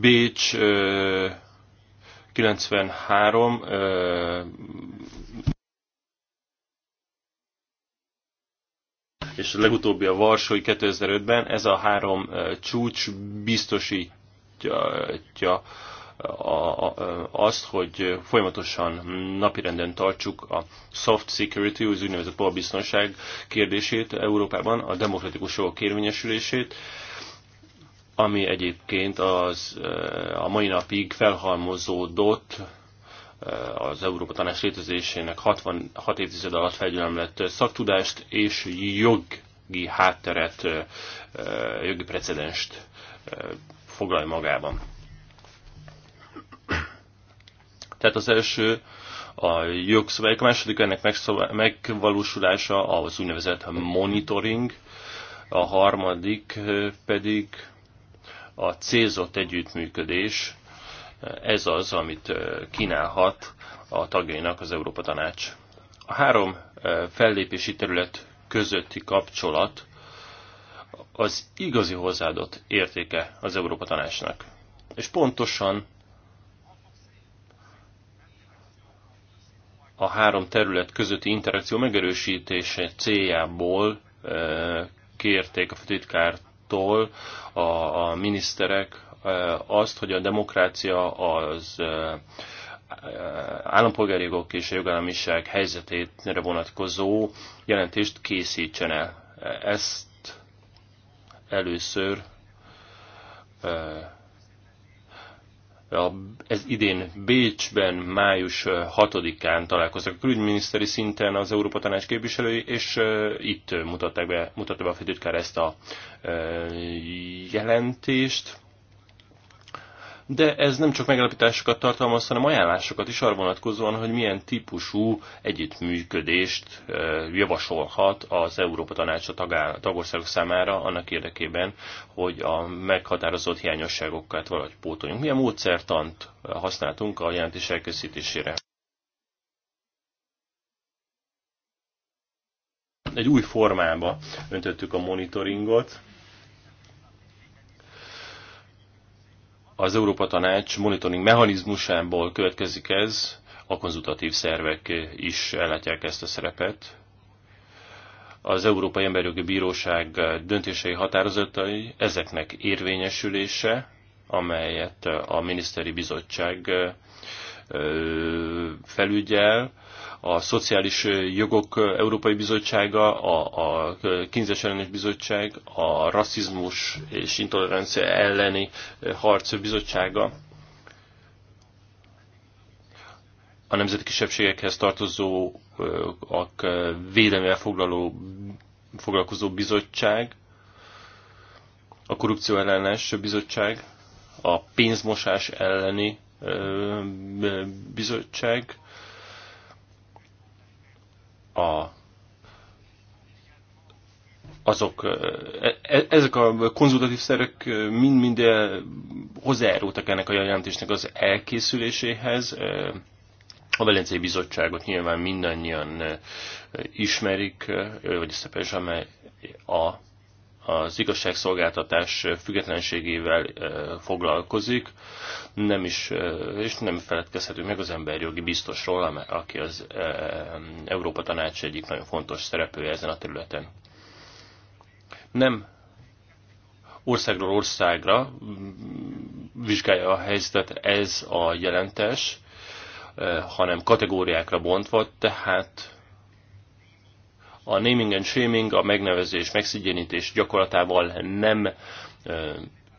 Bécs 93 és a legutóbbi a Varsói 2005-ben ez a három csúcs biztosítja a, a, azt, hogy folyamatosan napirenden tartsuk a soft security, az úgynevezett polbiztonság kérdését Európában, a demokratikus jogok érvényesülését, ami egyébként az eh, a mai napig felhalmozódott eh, az Európa Tanács létezésének 66 évtized alatt felgyülemlett szaktudást és jogi hátteret, eh, jogi precedenst foglalja magában. Tehát az első a jogszabályok, a második ennek megvalósulása az úgynevezett monitoring, a harmadik eh, pedig a célzott együttműködés, ez az, amit eh, kínálhat a tagjainak az Európa Tanács. A három eh, fellépési terület közötti kapcsolat az igazi hozzáadott értéke az Európa Tanácsnak. És pontosan a három terület közötti interakció megerősítése céljából e, kérték a főtitkártól a, a miniszterek e, azt, hogy a demokrácia az e, állampolgári jogok és a jogállamiság helyzetére vonatkozó jelentést készítsen el. Ezt először a, ez idén Bécsben május 6-án találkoztak a külügyminiszteri szinten az Európa Tanács képviselői, és itt mutatták be, mutatta be a főtitkár ezt a jelentést de ez nem csak megállapításokat tartalmaz, hanem ajánlásokat is arra vonatkozóan, hogy milyen típusú együttműködést javasolhat az Európa Tanács a tagországok számára annak érdekében, hogy a meghatározott hiányosságokat valahogy pótoljunk. Milyen módszertant használtunk a jelentés elkészítésére? Egy új formába öntöttük a monitoringot, Az Európa Tanács monitoring mechanizmusából következik ez, a konzultatív szervek is ellátják ezt a szerepet. Az Európai Emberjogi Bíróság döntései határozatai ezeknek érvényesülése, amelyet a miniszteri bizottság felügyel, a Szociális Jogok Európai Bizottsága, a, a Kínzes Ellenes Bizottság, a Rasszizmus és Intolerancia Elleni Harc Bizottsága, a nemzeti kisebbségekhez tartozó a védelmével foglaló, foglalkozó bizottság, a korrupció ellenes bizottság, a pénzmosás elleni bizottság, a azok, e, e, ezek a konzultatív szerek mind-mind hozzájárultak ennek a jelentésnek az elkészüléséhez. A Velencei Bizottságot nyilván mindannyian ismerik, vagy szépen, a amely a az igazságszolgáltatás függetlenségével foglalkozik, nem is, és nem feledkezhetünk meg az emberjogi biztosról, aki az Európa Tanács egyik nagyon fontos szereplője ezen a területen. Nem országról országra vizsgálja a helyzetet ez a jelentés, hanem kategóriákra bontva, tehát a naming and shaming, a megnevezés, megszigyenítés gyakorlatával nem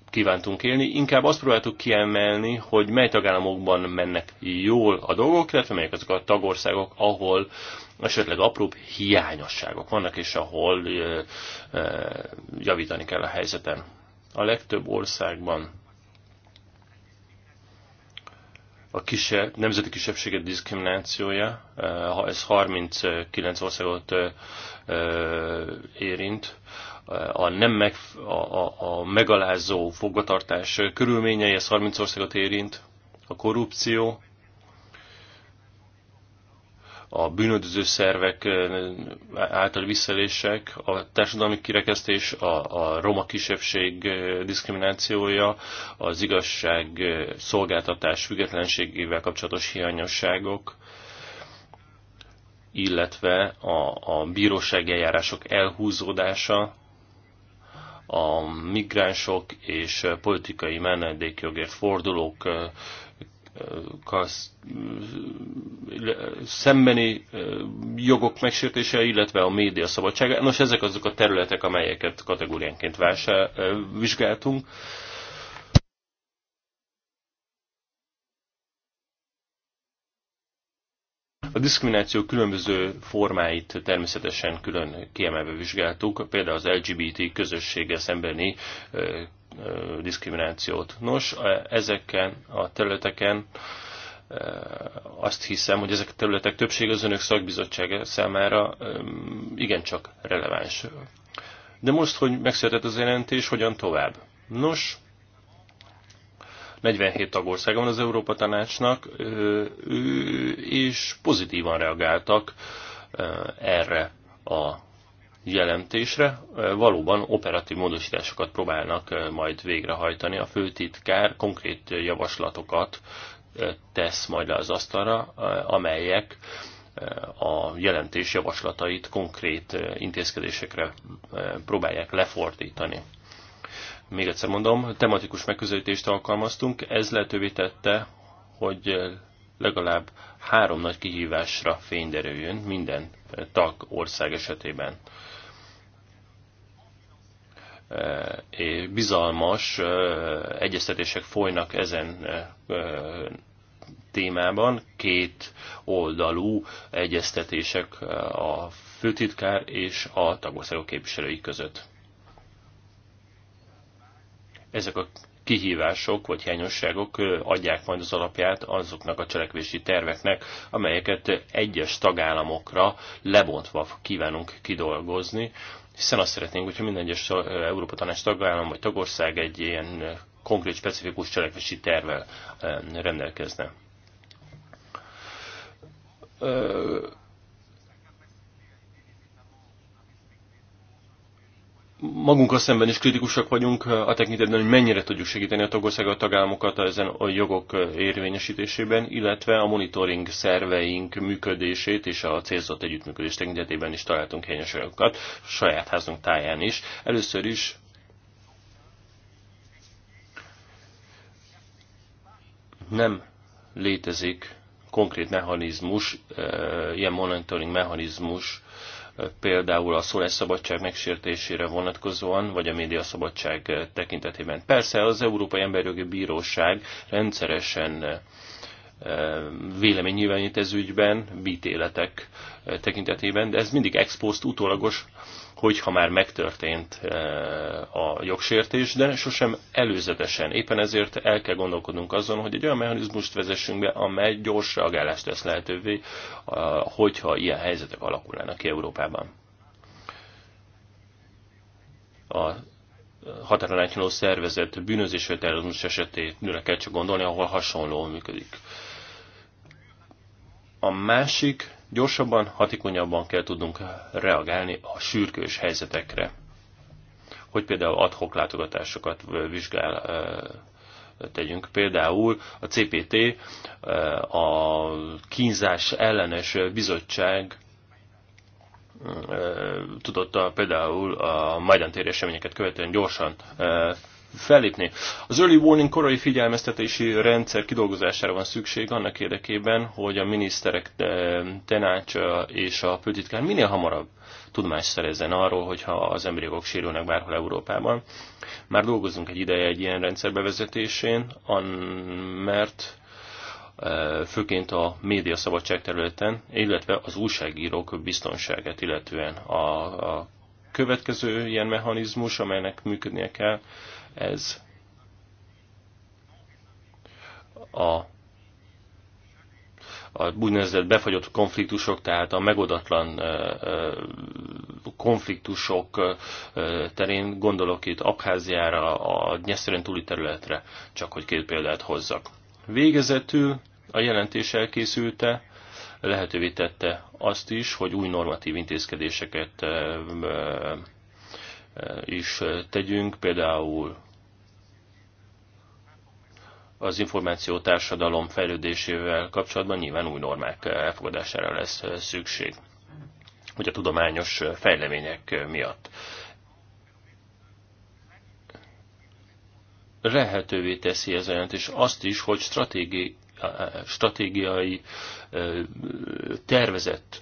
kívántunk élni, inkább azt próbáltuk kiemelni, hogy mely tagállamokban mennek jól a dolgok, illetve melyek azok a tagországok, ahol esetleg apróbb hiányosságok vannak, és ahol ö, ö, javítani kell a helyzeten. A legtöbb országban a kise, nemzeti kisebbségek diszkriminációja, eh, ez 39 országot eh, eh, érint, a, nem meg, a, a megalázó fogvatartás körülményei, ez 30 országot érint, a korrupció, a bűnöldöző szervek által visszelések, a társadalmi kirekesztés, a, a roma kisebbség diszkriminációja, az igazság szolgáltatás függetlenségével kapcsolatos hiányosságok, illetve a, a bírósági eljárások elhúzódása, a migránsok és politikai menedékjogért fordulók szembeni jogok megsértése, illetve a média szabadsága. Nos, ezek azok a területek, amelyeket kategóriánként vizsgáltunk. A diszkrimináció különböző formáit természetesen külön kiemelve vizsgáltuk, például az LGBT közösséggel szembeni diszkriminációt. Nos, ezeken a területeken azt hiszem, hogy ezek a területek többség az önök szakbizottsága számára igencsak releváns. De most, hogy megszületett az jelentés, hogyan tovább? Nos, 47 tagország van az Európa Tanácsnak, és pozitívan reagáltak erre a jelentésre valóban operatív módosításokat próbálnak majd végrehajtani. A főtitkár konkrét javaslatokat tesz majd le az asztalra, amelyek a jelentés javaslatait konkrét intézkedésekre próbálják lefordítani. Még egyszer mondom, tematikus megközelítést alkalmaztunk, ez lehetővé tette, hogy legalább három nagy kihívásra fény minden tag ország esetében. Eh, eh, bizalmas eh, egyeztetések folynak ezen témában, két oldalú egyeztetések a főtitkár és a tagországok képviselői között. Ezek a kihívások vagy hiányosságok adják majd az alapját azoknak a cselekvési terveknek, amelyeket egyes tagállamokra lebontva kívánunk kidolgozni, hiszen azt szeretnénk, hogyha minden egyes Európa Tanács tagállam vagy tagország egy ilyen konkrét, specifikus cselekvési tervvel rendelkezne magunkkal szemben is kritikusak vagyunk a tekintetben, hogy mennyire tudjuk segíteni a tagországot, a tagállamokat ezen a jogok érvényesítésében, illetve a monitoring szerveink működését és a célzott együttműködés tekintetében is találtunk anyagokat, saját házunk táján is. Először is nem létezik konkrét mechanizmus, ilyen monitoring mechanizmus, például a szólásszabadság megsértésére vonatkozóan, vagy a médiaszabadság tekintetében. Persze az Európai Emberjogi Bíróság rendszeresen vélemény ez ügyben, vítéletek tekintetében, de ez mindig ex post utólagos, hogyha már megtörtént a jogsértés, de sosem előzetesen. Éppen ezért el kell gondolkodnunk azon, hogy egy olyan mechanizmust vezessünk be, amely gyors reagálást tesz lehetővé, hogyha ilyen helyzetek alakulnának ki Európában. A határon átnyúló szervezet bűnözés vagy terrorizmus kell csak gondolni, ahol hasonló működik. A másik, gyorsabban, hatékonyabban kell tudnunk reagálni a sürgős helyzetekre. Hogy például adhok látogatásokat vizsgál, tegyünk. Például a CPT, a kínzás ellenes bizottság tudotta például a Majdan téri eseményeket követően gyorsan fellépni. Az early warning korai figyelmeztetési rendszer kidolgozására van szükség annak érdekében, hogy a miniszterek tenács és a főtitkár minél hamarabb tudomást szerezzen arról, hogyha az emberi jogok sérülnek bárhol Európában. Már dolgozunk egy ideje egy ilyen rendszer bevezetésén, mert e, főként a média szabadság területen, illetve az újságírók biztonságát, illetően a, a következő ilyen mechanizmus, amelynek működnie kell, ez a a úgynevezett befagyott konfliktusok, tehát a megoldatlan konfliktusok terén, gondolok itt Abháziára, a Nyeszeren túli területre, csak hogy két példát hozzak. Végezetül a jelentés elkészülte, lehetővé tette azt is, hogy új normatív intézkedéseket is tegyünk, például az információ társadalom fejlődésével kapcsolatban nyilván új normák elfogadására lesz szükség, hogy a tudományos fejlemények miatt. Lehetővé teszi ez a jelentés azt is, hogy stratégi, stratégiai tervezett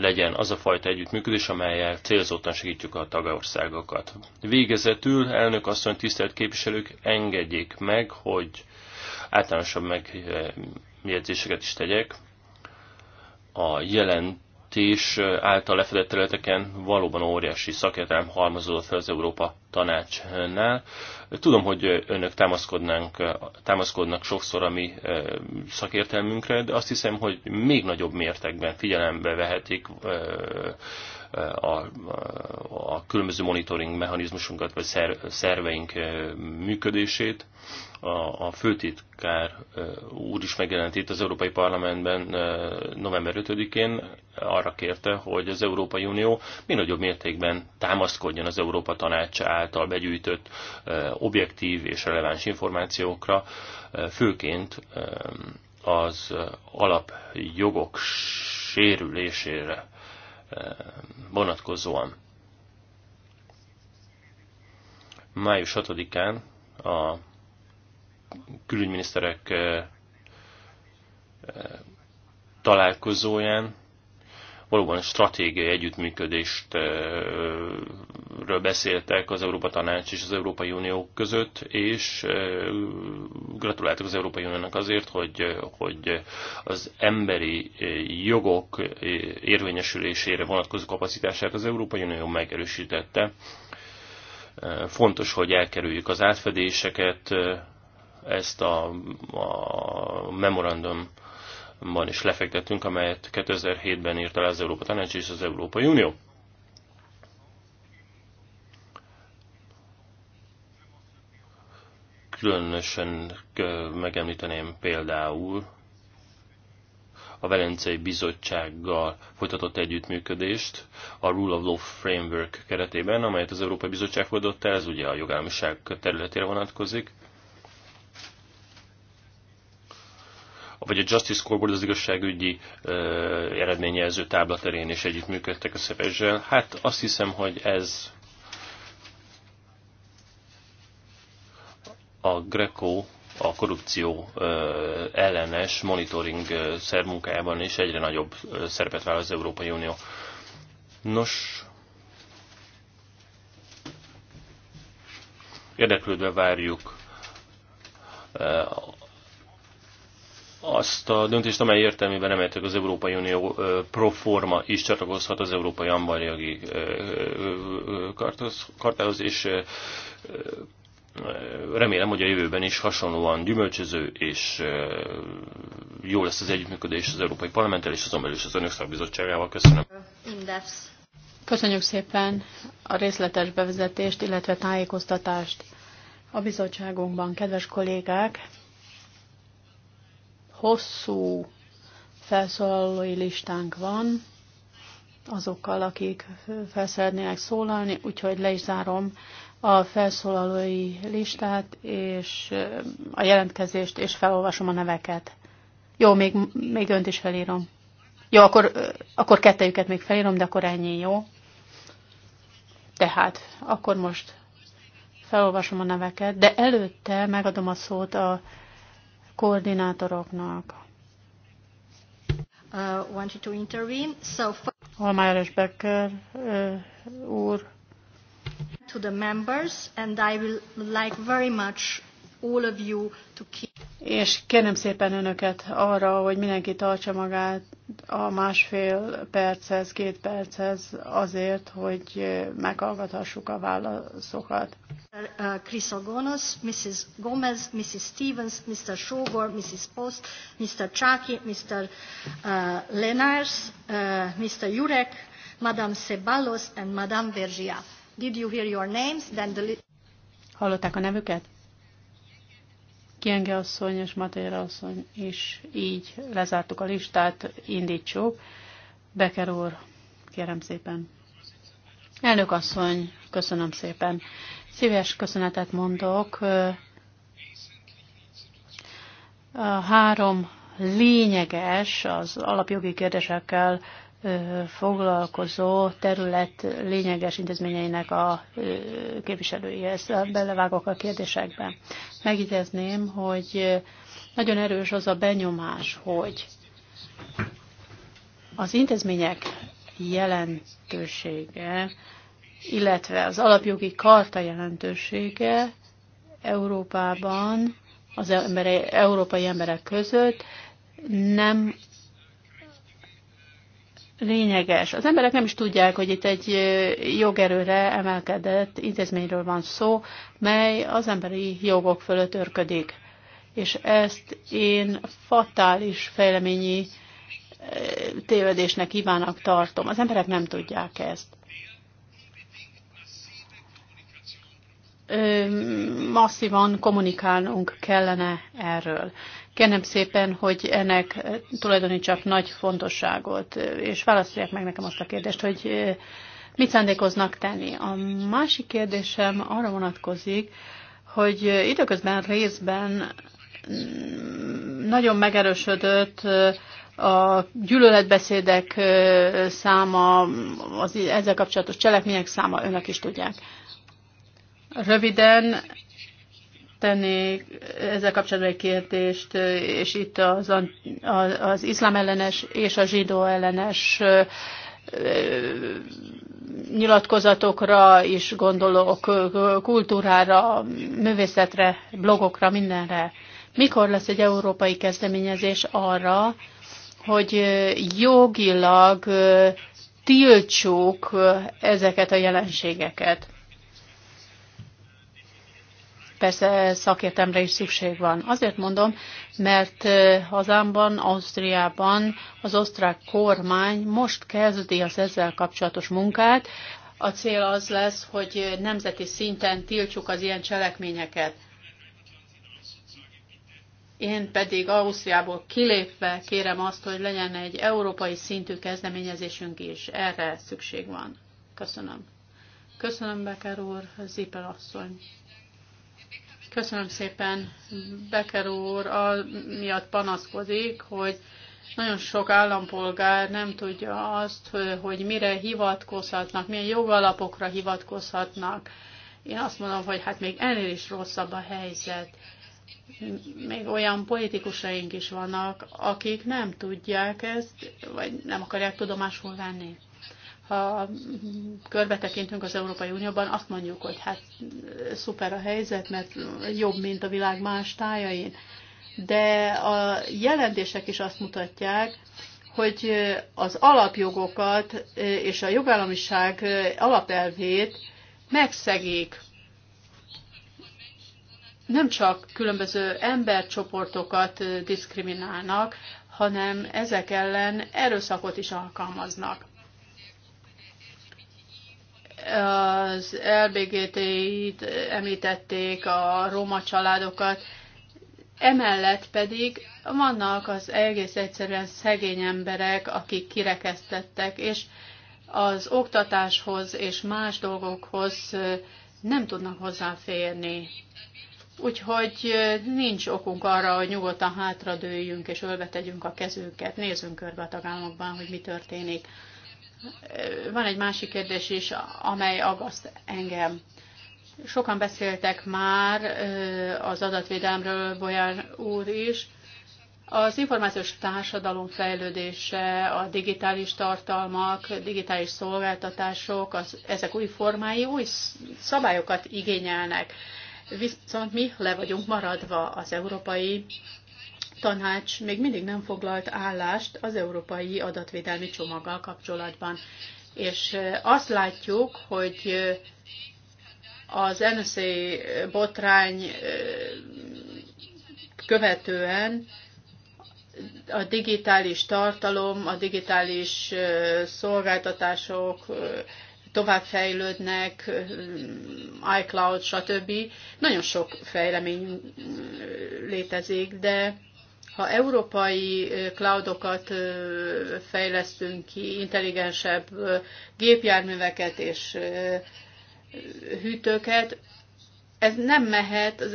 legyen az a fajta együttműködés, amelyel célzottan segítjük a tagországokat. Végezetül, elnök asszony, tisztelt képviselők, engedjék meg, hogy általánosabb megjegyzéseket is tegyek. A jelent és által lefedett területeken valóban óriási szakértelem halmozódott fel az Európa tanácsnál. Tudom, hogy önök támaszkodnánk, támaszkodnak sokszor a mi szakértelmünkre, de azt hiszem, hogy még nagyobb mértékben figyelembe vehetik a, a különböző monitoring mechanizmusunkat vagy szer, szerveink működését. A, a főtitkár úr is megjelent itt az Európai Parlamentben november 5-én, arra kérte, hogy az Európai Unió mi nagyobb mértékben támaszkodjon az Európa Tanács által begyűjtött objektív és releváns információkra, főként az alapjogok sérülésére Eh, vonatkozóan. Május 6-án a külügyminiszterek eh, eh, találkozóján valóban stratégiai ről beszéltek az Európa Tanács és az Európai Unió között, és gratuláltak az Európai Uniónak azért, hogy, hogy az emberi jogok érvényesülésére vonatkozó kapacitását az Európai Unió megerősítette. Fontos, hogy elkerüljük az átfedéseket, ezt a, a memorandum ban is lefektettünk, amelyet 2007-ben írt el az Európa Tanács és az Európai Unió. Különösen megemlíteném például a Velencei Bizottsággal folytatott együttműködést a Rule of Law Framework keretében, amelyet az Európai Bizottság fordott el, ez ugye a jogállamiság területére vonatkozik. vagy a Justice Scoreboard az igazságügyi ö, eredményjelző tábla terén is együttműködtek a Szevezsel. Hát azt hiszem, hogy ez a Greco a korrupció ellenes monitoring szermunkájában is egyre nagyobb szerepet vállal az Európai Unió. Nos, érdeklődve várjuk azt a döntést, amely értelmében emeltek az Európai Unió proforma is csatlakozhat az Európai Ambarjagi kartához, és remélem, hogy a jövőben is hasonlóan gyümölcsöző és jó lesz az együttműködés az Európai Parlamenttel és azon belül is az Önök Szakbizottságával. Köszönöm. Köszönjük szépen a részletes bevezetést, illetve tájékoztatást a bizottságunkban, kedves kollégák! hosszú felszólalói listánk van azokkal, akik felszeretnének szólalni, úgyhogy le is zárom a felszólalói listát, és a jelentkezést, és felolvasom a neveket. Jó, még, még önt is felírom. Jó, akkor, akkor kettejüket még felírom, de akkor ennyi, jó? Tehát, akkor most felolvasom a neveket, de előtte megadom a szót a koordinátoroknak. Uh, to intervene. So, Holmeyer Becker uh, úr. To the members, and I will like very much all of you to keep. És kérem szépen önöket arra, hogy mindenki tartsa magát a másfél perchez, két perchez azért, hogy meghallgathassuk a válaszokat. O'Gonos, Mrs. Gomez, Mrs. Stevens, Mr. Shogor, Mrs. Post, Mr. Chaki, Mr. Uh, Lenars, uh, Mr. Jurek, Madame Ceballos and Madame Vergia. Did you hear your names? Then the... Hallották a nevüket? Kienge asszony és Matéra asszony is így lezártuk a listát, indítsuk. Becker úr, kérem szépen. Elnök asszony, köszönöm szépen. Szíves köszönetet mondok. A három lényeges, az alapjogi kérdésekkel foglalkozó terület lényeges intézményeinek a Ezt Belevágok a kérdésekbe. Megidezném, hogy nagyon erős az a benyomás, hogy az intézmények jelentősége, illetve az alapjogi karta jelentősége Európában, az emberei, európai emberek között nem lényeges. Az emberek nem is tudják, hogy itt egy jogerőre emelkedett intézményről van szó, mely az emberi jogok fölött örködik. És ezt én fatális fejleményi tévedésnek hibának tartom. Az emberek nem tudják ezt. Masszívan kommunikálnunk kellene erről. Kérem szépen, hogy ennek tulajdonítsak nagy fontosságot, és válaszolják meg nekem azt a kérdést, hogy mit szándékoznak tenni. A másik kérdésem arra vonatkozik, hogy időközben részben mm, nagyon megerősödött a gyűlöletbeszédek száma, az ezzel kapcsolatos cselekmények száma, önök is tudják. Röviden tennék ezzel kapcsolatban egy kérdést, és itt az, az iszlám ellenes és a zsidó ellenes nyilatkozatokra is gondolok, kultúrára, művészetre, blogokra, mindenre. Mikor lesz egy európai kezdeményezés arra, hogy jogilag tiltsuk ezeket a jelenségeket? persze szakértemre is szükség van. Azért mondom, mert hazámban, Ausztriában az osztrák kormány most kezdi az ezzel kapcsolatos munkát. A cél az lesz, hogy nemzeti szinten tiltsuk az ilyen cselekményeket. Én pedig Ausztriából kilépve kérem azt, hogy legyen egy európai szintű kezdeményezésünk is. Erre szükség van. Köszönöm. Köszönöm, Becker úr, Zipel asszony. Köszönöm szépen. Becker úr miatt panaszkodik, hogy nagyon sok állampolgár nem tudja azt, hogy mire hivatkozhatnak, milyen jogalapokra hivatkozhatnak. Én azt mondom, hogy hát még ennél is rosszabb a helyzet. Még olyan politikusaink is vannak, akik nem tudják ezt, vagy nem akarják tudomásul venni ha körbetekintünk az Európai Unióban, azt mondjuk, hogy hát szuper a helyzet, mert jobb, mint a világ más tájain. De a jelentések is azt mutatják, hogy az alapjogokat és a jogállamiság alapelvét megszegik. Nem csak különböző embercsoportokat diszkriminálnak, hanem ezek ellen erőszakot is alkalmaznak az LBGT-t említették, a roma családokat, emellett pedig vannak az egész egyszerűen szegény emberek, akik kirekesztettek, és az oktatáshoz és más dolgokhoz nem tudnak hozzáférni. Úgyhogy nincs okunk arra, hogy nyugodtan hátradőljünk és ölbetegyünk tegyünk a kezünket. Nézzünk körbe a tagállamokban, hogy mi történik van egy másik kérdés is, amely aggaszt engem. Sokan beszéltek már az adatvédelemről, Bolyán úr is. Az információs társadalom fejlődése, a digitális tartalmak, digitális szolgáltatások, az, ezek új formái új szabályokat igényelnek. Viszont mi le vagyunk maradva az európai tanács még mindig nem foglalt állást az európai adatvédelmi csomaggal kapcsolatban. És eh, azt látjuk, hogy eh, az NSA botrány eh, követően a digitális tartalom, a digitális szolgáltatások továbbfejlődnek, iCloud, stb. Nagyon sok fejlemény mm, létezik, de ha európai cloudokat fejlesztünk ki, intelligensebb gépjárműveket és hűtőket, ez nem mehet az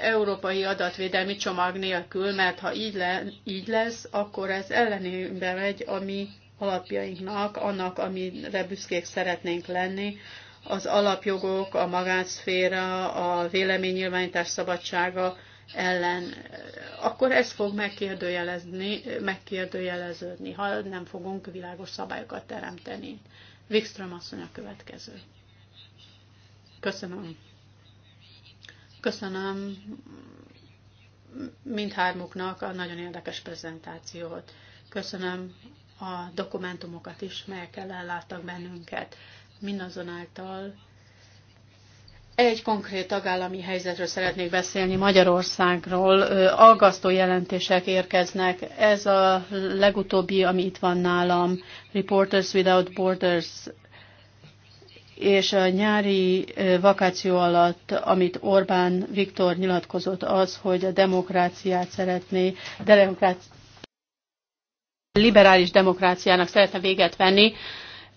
európai adatvédelmi csomag nélkül, mert ha így, le, így lesz, akkor ez ellenébe megy a mi alapjainknak, annak, amire büszkék szeretnénk lenni, az alapjogok, a magánszféra, a véleménynyilvánítás szabadsága, ellen, akkor ez fog megkérdőjelezni, megkérdőjeleződni, ha nem fogunk világos szabályokat teremteni. Wikström asszony a következő. Köszönöm. Köszönöm mindhármuknak a nagyon érdekes prezentációt. Köszönöm a dokumentumokat is, melyekkel elláttak bennünket. Mindazonáltal egy konkrét tagállami helyzetről szeretnék beszélni, Magyarországról. Aggasztó jelentések érkeznek. Ez a legutóbbi, ami itt van nálam, Reporters Without Borders, és a nyári vakáció alatt, amit Orbán Viktor nyilatkozott, az, hogy a demokráciát szeretné, demokráci- liberális demokráciának szeretne véget venni,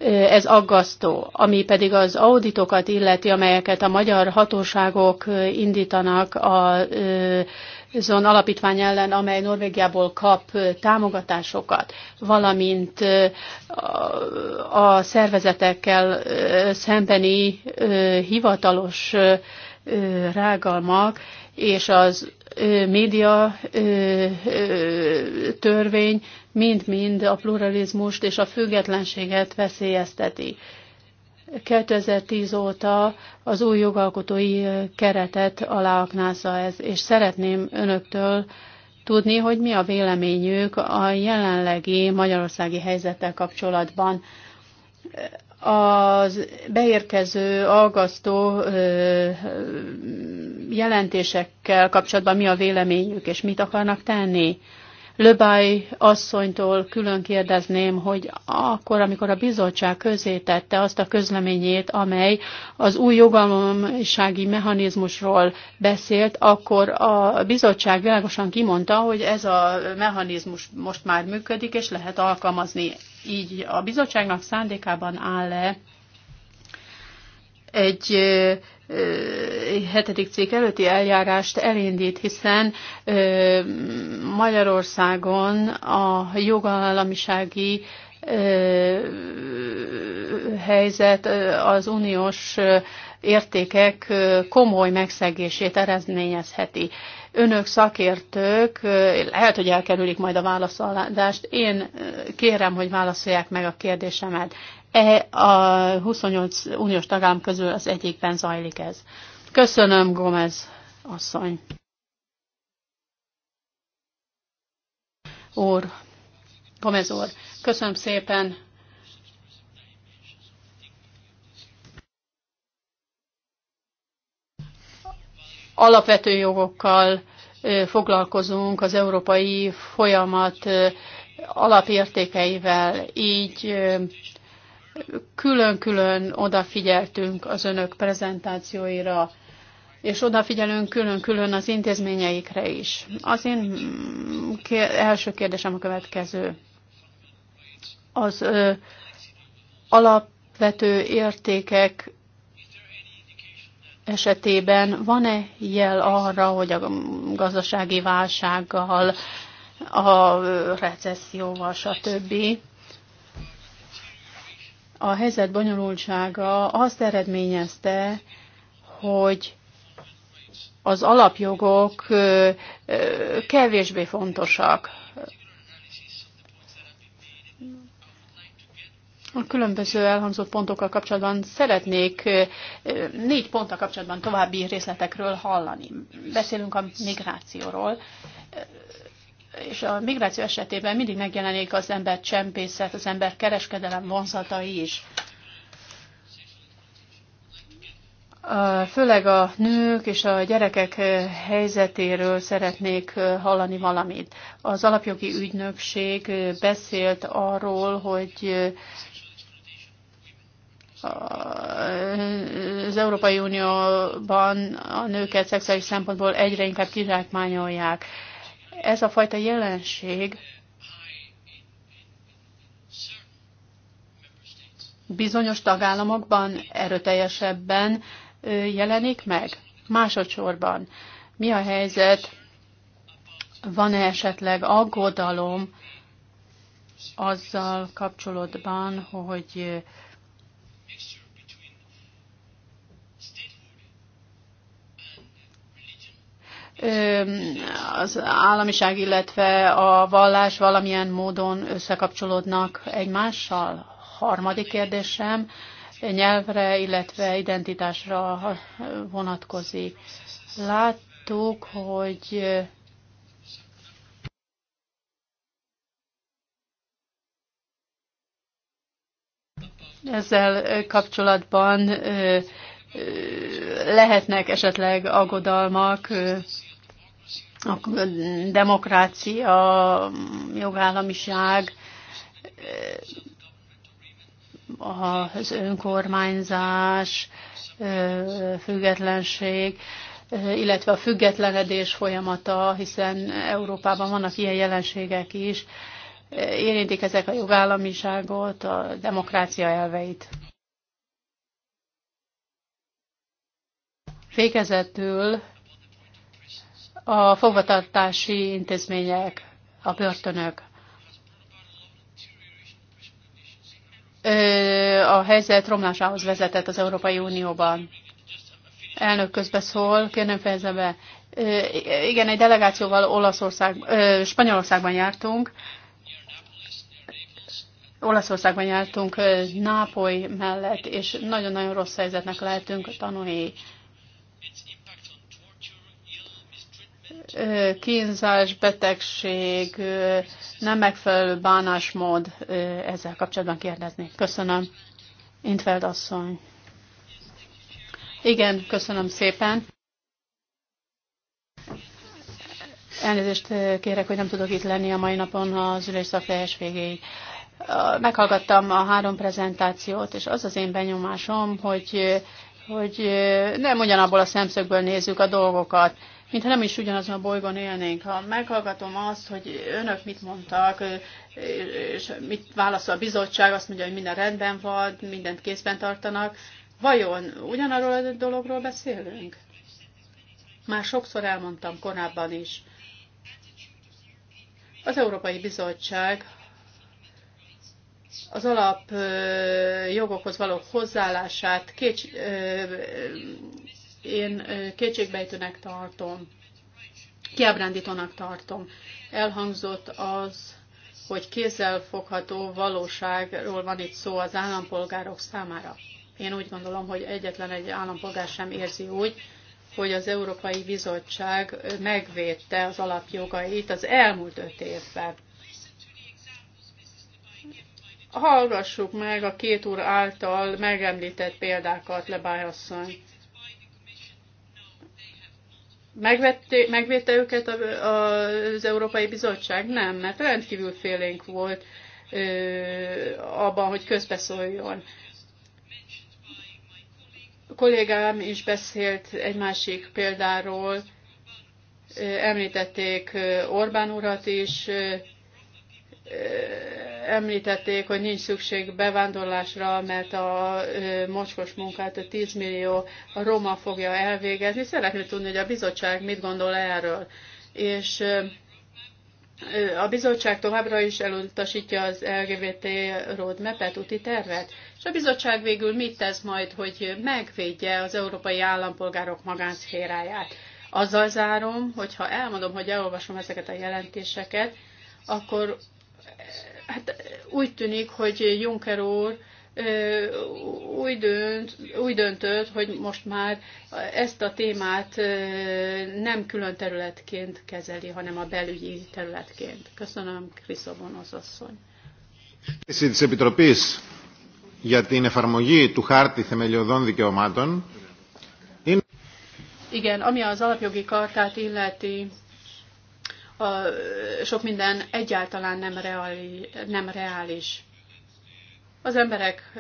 ez aggasztó. Ami pedig az auditokat illeti, amelyeket a magyar hatóságok indítanak a azon alapítvány ellen, amely Norvégiából kap támogatásokat, valamint a szervezetekkel szembeni hivatalos rágalmak és az média törvény mind-mind a pluralizmust és a függetlenséget veszélyezteti. 2010 óta az új jogalkotói keretet aláaknázza ez, és szeretném önöktől tudni, hogy mi a véleményük a jelenlegi magyarországi helyzettel kapcsolatban. Az beérkező aggasztó jelentésekkel kapcsolatban mi a véleményük, és mit akarnak tenni? Löbáj asszonytól külön kérdezném, hogy akkor, amikor a bizottság közé tette azt a közleményét, amely az új jogalomsági mechanizmusról beszélt, akkor a bizottság világosan kimondta, hogy ez a mechanizmus most már működik, és lehet alkalmazni. Így a bizottságnak szándékában áll-e egy hetedik cikk előtti eljárást elindít, hiszen Magyarországon a jogállamisági helyzet az uniós értékek komoly megszegését eredményezheti. Önök szakértők, lehet, hogy elkerülik majd a válaszadást, én kérem, hogy válaszolják meg a kérdésemet. E, a 28 uniós tagállam közül az egyikben zajlik ez. Köszönöm, Gomez asszony. Úr, Gomez úr, köszönöm szépen. Alapvető jogokkal foglalkozunk az európai folyamat alapértékeivel, így külön-külön odafigyeltünk az önök prezentációira, és odafigyelünk külön-külön az intézményeikre is. Az én mm, első kérdésem a következő. Az ö, alapvető értékek esetében van-e jel arra, hogy a gazdasági válsággal, a recesszióval, stb a helyzet bonyolultsága azt eredményezte, hogy az alapjogok kevésbé fontosak. A különböző elhangzott pontokkal kapcsolatban szeretnék négy ponttal kapcsolatban további részletekről hallani. Beszélünk a migrációról és a migráció esetében mindig megjelenik az ember csempészet, az ember kereskedelem vonzatai is. Főleg a nők és a gyerekek helyzetéről szeretnék hallani valamit. Az alapjogi ügynökség beszélt arról, hogy az Európai Unióban a nőket szexuális szempontból egyre inkább kizsákmányolják ez a fajta jelenség bizonyos tagállamokban erőteljesebben jelenik meg? Másodszorban, mi a helyzet? Van-e esetleg aggodalom azzal kapcsolatban, hogy az államiság, illetve a vallás valamilyen módon összekapcsolódnak egymással? Harmadik kérdésem nyelvre, illetve identitásra vonatkozik. Láttuk, hogy ezzel kapcsolatban lehetnek esetleg aggodalmak, a demokrácia, jogállamiság, az önkormányzás, függetlenség, illetve a függetlenedés folyamata, hiszen Európában vannak ilyen jelenségek is, érintik ezek a jogállamiságot, a demokrácia elveit. Végezetül a fogvatartási intézmények, a börtönök. A helyzet romlásához vezetett az Európai Unióban. Elnök közbeszól, kérem fejezze be. Igen, egy delegációval Olaszország, Spanyolországban jártunk, Olaszországban jártunk Nápoly mellett, és nagyon-nagyon rossz helyzetnek lehetünk a tanúi. kínzás, betegség, nem megfelelő bánásmód, ezzel kapcsolatban kérdezni. Köszönöm. Intveld asszony. Igen, köszönöm szépen. Elnézést kérek, hogy nem tudok itt lenni a mai napon az ülésszak teljes végéig. Meghallgattam a három prezentációt, és az az én benyomásom, hogy, hogy nem ugyanabból a szemszögből nézzük a dolgokat mintha nem is ugyanazon a bolygón élnénk. Ha meghallgatom azt, hogy önök mit mondtak, és mit válaszol a bizottság, azt mondja, hogy minden rendben van, mindent készben tartanak, vajon ugyanarról a dologról beszélünk? Már sokszor elmondtam korábban is. Az Európai Bizottság az alap jogokhoz való hozzáállását kéts, én kétségbejtőnek tartom, kiábrándítónak tartom. Elhangzott az, hogy kézzelfogható valóságról van itt szó az állampolgárok számára. Én úgy gondolom, hogy egyetlen egy állampolgár sem érzi úgy, hogy az Európai Bizottság megvédte az alapjogait az elmúlt öt évben. Hallgassuk meg a két úr által megemlített példákat, Lebály asszony. Megvetté, megvédte őket az Európai Bizottság? Nem, mert rendkívül félénk volt ö, abban, hogy közbeszóljon. A kollégám is beszélt egy másik példáról, említették Orbán urat is, említették, hogy nincs szükség bevándorlásra, mert a mocskos munkát a 10 millió roma fogja elvégezni. Szeretném tudni, hogy a bizottság mit gondol erről. És a bizottság továbbra is elutasítja az LGBT roadmap-et, úti tervet. És a bizottság végül mit tesz majd, hogy megvédje az európai állampolgárok magánszféráját? Azzal zárom, hogyha elmondom, hogy elolvasom ezeket a jelentéseket, akkor Hát úgy tűnik, hogy Juncker úr úgy, dönt, úgy döntött, hogy most már ezt a témát nem külön területként kezeli, hanem a belügyi területként. Köszönöm, Kriszobonosz asszony. Της για την εφαρμογή του χάρτη θεμελιωδών δικαιωμάτων. Igen, ami az alapjogi kartát illeti, a, sok minden egyáltalán nem, reali, nem reális. Az emberek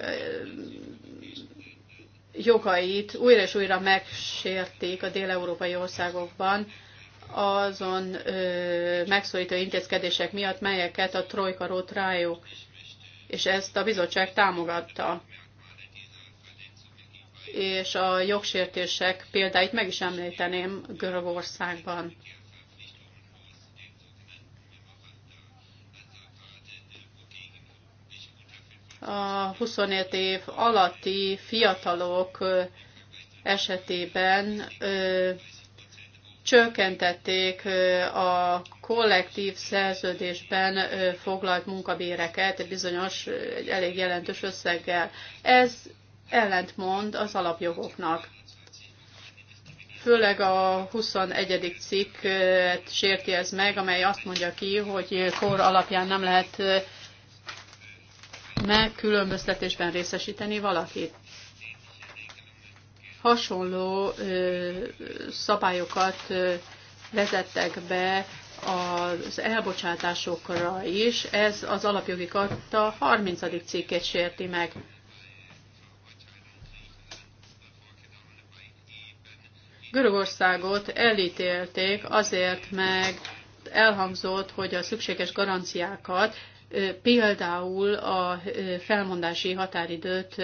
jogait újra és újra megsérték a déleurópai országokban azon ö, megszólító intézkedések miatt, melyeket a trojka rót rájuk, és ezt a bizottság támogatta. És a jogsértések példáit meg is említeném Görögországban. a 25 év alatti fiatalok esetében csökkentették a kollektív szerződésben foglalt munkabéreket bizonyos, egy elég jelentős összeggel. Ez ellentmond az alapjogoknak. Főleg a 21. cikket sérti ez meg, amely azt mondja ki, hogy kor alapján nem lehet megkülönböztetésben részesíteni valakit. Hasonló ö, szabályokat ö, vezettek be az elbocsátásokra is, ez az alapjogi karta 30. cikkét sérti meg. Görögországot elítélték azért, meg elhangzott, hogy a szükséges garanciákat Például a felmondási határidőt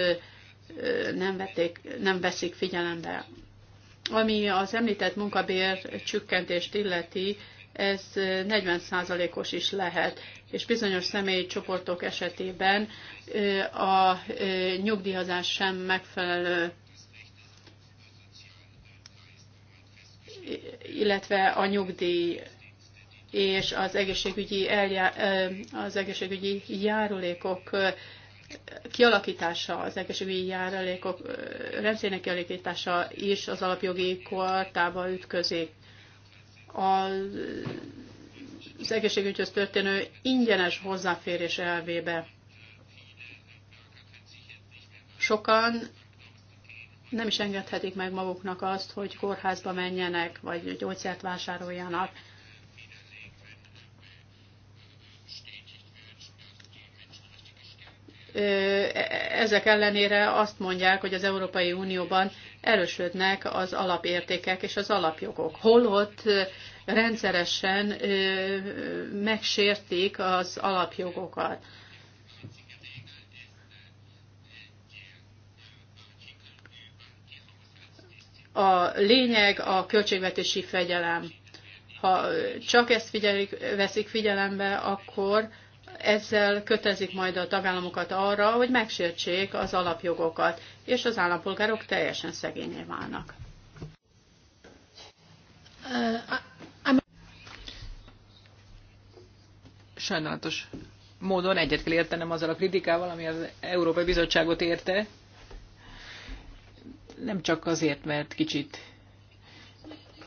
nem, vették, nem veszik figyelembe. Ami az említett munkabér csükkentést illeti, ez 40%-os is lehet, és bizonyos személycsoportok esetében a nyugdíjazás sem megfelelő, illetve a nyugdíj és az egészségügyi, eljá, az egészségügyi járulékok kialakítása, az egészségügyi járulékok rendszerének kialakítása is az alapjogi kortába ütközik. Az egészségügyhöz történő ingyenes hozzáférés elvébe. Sokan nem is engedhetik meg maguknak azt, hogy kórházba menjenek, vagy gyógyszert vásároljanak E, ezek ellenére azt mondják, hogy az Európai Unióban erősödnek az alapértékek és az alapjogok. Holott rendszeresen megsértik az alapjogokat. A lényeg a költségvetési fegyelem. Ha csak ezt figyelik, veszik figyelembe, akkor ezzel kötezik majd a tagállamokat arra, hogy megsértsék az alapjogokat, és az állampolgárok teljesen szegényé válnak. Sajnálatos módon egyet kell értenem azzal a kritikával, ami az Európai Bizottságot érte. Nem csak azért, mert kicsit,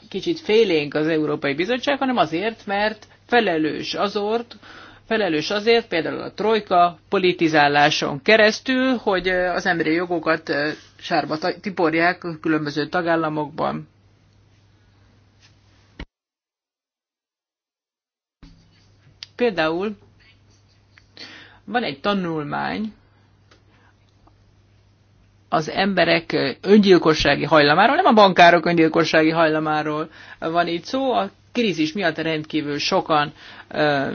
kicsit félénk az Európai Bizottság, hanem azért, mert felelős azort, felelős azért, például a trojka politizáláson keresztül, hogy az emberi jogokat sárba tiporják különböző tagállamokban. Például van egy tanulmány az emberek öngyilkossági hajlamáról, nem a bankárok öngyilkossági hajlamáról van itt szó, a krízis miatt rendkívül sokan ö,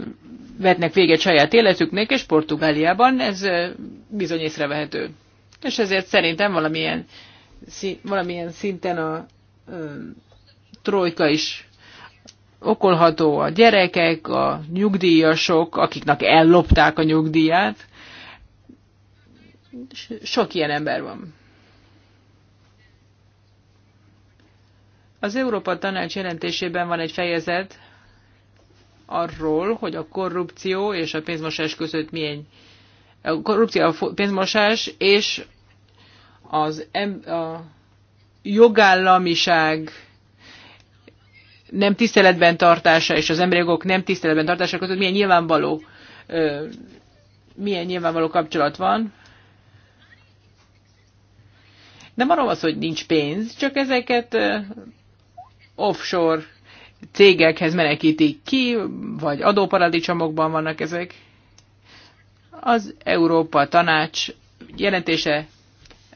vetnek véget saját életüknek, és Portugáliában ez ö, bizony észrevehető. És ezért szerintem valamilyen, szí, valamilyen szinten a ö, trojka is okolható a gyerekek, a nyugdíjasok, akiknek ellopták a nyugdíját. Sok ilyen ember van. Az Európa Tanács jelentésében van egy fejezet arról, hogy a korrupció és a pénzmosás között milyen a korrupció, a pénzmosás és az em, a jogállamiság nem tiszteletben tartása és az emberi jogok nem tiszteletben tartása között milyen nyilvánvaló, milyen nyilvánvaló kapcsolat van. Nem arról az, hogy nincs pénz, csak ezeket offshore cégekhez menekítik ki, vagy adóparadicsomokban vannak ezek. Az Európa Tanács jelentése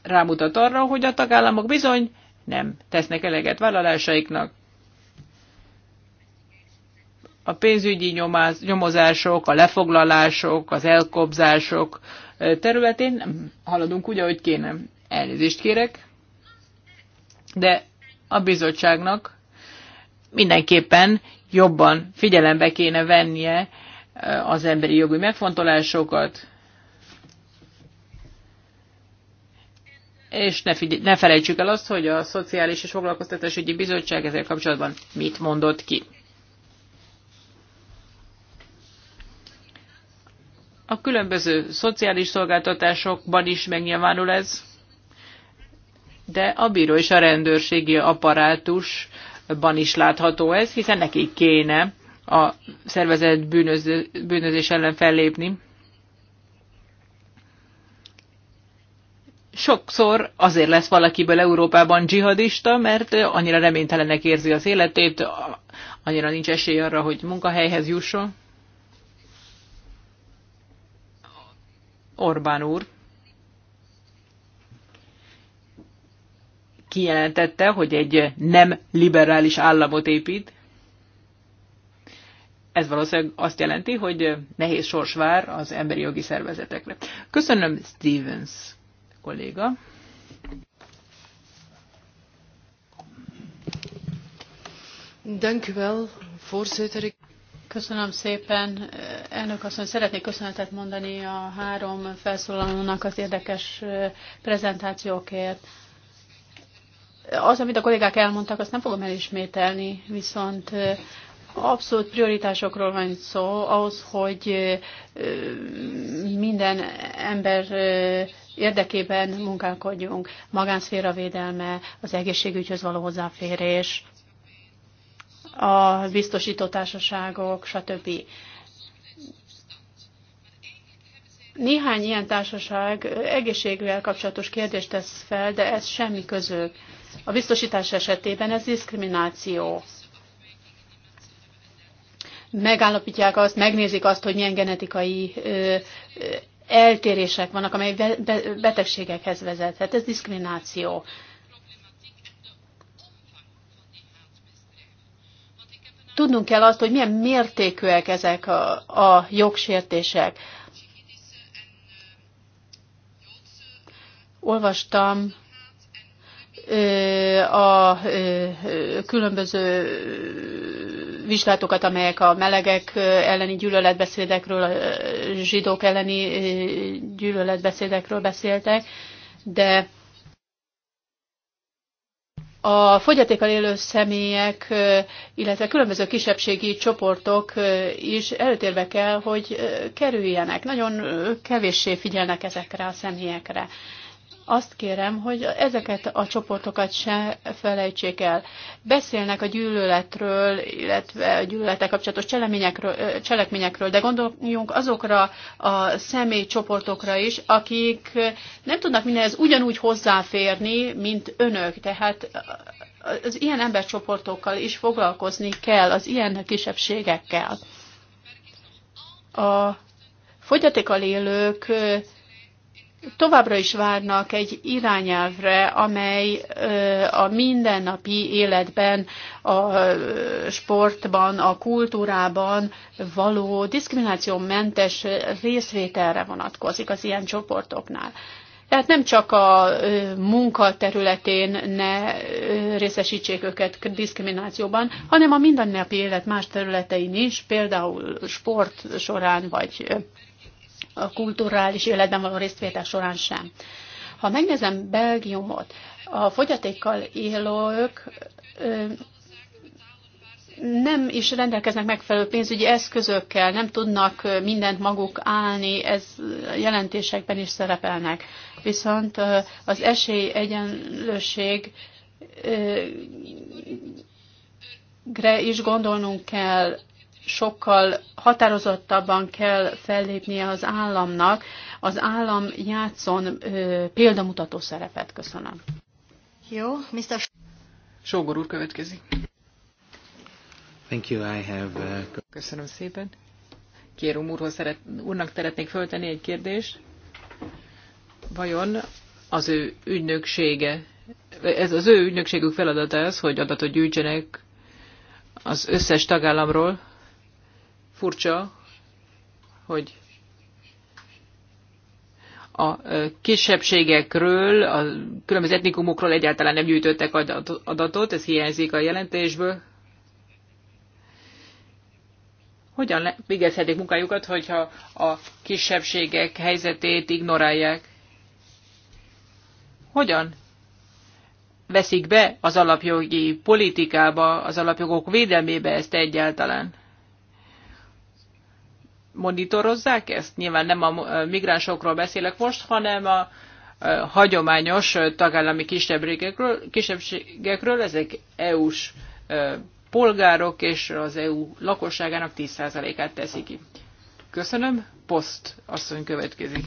rámutat arra, hogy a tagállamok bizony nem tesznek eleget vállalásaiknak. A pénzügyi nyomáz, nyomozások, a lefoglalások, az elkobzások területén nem haladunk úgy, ahogy kéne. Elnézést kérek, de a bizottságnak mindenképpen jobban figyelembe kéne vennie eh, az emberi jogi megfontolásokat, és ne, figy- ne felejtsük el azt, hogy a Szociális és Foglalkoztatásügyi Bizottság ezzel kapcsolatban mit mondott ki. A különböző szociális szolgáltatásokban is megnyilvánul ez, de a bíró és a rendőrségi apparátus ban is látható ez, hiszen nekik kéne a szervezet bűnöző, bűnözés ellen fellépni. Sokszor azért lesz valakiből Európában dzsihadista, mert annyira reménytelenek érzi az életét, annyira nincs esély arra, hogy munkahelyhez jusson. Orbán úr kijelentette, hogy egy nem liberális államot épít. Ez valószínűleg azt jelenti, hogy nehéz sors vár az emberi jogi szervezetekre. Köszönöm, Stevens kolléga. Köszönöm szépen. Elnök asszony, szeretnék köszönetet mondani a három felszólalónak az érdekes prezentációkért. Az, amit a kollégák elmondtak, azt nem fogom elismételni, viszont abszolút prioritásokról van szó, ahhoz, hogy minden ember érdekében munkálkodjunk. Magánszféra védelme, az egészségügyhöz való hozzáférés, a biztosító társaságok, stb. Néhány ilyen társaság egészségügyel kapcsolatos kérdést tesz fel, de ez semmi közök. A biztosítás esetében ez diszkrimináció. Megállapítják azt, megnézik azt, hogy milyen genetikai eltérések vannak, amely betegségekhez vezethet. Ez diszkrimináció. Tudnunk kell azt, hogy milyen mértékűek ezek a, a jogsértések. Olvastam a különböző vizsgálatokat, amelyek a melegek elleni gyűlöletbeszédekről, a zsidók elleni gyűlöletbeszédekről beszéltek, de a fogyatékkal élő személyek, illetve különböző kisebbségi csoportok is előtérbe kell, hogy kerüljenek. Nagyon kevéssé figyelnek ezekre a személyekre azt kérem, hogy ezeket a csoportokat se felejtsék el. Beszélnek a gyűlöletről, illetve a gyűlöletek kapcsolatos cselekményekről, de gondoljunk azokra a személycsoportokra is, akik nem tudnak mindenhez ugyanúgy hozzáférni, mint önök. Tehát az ilyen embercsoportokkal is foglalkozni kell, az ilyen kisebbségekkel. A fogyatékkal élők továbbra is várnak egy irányelvre, amely a mindennapi életben, a sportban, a kultúrában való diszkriminációmentes részvételre vonatkozik az ilyen csoportoknál. Tehát nem csak a munka területén ne részesítsék őket diszkriminációban, hanem a mindennapi élet más területein is, például sport során vagy a kulturális életben való résztvétel során sem. Ha megnézem Belgiumot, a fogyatékkal élők nem is rendelkeznek megfelelő pénzügyi eszközökkel, nem tudnak mindent maguk állni, ez jelentésekben is szerepelnek. Viszont az esélyegyenlőség gre is gondolnunk kell, sokkal határozottabban kell fellépnie az államnak. Az állam játszon ö, példamutató szerepet. Köszönöm. Jó, Mr. Sógor úr következik. Thank you, I have, uh... Köszönöm szépen. Kérum úrhoz szeret, úrnak szeretnék föltenni egy kérdést. Vajon az ő ügynöksége, ez az ő ügynökségük feladata az, hogy adatot gyűjtsenek az összes tagállamról, Furcsa, hogy a kisebbségekről, a különböző etnikumokról egyáltalán nem gyűjtöttek adatot, ez hiányzik a jelentésből. Hogyan végezhetik munkájukat, hogyha a kisebbségek helyzetét ignorálják? Hogyan veszik be az alapjogi politikába, az alapjogok védelmébe ezt egyáltalán? monitorozzák ezt? Nyilván nem a migránsokról beszélek most, hanem a hagyományos tagállami kisebbségekről, kisebbségekről ezek EU-s polgárok és az EU lakosságának 10%-át teszik ki. Köszönöm, Poszt asszony következik.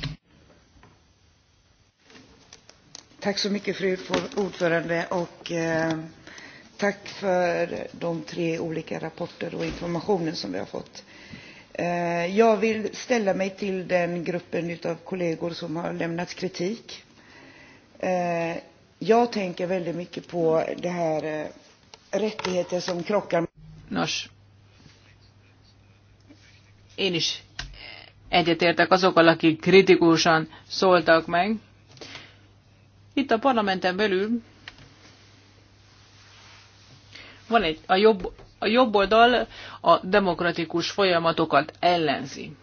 Tack så mycket fru ordförande och eh, tack för de tre olika rapporter och informationen som vi har fått. Eh, jag vill ställa mig till den gruppen av kollegor som har lämnat kritik. Eh, jag tänker väldigt mycket på det här eh, rättigheter som krockar. Nos, én is egyetértek azokkal, akik kritikusan szóltak meg. Itt a parlamenten belül van egy, a jobb a jobb oldal a demokratikus folyamatokat ellenzi.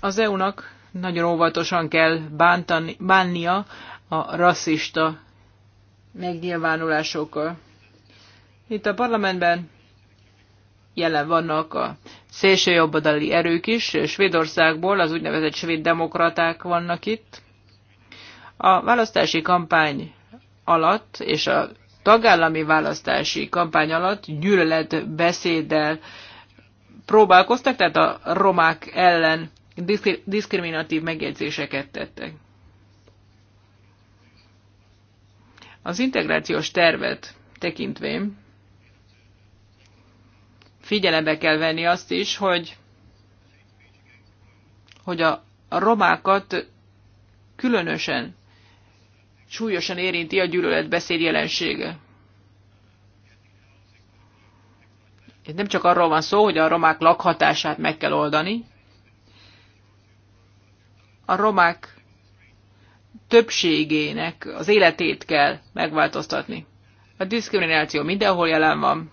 Az EU-nak nagyon óvatosan kell bántani, bánnia a rasszista megnyilvánulásokkal. Itt a parlamentben jelen vannak a szélsőjobbadali erők is, Svédországból az úgynevezett svéd demokraták vannak itt. A választási kampány alatt és a tagállami választási kampány alatt gyűlöletbeszéddel próbálkoztak, tehát a romák ellen diszkri diszkriminatív megjegyzéseket tettek. Az integrációs tervet tekintvén figyelembe kell venni azt is, hogy, hogy a romákat különösen súlyosan érinti a gyűlöletbeszéd jelensége. Itt nem csak arról van szó, hogy a romák lakhatását meg kell oldani. A romák többségének az életét kell megváltoztatni. A diszkrimináció mindenhol jelen van.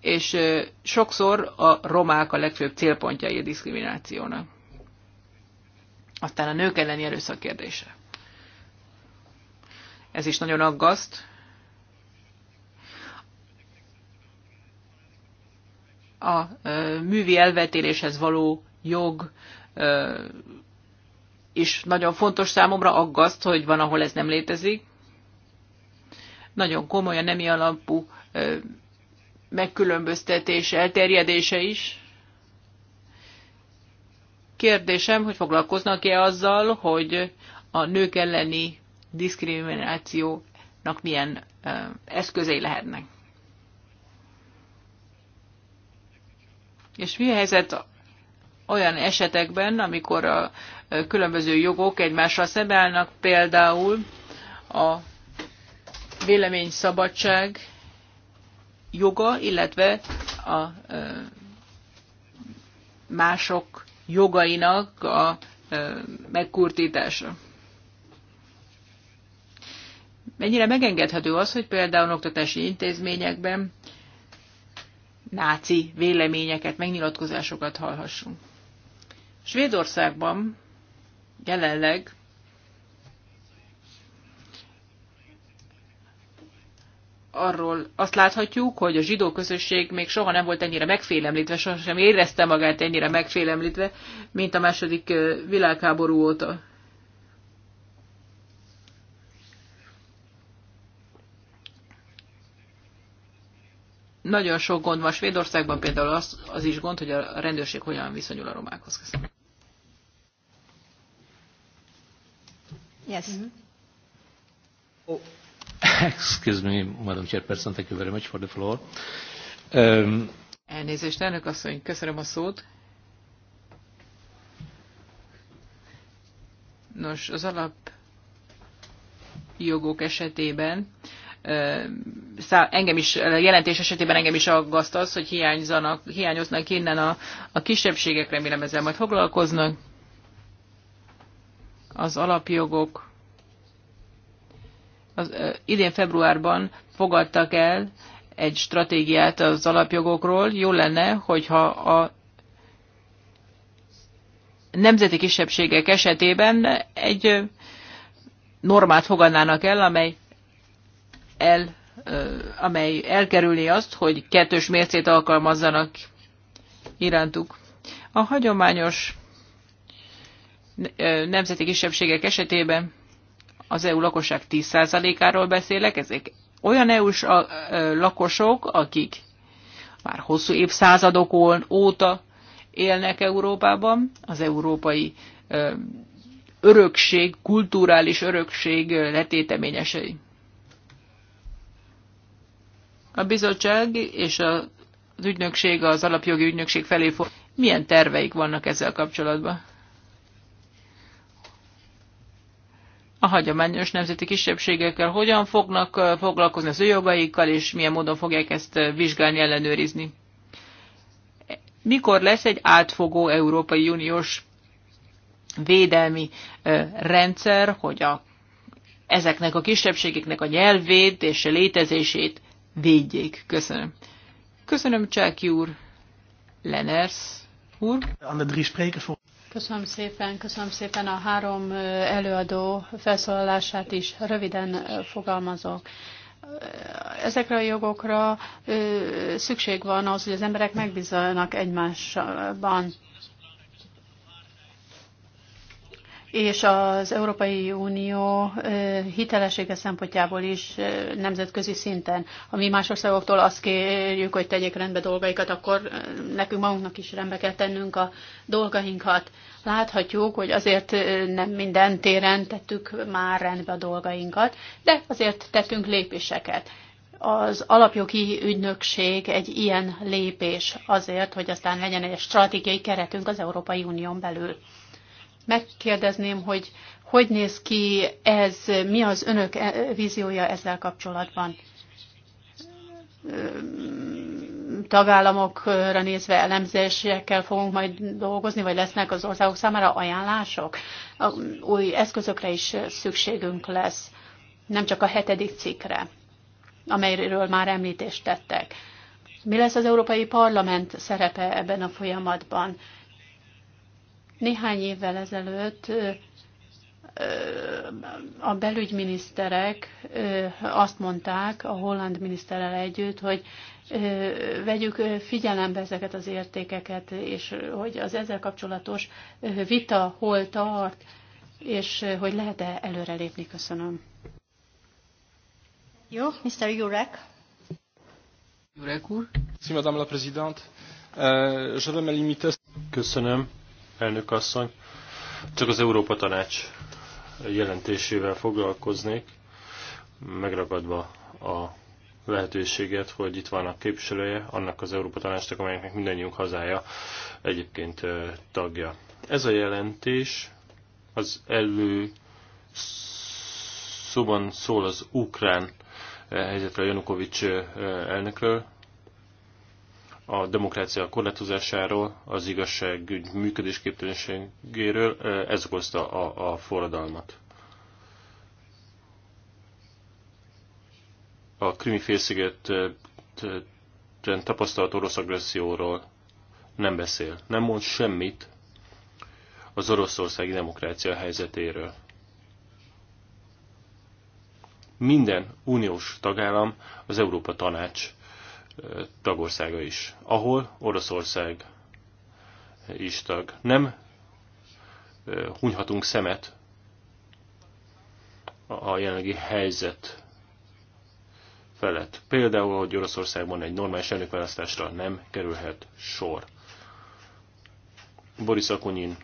És sokszor a romák a legfőbb célpontjai a diszkriminációnak. Aztán a nők elleni erőszak kérdése. Ez is nagyon aggaszt. A művi elvetéléshez való jog is nagyon fontos számomra, aggaszt, hogy van, ahol ez nem létezik. Nagyon komoly a nemi alapú megkülönböztetés elterjedése is. Kérdésem, hogy foglalkoznak-e azzal, hogy a nők elleni diszkriminációnak milyen eszközei lehetnek. És mi a helyzet olyan esetekben, amikor a különböző jogok egymással szemelnek, például a véleményszabadság joga, illetve a mások jogainak a megkurtítása. Mennyire megengedhető az, hogy például oktatási intézményekben náci véleményeket, megnyilatkozásokat hallhassunk. Svédországban jelenleg arról azt láthatjuk, hogy a zsidó közösség még soha nem volt ennyire megfélemlítve, sohasem érezte magát ennyire megfélemlítve, mint a második világháború óta. Nagyon sok gond van Svédországban, például az, az is gond, hogy a rendőrség hogyan viszonyul a romákhoz. Köszönöm. Yes. Mm-hmm. Oh. Excuse me, Madam Chairperson, thank you very much for the floor. Um, Elnézést, elnök asszony, köszönöm a szót. Nos, az alap jogok esetében, engem is, jelentés esetében engem is aggaszt az, hogy hiányzanak, hiányoznak innen a, a kisebbségek, remélem ezzel majd foglalkoznak. Az alapjogok az, idén februárban fogadtak el egy stratégiát az alapjogokról. Jó lenne, hogyha a nemzeti kisebbségek esetében egy normát fogadnának el, amely el amely elkerülni azt, hogy kettős mércét alkalmazzanak irántuk. A hagyományos nemzeti kisebbségek esetében az EU lakosság 10%-áról beszélek, ezek olyan EU-s lakosok, akik már hosszú évszázadokon óta élnek Európában, az európai örökség, kulturális örökség letéteményesei. A bizottság és az ügynökség, az alapjogi ügynökség felé fog. Milyen terveik vannak ezzel kapcsolatban? a hagyományos nemzeti kisebbségekkel hogyan fognak foglalkozni az ő jogaikkal, és milyen módon fogják ezt vizsgálni, ellenőrizni. Mikor lesz egy átfogó Európai Uniós védelmi rendszer, hogy a, ezeknek a kisebbségeknek a nyelvét és a létezését védjék? Köszönöm. Köszönöm, Csáki úr, Lenners úr. Köszönöm szépen, köszönöm szépen a három előadó felszólalását is. Röviden fogalmazok. Ezekre a jogokra szükség van az, hogy az emberek megbízzanak egymásban. és az Európai Unió hitelessége szempontjából is nemzetközi szinten. Ha mi más országoktól azt kérjük, hogy tegyék rendbe dolgaikat, akkor nekünk magunknak is rendbe kell tennünk a dolgainkat. Láthatjuk, hogy azért nem minden téren tettük már rendbe a dolgainkat, de azért tettünk lépéseket. Az alapjogi ügynökség egy ilyen lépés azért, hogy aztán legyen egy stratégiai keretünk az Európai Unión belül megkérdezném, hogy hogy néz ki ez, mi az önök eh, víziója ezzel kapcsolatban? Tagállamokra nézve elemzésekkel fogunk majd dolgozni, vagy lesznek az országok számára ajánlások? Új eszközökre is szükségünk lesz, nem csak a hetedik cikkre, amelyről már említést tettek. Mi lesz az Európai Parlament szerepe ebben a folyamatban? Néhány évvel ezelőtt a belügyminiszterek azt mondták a holland miniszterrel együtt, hogy vegyük figyelembe ezeket az értékeket, és hogy az ezzel kapcsolatos vita hol tart, és hogy lehet-e előrelépni. Köszönöm. Jó, Mr. Jurek. Jurek úr. Madame la Présidente. Euh, Köszönöm elnök asszony. Csak az Európa Tanács jelentésével foglalkoznék, megragadva a lehetőséget, hogy itt van a képviselője annak az Európa Tanácsnak, amelyeknek mindannyiunk hazája egyébként tagja. Ez a jelentés az elő szóban szól az ukrán helyzetről, Janukovics elnökről, a demokrácia korlátozásáról, az igazságügy működésképtelenségéről, ez okozta a, a forradalmat. A krimi félszigeten tapasztalt orosz agresszióról nem beszél, nem mond semmit az oroszországi demokrácia helyzetéről. Minden uniós tagállam az Európa Tanács tagországa is, ahol Oroszország is tag. Nem hunyhatunk szemet a jelenlegi helyzet felett. Például, hogy Oroszországban egy normális elnökválasztásra nem kerülhet sor. Boris Akunin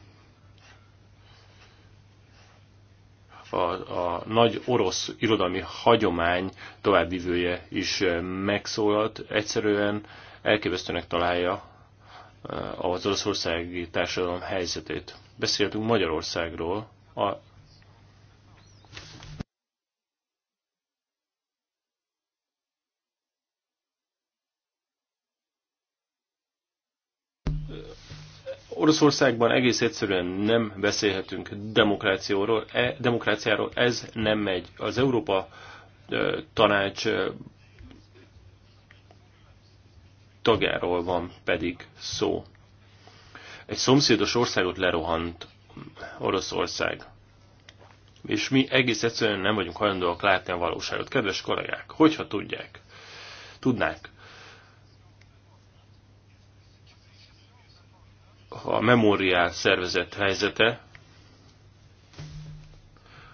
a, a nagy orosz irodalmi hagyomány továbbvivője is megszólalt. Egyszerűen elképesztőnek találja az oroszországi társadalom helyzetét. Beszéltünk Magyarországról, a Oroszországban egész egyszerűen nem beszélhetünk demokráciáról, e, demokráciáról, ez nem megy. Az Európa e, tanács e, tagjáról van pedig szó. Egy szomszédos országot lerohant Oroszország. És mi egész egyszerűen nem vagyunk hajlandóak látni a valóságot. Kedves kollégák, hogyha tudják, tudnák, a memóriál szervezet helyzete,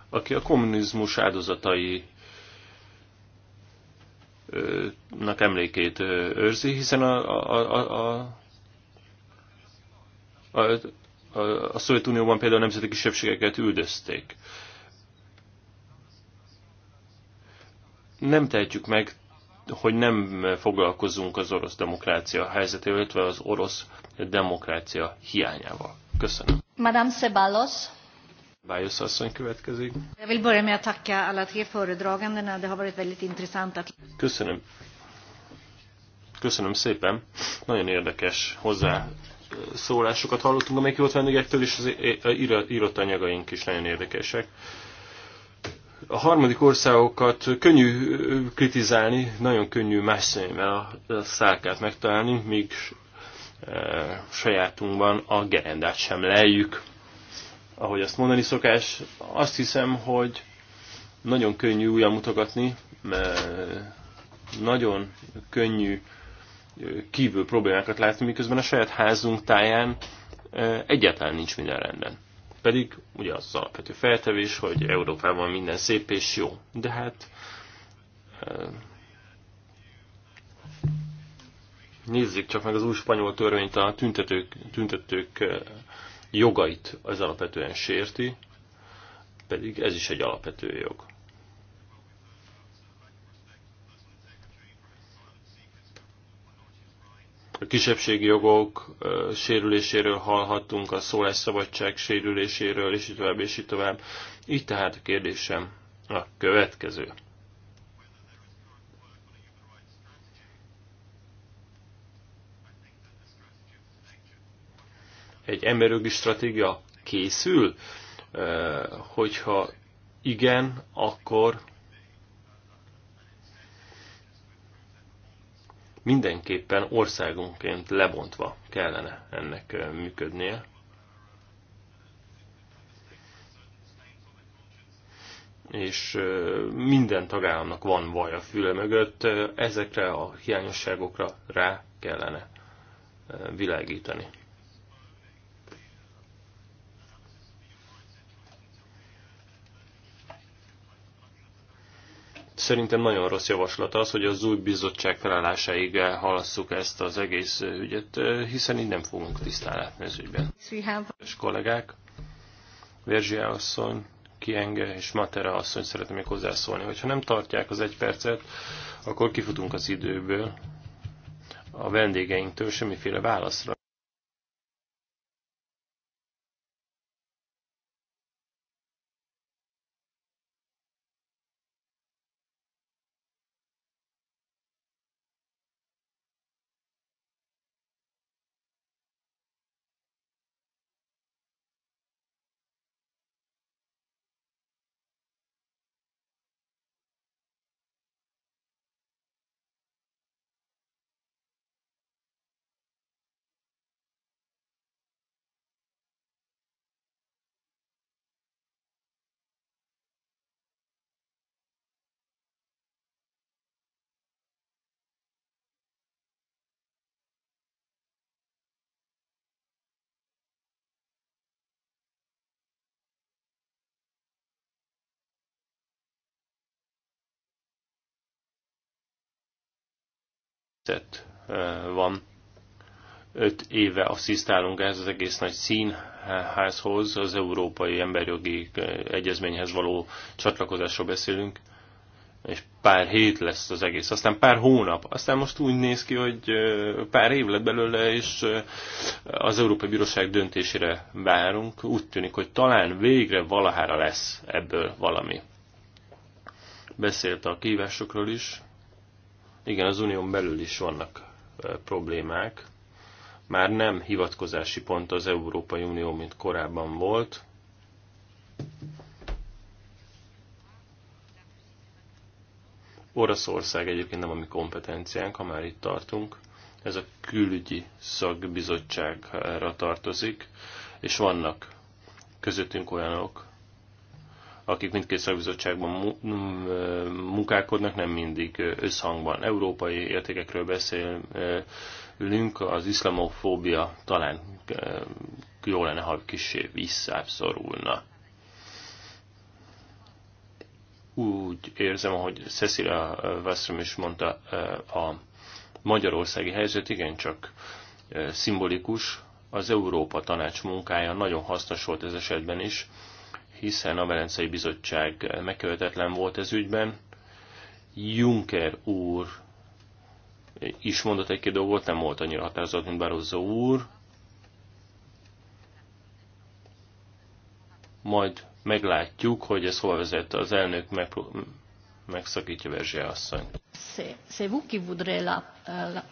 aki a kommunizmus áldozatai nak emlékét őrzi, hiszen a, a, a, a, a, a, a Szovjetunióban például a nemzeti kisebbségeket üldözték. Nem tehetjük meg hogy nem foglalkozunk az orosz demokrácia helyzetével, illetve az orosz demokrácia hiányával. Köszönöm. Madame Ceballos. Bájusz asszony következik. Jag vill börja med att tacka alla tre föredragandena. Det har varit väldigt intressant att... Köszönöm. Köszönöm szépen. Nagyon érdekes hozzá szólásokat hallottunk a meghívott vendégektől, és az írott anyagaink is nagyon érdekesek a harmadik országokat könnyű kritizálni, nagyon könnyű más szemével a szálkát megtalálni, míg sajátunkban a gerendát sem lejjük. Ahogy azt mondani szokás, azt hiszem, hogy nagyon könnyű újra mutogatni, nagyon könnyű kívül problémákat látni, miközben a saját házunk táján egyáltalán nincs minden rendben. Pedig ugye az alapvető feltevés, hogy Európában minden szép és jó. De hát nézzük csak meg az új spanyol törvényt, a tüntetők, tüntetők jogait az alapvetően sérti, pedig ez is egy alapvető jog. A kisebbségi jogok sérüléséről hallhattunk, a szólásszabadság sérüléséről, és így tovább, és így tovább. Így tehát a kérdésem a következő. Egy emberjogi stratégia készül? Hogyha igen, akkor mindenképpen országunként lebontva kellene ennek működnie. és minden tagállamnak van vaj a füle mögött, ezekre a hiányosságokra rá kellene világítani. Szerintem nagyon rossz javaslat az, hogy az új bizottság felállásáig halasszuk ezt az egész ügyet, hiszen így nem fogunk tisztán látni az ügyben. És kollégák, Verzsia asszony, Kienge és Matera asszony szeretném még hozzászólni. Hogyha nem tartják az egy percet, akkor kifutunk az időből a vendégeinktől semmiféle válaszra. tett van. Öt éve asszisztálunk ez az egész nagy színházhoz, az Európai Emberjogi Egyezményhez való csatlakozásról beszélünk, és pár hét lesz az egész, aztán pár hónap, aztán most úgy néz ki, hogy pár év lett belőle, és az Európai Bíróság döntésére várunk. Úgy tűnik, hogy talán végre valahára lesz ebből valami. Beszélt a kívásokról is, igen, az unión belül is vannak problémák. Már nem hivatkozási pont az Európai Unió, mint korábban volt. Oroszország egyébként nem a mi kompetenciánk, ha már itt tartunk. Ez a külügyi szakbizottságra tartozik, és vannak közöttünk olyanok, akik mindkét szakbizottságban munkálkodnak, nem mindig összhangban. Európai értékekről beszélünk, az iszlamofóbia talán e, jó lenne, ha kicsi visszábszorulna. Úgy érzem, ahogy Cecilia Westrom is mondta, e, a magyarországi helyzet igencsak e, szimbolikus, az Európa Tanács munkája nagyon hasznos volt ez esetben is, hiszen a Velencei Bizottság megkövetetlen volt ez ügyben. Juncker úr is mondott egy-két dolgot, nem volt annyira határozott, mint Barroso úr. Majd meglátjuk, hogy ez hova vezet. Az elnök megszakítja Verzsia asszony. C'est vous qui voudrez la, la,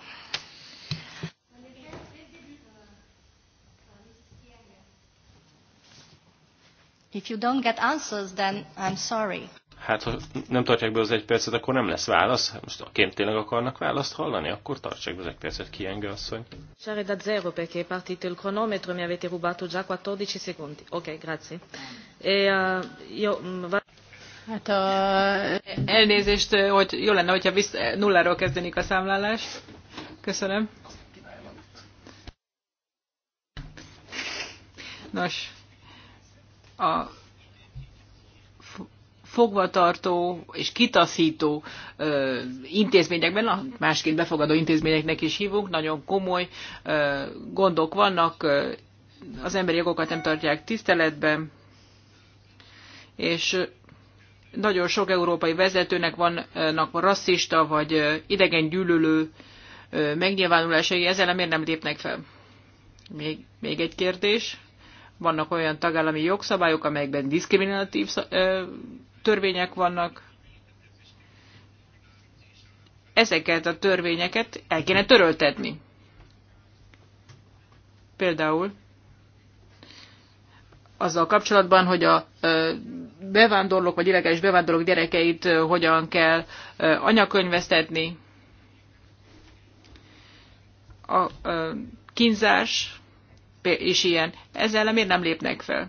If you don't get answers, then I'm sorry. Hát, ha nem tartják be az egy percet, akkor nem lesz válasz. Hát most aként tényleg akarnak választ hallani, akkor tartsák be az egy percet, az asszony. Sare da zero, perché è partito il cronometro, mi avete rubato già 14 secondi. Ok, grazie. E, uh, io, Hát a... elnézést, hogy jó lenne, hogyha visz... nulláról kezdenik a számlálás. Köszönöm. Nos, a fogvatartó és kitaszító ö, intézményekben, a másként befogadó intézményeknek is hívunk, nagyon komoly ö, gondok vannak, ö, az emberi jogokat nem tartják tiszteletben, és nagyon sok európai vezetőnek vannak rasszista vagy idegen gyűlölő megnyilvánulásai, ezzel miért nem lépnek fel? Még, még egy kérdés vannak olyan tagállami jogszabályok, amelyekben diszkriminatív törvények vannak. Ezeket a törvényeket el kéne töröltetni. Például azzal kapcsolatban, hogy a bevándorlók vagy illegális bevándorlók gyerekeit hogyan kell anyakönyvesztetni. A kínzás is ilyen. Ezzel ellen miért nem lépnek fel?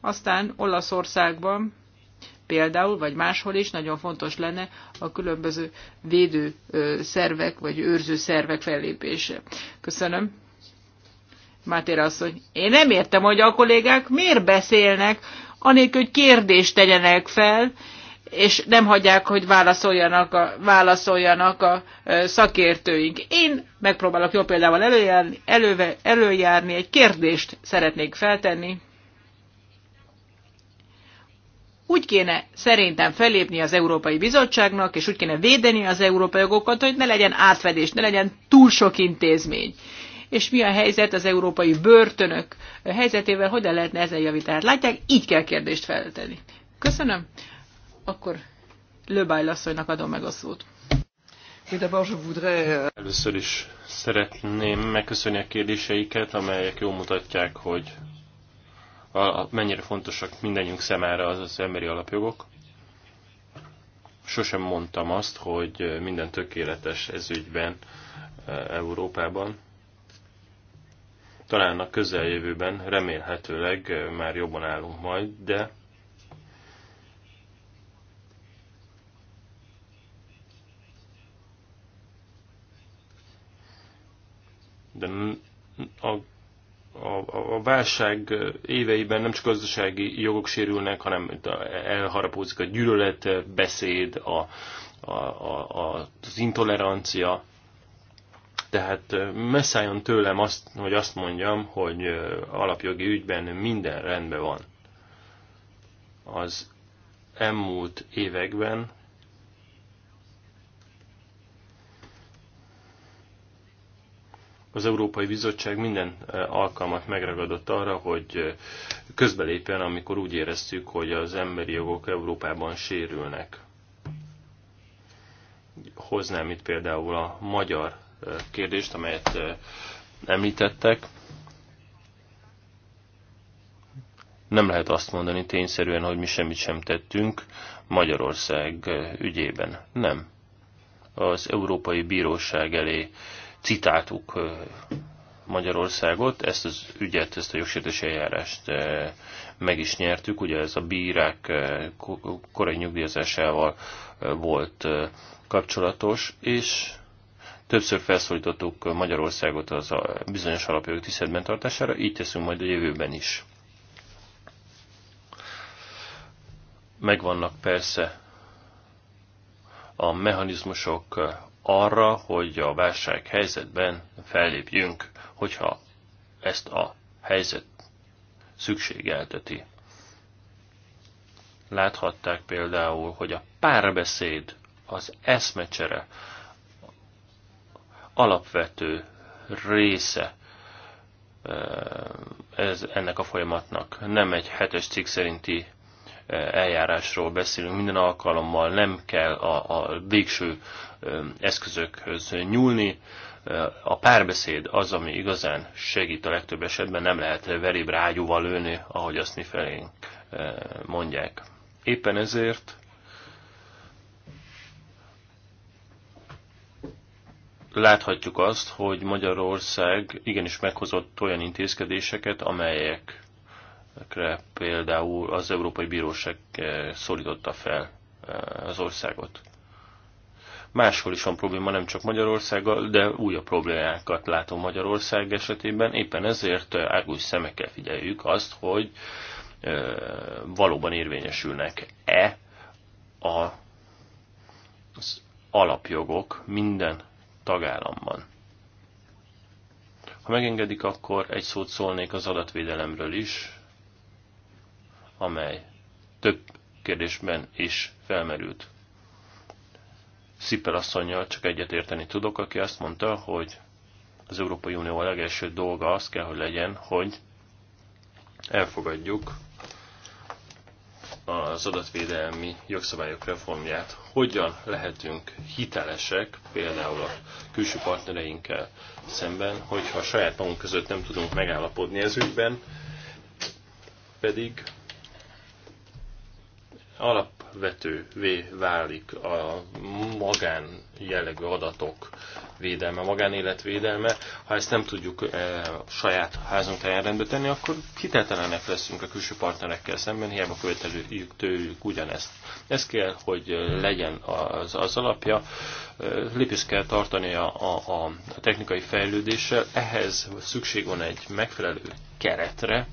Aztán Olaszországban például, vagy máshol is nagyon fontos lenne a különböző védő szervek, vagy őrző szervek fellépése. Köszönöm. Mátér asszony, én nem értem, hogy a kollégák miért beszélnek, anélkül, hogy kérdést tegyenek fel, és nem hagyják, hogy válaszoljanak a, válaszoljanak a szakértőink. Én megpróbálok jó példával előjárni, előve, előjárni, egy kérdést szeretnék feltenni. Úgy kéne szerintem felépni az Európai Bizottságnak, és úgy kéne védeni az európai jogokat, hogy ne legyen átfedés, ne legyen túl sok intézmény. És mi a helyzet az európai börtönök helyzetével, hogyan lehetne ezen javítani? Hát látják, így kell kérdést feltenni. Köszönöm. Akkor Löbáj lasszonynak adom meg a szót. Euh, Először is szeretném megköszönni a kérdéseiket, amelyek jól mutatják, hogy a, a, mennyire fontosak mindenünk szemére az, az emberi alapjogok. Sosem mondtam azt, hogy minden tökéletes ez ügyben e, Európában. Talán a közeljövőben remélhetőleg e, már jobban állunk majd, de de a, a, a válság éveiben nem csak gazdasági jogok sérülnek, hanem elharapózik a gyűlölet, beszéd, a, a, a, az intolerancia. Tehát messzálljon tőlem azt, hogy azt mondjam, hogy alapjogi ügyben minden rendben van. Az elmúlt években Az Európai Bizottság minden e, alkalmat megragadott arra, hogy e, közbelépjen, amikor úgy éreztük, hogy az emberi jogok Európában sérülnek. Hoznám itt például a magyar e, kérdést, amelyet említettek. Nem lehet azt mondani tényszerűen, hogy mi semmit sem tettünk Magyarország ügyében. Nem. Az Európai Bíróság elé citáltuk Magyarországot, ezt az ügyet, ezt a jogsértési eljárást meg is nyertük, ugye ez a bírák korai nyugdíjazásával volt kapcsolatos, és többször felszólítottuk Magyarországot az a bizonyos alapjogok tiszedben tartására, így teszünk majd a jövőben is. Megvannak persze a mechanizmusok arra, hogy a válság helyzetben fellépjünk, hogyha ezt a helyzet szükségelteti. Láthatták például, hogy a párbeszéd, az eszmecsere alapvető része eh, ez, ennek a folyamatnak. Nem egy hetes cikk szerinti eljárásról beszélünk, minden alkalommal nem kell a, a végső eszközökhöz nyúlni. A párbeszéd az, ami igazán segít a legtöbb esetben, nem lehet verébb rágyúval lőni, ahogy azt mi felénk mondják. Éppen ezért láthatjuk azt, hogy Magyarország igenis meghozott olyan intézkedéseket, amelyek például az Európai Bíróság eh, szólította fel eh, az országot. Máshol is van probléma, nem csak Magyarországgal, de újabb problémákat látom Magyarország esetében. Éppen ezért eh, árgus szemekkel figyeljük azt, hogy valóban érvényesülnek-e a, az alapjogok minden tagállamban. Ha megengedik, akkor egy szót szólnék az adatvédelemről is, amely több kérdésben is felmerült. Szippel asszonyjal csak egyet érteni tudok, aki azt mondta, hogy az Európai Unió a legelső dolga az kell, hogy legyen, hogy elfogadjuk az adatvédelmi jogszabályok reformját. Hogyan lehetünk hitelesek például a külső partnereinkkel szemben, hogyha a saját magunk között nem tudunk megállapodni ez ügyben, pedig alapvetővé válik a magán jellegű adatok védelme, magánéletvédelme. Ha ezt nem tudjuk e, saját házunk táján rendbe tenni, akkor hiteltelenek leszünk a külső partnerekkel szemben, hiába követeljük tőlük ugyanezt. Ez kell, hogy legyen az, az alapja. Eh, lépést kell tartani a, a, a technikai fejlődéssel. Ehhez szükség van egy megfelelő keretre,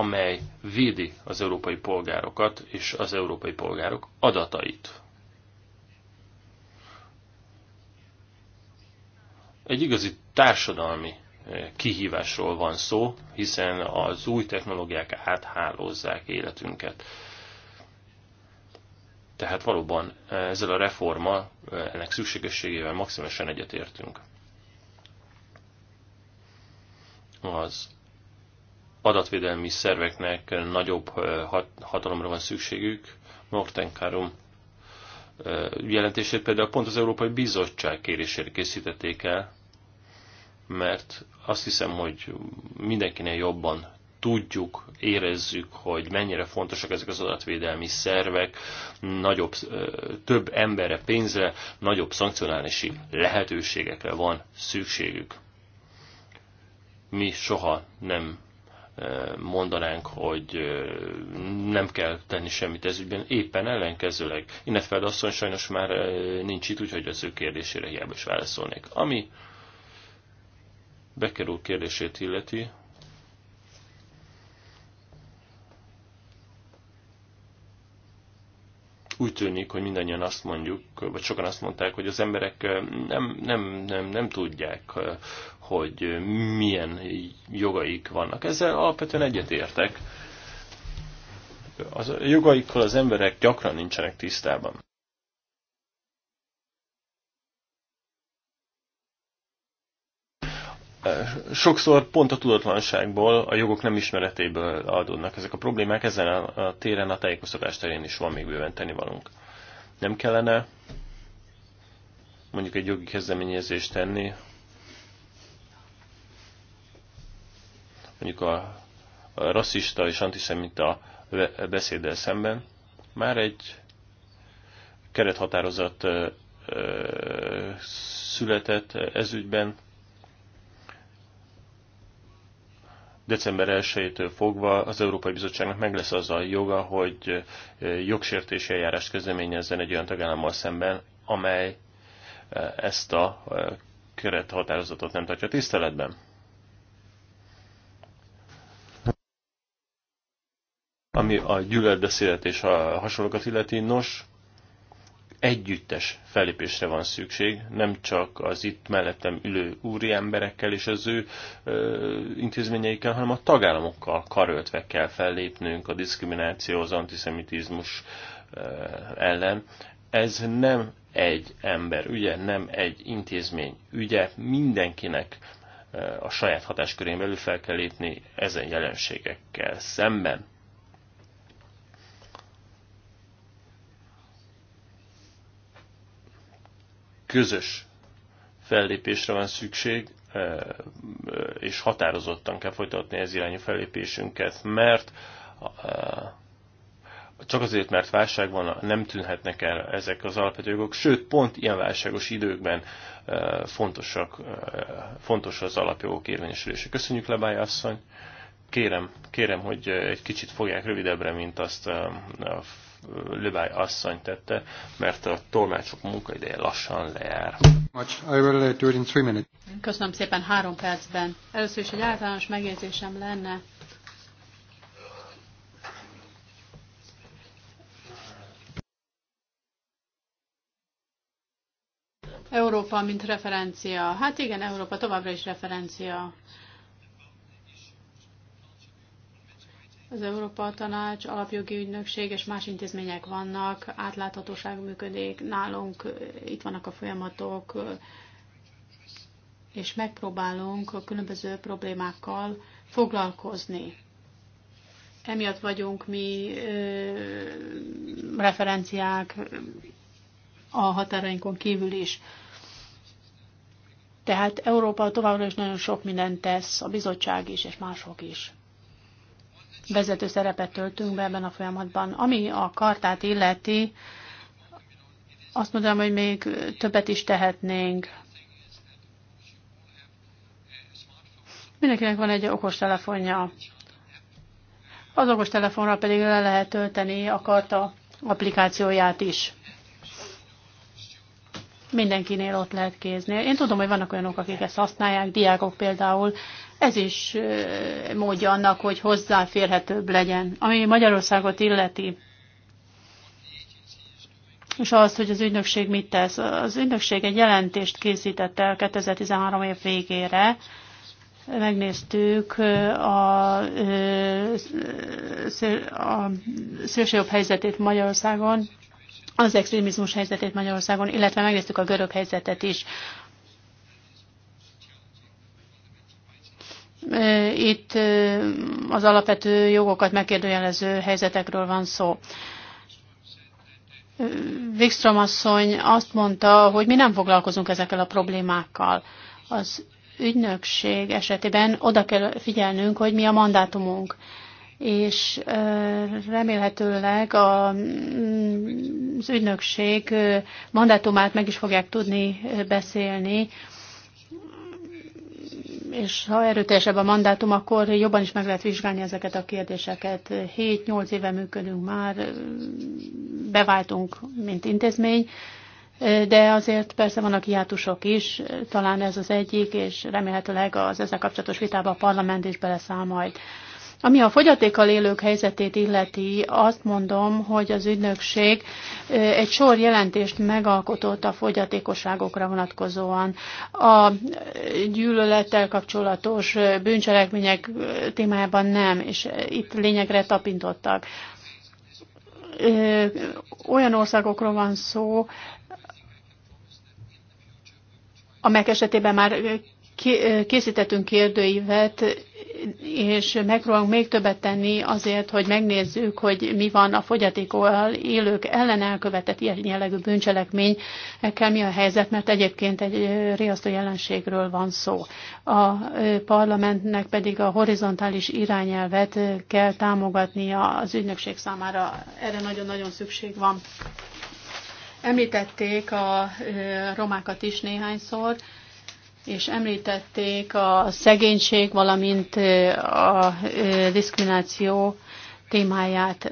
amely védi az európai polgárokat és az európai polgárok adatait. Egy igazi társadalmi eh, kihívásról van szó, hiszen az új technológiák áthálózzák életünket. Tehát valóban eh, ezzel a reforma, eh, ennek szükségességével maximálisan egyetértünk. Az adatvédelmi szerveknek nagyobb hatalomra van szükségük. Morten jelentését például pont az Európai Bizottság kérésére készítették el, mert azt hiszem, hogy mindenkinél jobban tudjuk, érezzük, hogy mennyire fontosak ezek az adatvédelmi szervek, nagyobb, több emberre, pénzre, nagyobb szankcionálási lehetőségekre van szükségük. Mi soha nem mondanánk, hogy nem kell tenni semmit ez ügyben, éppen ellenkezőleg. Innefeld asszony sajnos már nincs itt, úgyhogy az ő kérdésére hiába is válaszolnék. Ami bekerül kérdését illeti, úgy tűnik, hogy mindannyian azt mondjuk, vagy sokan azt mondták, hogy az emberek nem, nem, nem, nem tudják, hogy milyen jogaik vannak. Ezzel alapvetően egyetértek. Az jogaikkal az emberek gyakran nincsenek tisztában. sokszor pont a tudatlanságból, a jogok nem ismeretéből adódnak ezek a problémák, ezen a téren, a tájékoztatás terén is van még bőven tennivalónk. Nem kellene mondjuk egy jogi kezdeményezést tenni, mondjuk a rasszista és antiszemita beszéddel szemben, már egy kerethatározat született ezügyben, december 1-től fogva az Európai Bizottságnak meg lesz az a joga, hogy jogsértési eljárást kezdeményezzen egy olyan tagállammal szemben, amely ezt a kerethatározatot nem tartja tiszteletben. Ami a gyűlöletbeszélet és a hasonlókat illeti, nos, együttes felépésre van szükség, nem csak az itt mellettem ülő úri emberekkel és az ő ö, intézményeikkel, hanem a tagállamokkal karöltve kell fellépnünk a diszkrimináció, az antiszemitizmus ö, ellen. Ez nem egy ember ügye, nem egy intézmény ügye, mindenkinek ö, a saját hatáskörén belül fel kell lépni ezen jelenségekkel szemben. közös fellépésre van szükség, e, e, és határozottan kell folytatni ez irányú fellépésünket, mert e, csak azért, mert válság van, nem tűnhetnek el ezek az alapvető jogok, sőt, pont ilyen válságos időkben fontosak, fontos az alapjogok érvényesülése. Köszönjük Lebály asszony! Kérem, kérem, hogy egy kicsit fogják rövidebbre, mint azt a Lövály asszony tette, mert a tolmácsok munkaideje lassan lejár. Uh, Köszönöm szépen három percben. Először is egy általános megjegyzésem lenne. Európa, mint referencia. Hát igen, Európa továbbra is referencia az Európa Tanács, Alapjogi Ügynökség és más intézmények vannak, átláthatóság működik, nálunk eh, itt vannak a folyamatok, eh, és megpróbálunk a különböző problémákkal foglalkozni. Emiatt vagyunk mi ö, eh, referenciák a határainkon kívül is. Tehát Európa továbbra is nagyon sok mindent tesz, a bizottság is, és mások is vezető szerepet töltünk be ebben a folyamatban. Ami a kartát illeti, azt mondom, hogy még többet is tehetnénk. Mindenkinek van egy okostelefonja. Az okostelefonra pedig le lehet tölteni a karta applikációját is. Mindenkinél ott lehet kézni. Én tudom, hogy vannak olyanok, akik ezt használják, diákok például, ez is módja annak, hogy hozzáférhetőbb legyen. Ami Magyarországot illeti, és az, hogy az ügynökség mit tesz. Az ügynökség egy jelentést készített el 2013 év végére, megnéztük a, a szélsőjobb helyzetét Magyarországon, az extrémizmus helyzetét Magyarországon, illetve megnéztük a görög helyzetet is. Itt az alapvető jogokat megkérdőjelező helyzetekről van szó. Wikström asszony azt mondta, hogy mi nem foglalkozunk ezekkel a problémákkal. Az ügynökség esetében oda kell figyelnünk, hogy mi a mandátumunk. És remélhetőleg mm, az ügynökség mandátumát meg is fogják tudni beszélni és ha erőteljesebb a mandátum, akkor jobban is meg lehet vizsgálni ezeket a kérdéseket. 7-8 éve működünk már, beváltunk, mint intézmény, de azért persze vannak hiátusok is, talán ez az egyik, és remélhetőleg az ezzel kapcsolatos vitába a parlament is beleszáll majd. Ami a fogyatékkal élők helyzetét illeti, azt mondom, hogy az ügynökség egy sor jelentést megalkotott a fogyatékosságokra vonatkozóan. A gyűlölettel kapcsolatos bűncselekmények témájában nem, és itt lényegre tapintottak. Olyan országokról van szó, amelyek esetében már készítettünk kérdőívet, és megpróbálunk még többet tenni azért, hogy megnézzük, hogy mi van a fogyatékkal élők ellen elkövetett ilyen jellegű bűncselekményekkel, mi a helyzet, mert egyébként egy riasztó jelenségről van szó. A parlamentnek pedig a horizontális irányelvet kell támogatnia az ügynökség számára. Erre nagyon-nagyon szükség van. Említették a romákat is néhányszor és említették a szegénység, valamint a diszkrimináció témáját.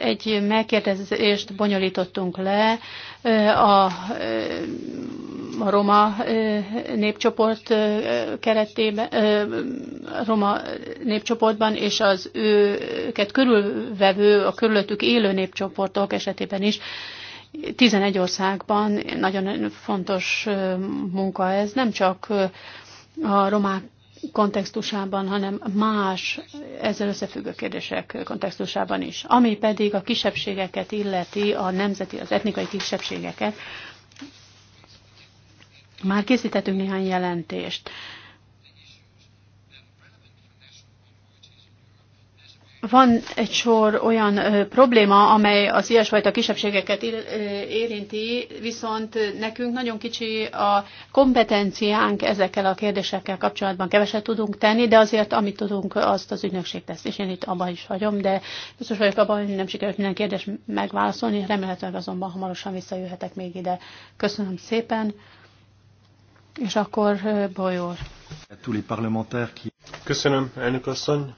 Egy megkérdezést bonyolítottunk le a, a roma népcsoport keretében, roma népcsoportban, és az őket körülvevő, a körülöttük élő népcsoportok esetében is 11 országban nagyon fontos munka ez, nem csak a romák kontextusában, hanem más ezzel összefüggő kérdések kontextusában is. Ami pedig a kisebbségeket illeti, a nemzeti, az etnikai kisebbségeket, már készítettünk néhány jelentést. Van egy sor olyan ö, probléma, amely az ilyesfajta kisebbségeket ér, ö, érinti, viszont nekünk nagyon kicsi a kompetenciánk ezekkel a kérdésekkel kapcsolatban. Keveset tudunk tenni, de azért amit tudunk, azt az ügynökség tesz. És én itt abban is hagyom, de biztos vagyok abban, hogy nem sikerült minden kérdést megválaszolni. Remélhetőleg azonban hamarosan visszajöhetek még ide. Köszönöm szépen. És akkor Bolyór. Köszönöm, elnök asszony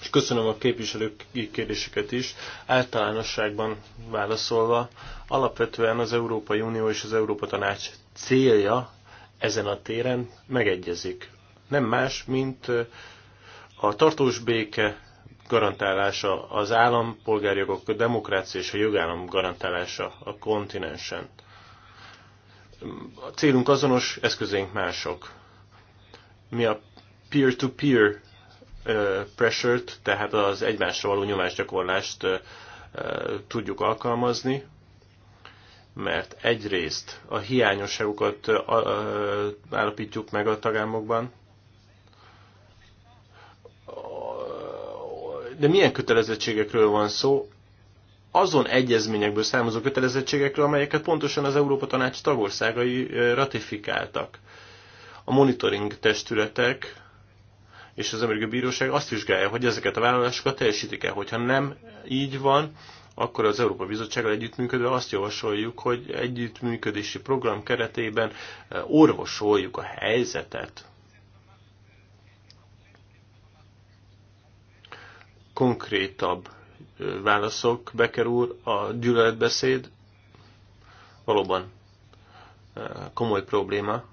és köszönöm a képviselői kérdéseket is. Általánosságban válaszolva, alapvetően az Európai Unió és az Európa Tanács célja ezen a téren megegyezik. Nem más, mint a tartós béke garantálása, az állampolgárjogok, a demokrácia és a jogállam garantálása a kontinensen. A célunk azonos, eszközénk mások. Mi a peer-to-peer -peer pressure-t, tehát az egymásra való nyomásgyakorlást tudjuk alkalmazni, mert egyrészt a hiányosságokat állapítjuk meg a tagállamokban, de milyen kötelezettségekről van szó? Azon egyezményekből származó kötelezettségekről, amelyeket pontosan az Európa Tanács tagországai ratifikáltak. A monitoring testületek és az amerikai bíróság azt vizsgálja, hogy ezeket a vállalásokat teljesítik-e. Hogyha nem így van, akkor az Európa Bizottsággal együttműködve azt javasoljuk, hogy együttműködési program keretében eh, orvosoljuk a helyzetet. Konkrétabb eh, válaszok bekerül a gyűlöletbeszéd. Valóban eh, komoly probléma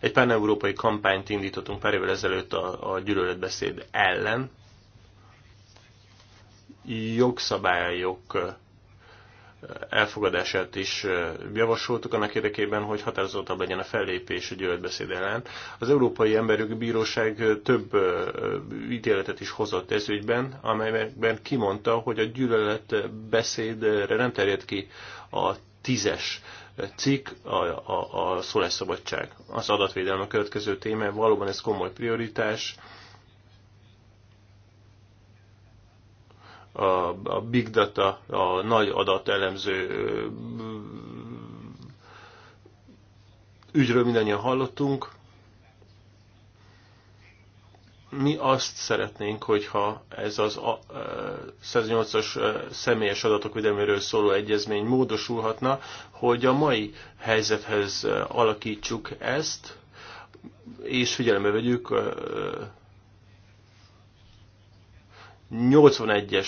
egy pán-európai kampányt indítottunk pár évvel ezelőtt a, a gyűlöletbeszéd ellen. Jogszabályok elfogadását is javasoltuk annak érdekében, hogy határozottabb legyen a fellépés a gyűlöletbeszéd ellen. Az Európai Emberjogi Bíróság több ítéletet is hozott ez ügyben, amelyben kimondta, hogy a gyűlöletbeszédre nem terjed ki a tízes cikk a, a, a szólásszabadság. Az adatvédelem a következő téma, valóban ez komoly prioritás. A, a big data, a nagy adat elemző ügyről mindannyian hallottunk, mi azt szeretnénk, hogyha ez az 108-as személyes adatok védelméről szóló egyezmény módosulhatna, hogy a mai helyzethez alakítsuk ezt, és figyelembe vegyük 81-es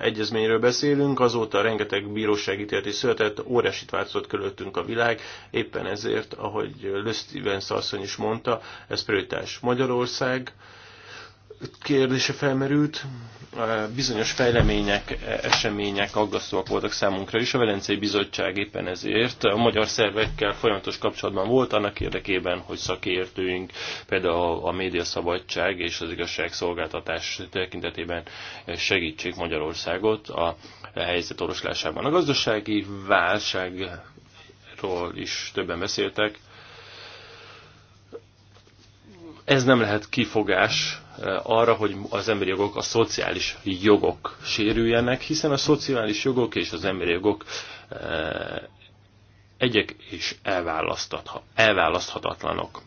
egyezményről beszélünk, azóta rengeteg bíróságítélet is született, óriásit változott körülöttünk a világ, éppen ezért, ahogy Lösz Stevens asszony is mondta, ez prioritás Magyarország, kérdése felmerült. Bizonyos fejlemények, események aggasztóak voltak számunkra is. A Velencei Bizottság éppen ezért a magyar szervekkel folyamatos kapcsolatban volt annak érdekében, hogy szakértőink például a médiaszabadság és az igazságszolgáltatás tekintetében segítsék Magyarországot a helyzet oroslásában. A gazdasági válságról is többen beszéltek. Ez nem lehet kifogás Eh, arra, hogy az emberi jogok, a szociális jogok sérüljenek, hiszen a szociális jogok és az emberi jogok eh, egyek és elválaszthatatlanok.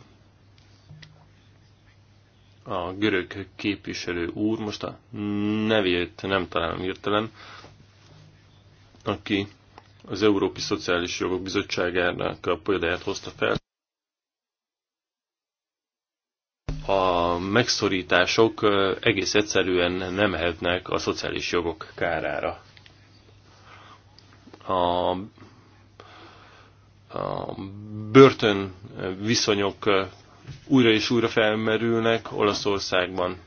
A görög képviselő úr, most a nevét nem találom hirtelen, aki az Európai Szociális Jogok Bizottságának a példáját hozta fel, a megszorítások egész egyszerűen nem mehetnek a szociális jogok kárára. A, a börtön viszonyok újra és újra felmerülnek Olaszországban.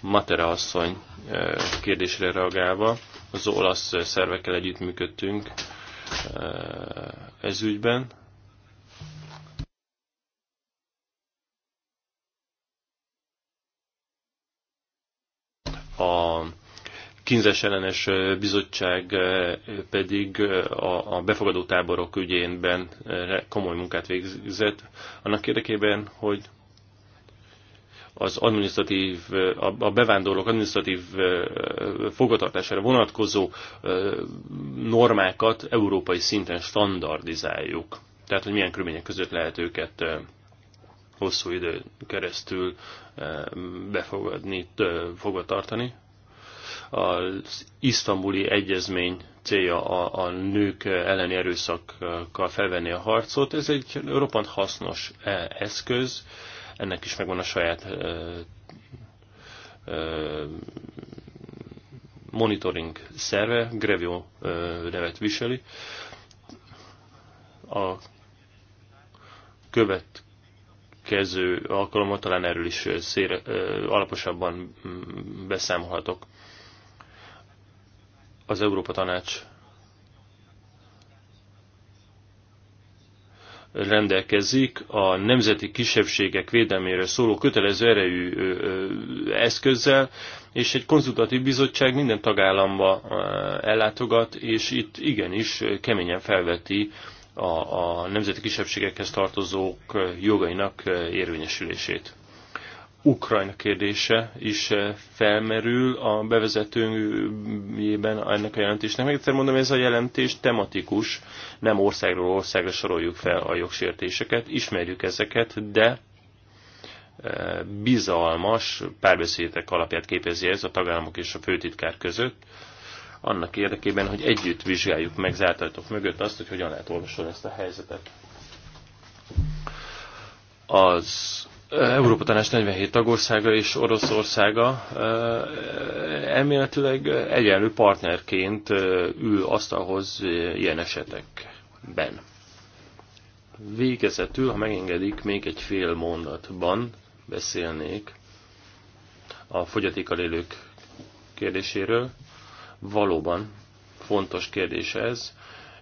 Matera asszony kérdésre reagálva, az olasz szervekkel együttműködtünk ez ügyben, a kínzás ellenes bizottság eh, pedig eh, a befogadó táborok ügyénben eh, komoly munkát végzett, annak érdekében, hogy az administratív, a bevándorlók administratív fogatartására vonatkozó normákat európai szinten standardizáljuk. Tehát, hogy milyen körülmények között lehet őket hosszú idő keresztül eh, befogadni, eh, fogva tartani. Az isztambuli egyezmény célja a, a nők elleni erőszakkal felvenni a harcot. Ez egy roppant hasznos eh, eszköz, ennek is megvan a saját monitoring szerve, Grevio nevet viseli. A követ következő alkalommal talán erről is szél, alaposabban mm, beszámolhatok. Az Európa Tanács rendelkezik a nemzeti kisebbségek védelmére szóló kötelező erejű eszközzel, és egy konzultatív bizottság minden tagállamba ellátogat, és itt igenis keményen felveti a, a nemzeti kisebbségekhez tartozók jogainak eh, érvényesülését. Ukrajna kérdése is eh, felmerül a bevezetőjében ennek a jelentésnek. Meg egyszer mondom, ez a jelentés tematikus, nem országról országra soroljuk fel a jogsértéseket, ismerjük ezeket, de eh, bizalmas párbeszédek alapját képezi ez a tagállamok és a főtitkár között annak érdekében, hogy együtt vizsgáljuk meg zárt ajtók mögött azt, hogy hogyan lehet olvasolni ezt a helyzetet. Az Európa Tanács 47 tagországa és Oroszországa eh, elméletileg egyenlő partnerként eh, ül asztalhoz eh, ilyen esetekben. Végezetül, ha megengedik, még egy fél mondatban beszélnék a fogyatékkal élők kérdéséről. Valóban fontos kérdés ez,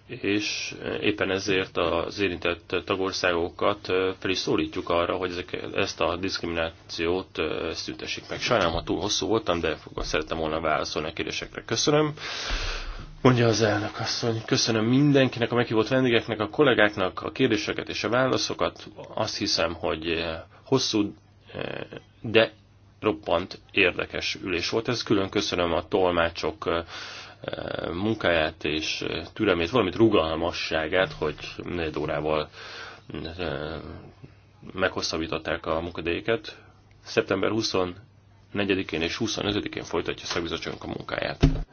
és éppen ezért az érintett tagországokat fel is szólítjuk arra, hogy ezek, ezt a diszkriminációt szüntessék meg. Sajnálom, ha túl hosszú voltam, de szerettem volna válaszolni a kérdésekre. Köszönöm. Mondja az elnök asszony, köszönöm mindenkinek, a meghívott vendégeknek, a kollégáknak a kérdéseket és a válaszokat. Azt hiszem, hogy hosszú, de roppant érdekes ülés volt. Ez külön köszönöm a tolmácsok eh, munkáját és eh, türelmét, valamint rugalmasságát, hogy négy órával eh, meghosszabbították a munkadéket. Szeptember 24-én és 25-én folytatja szakbizottságunk a munkáját.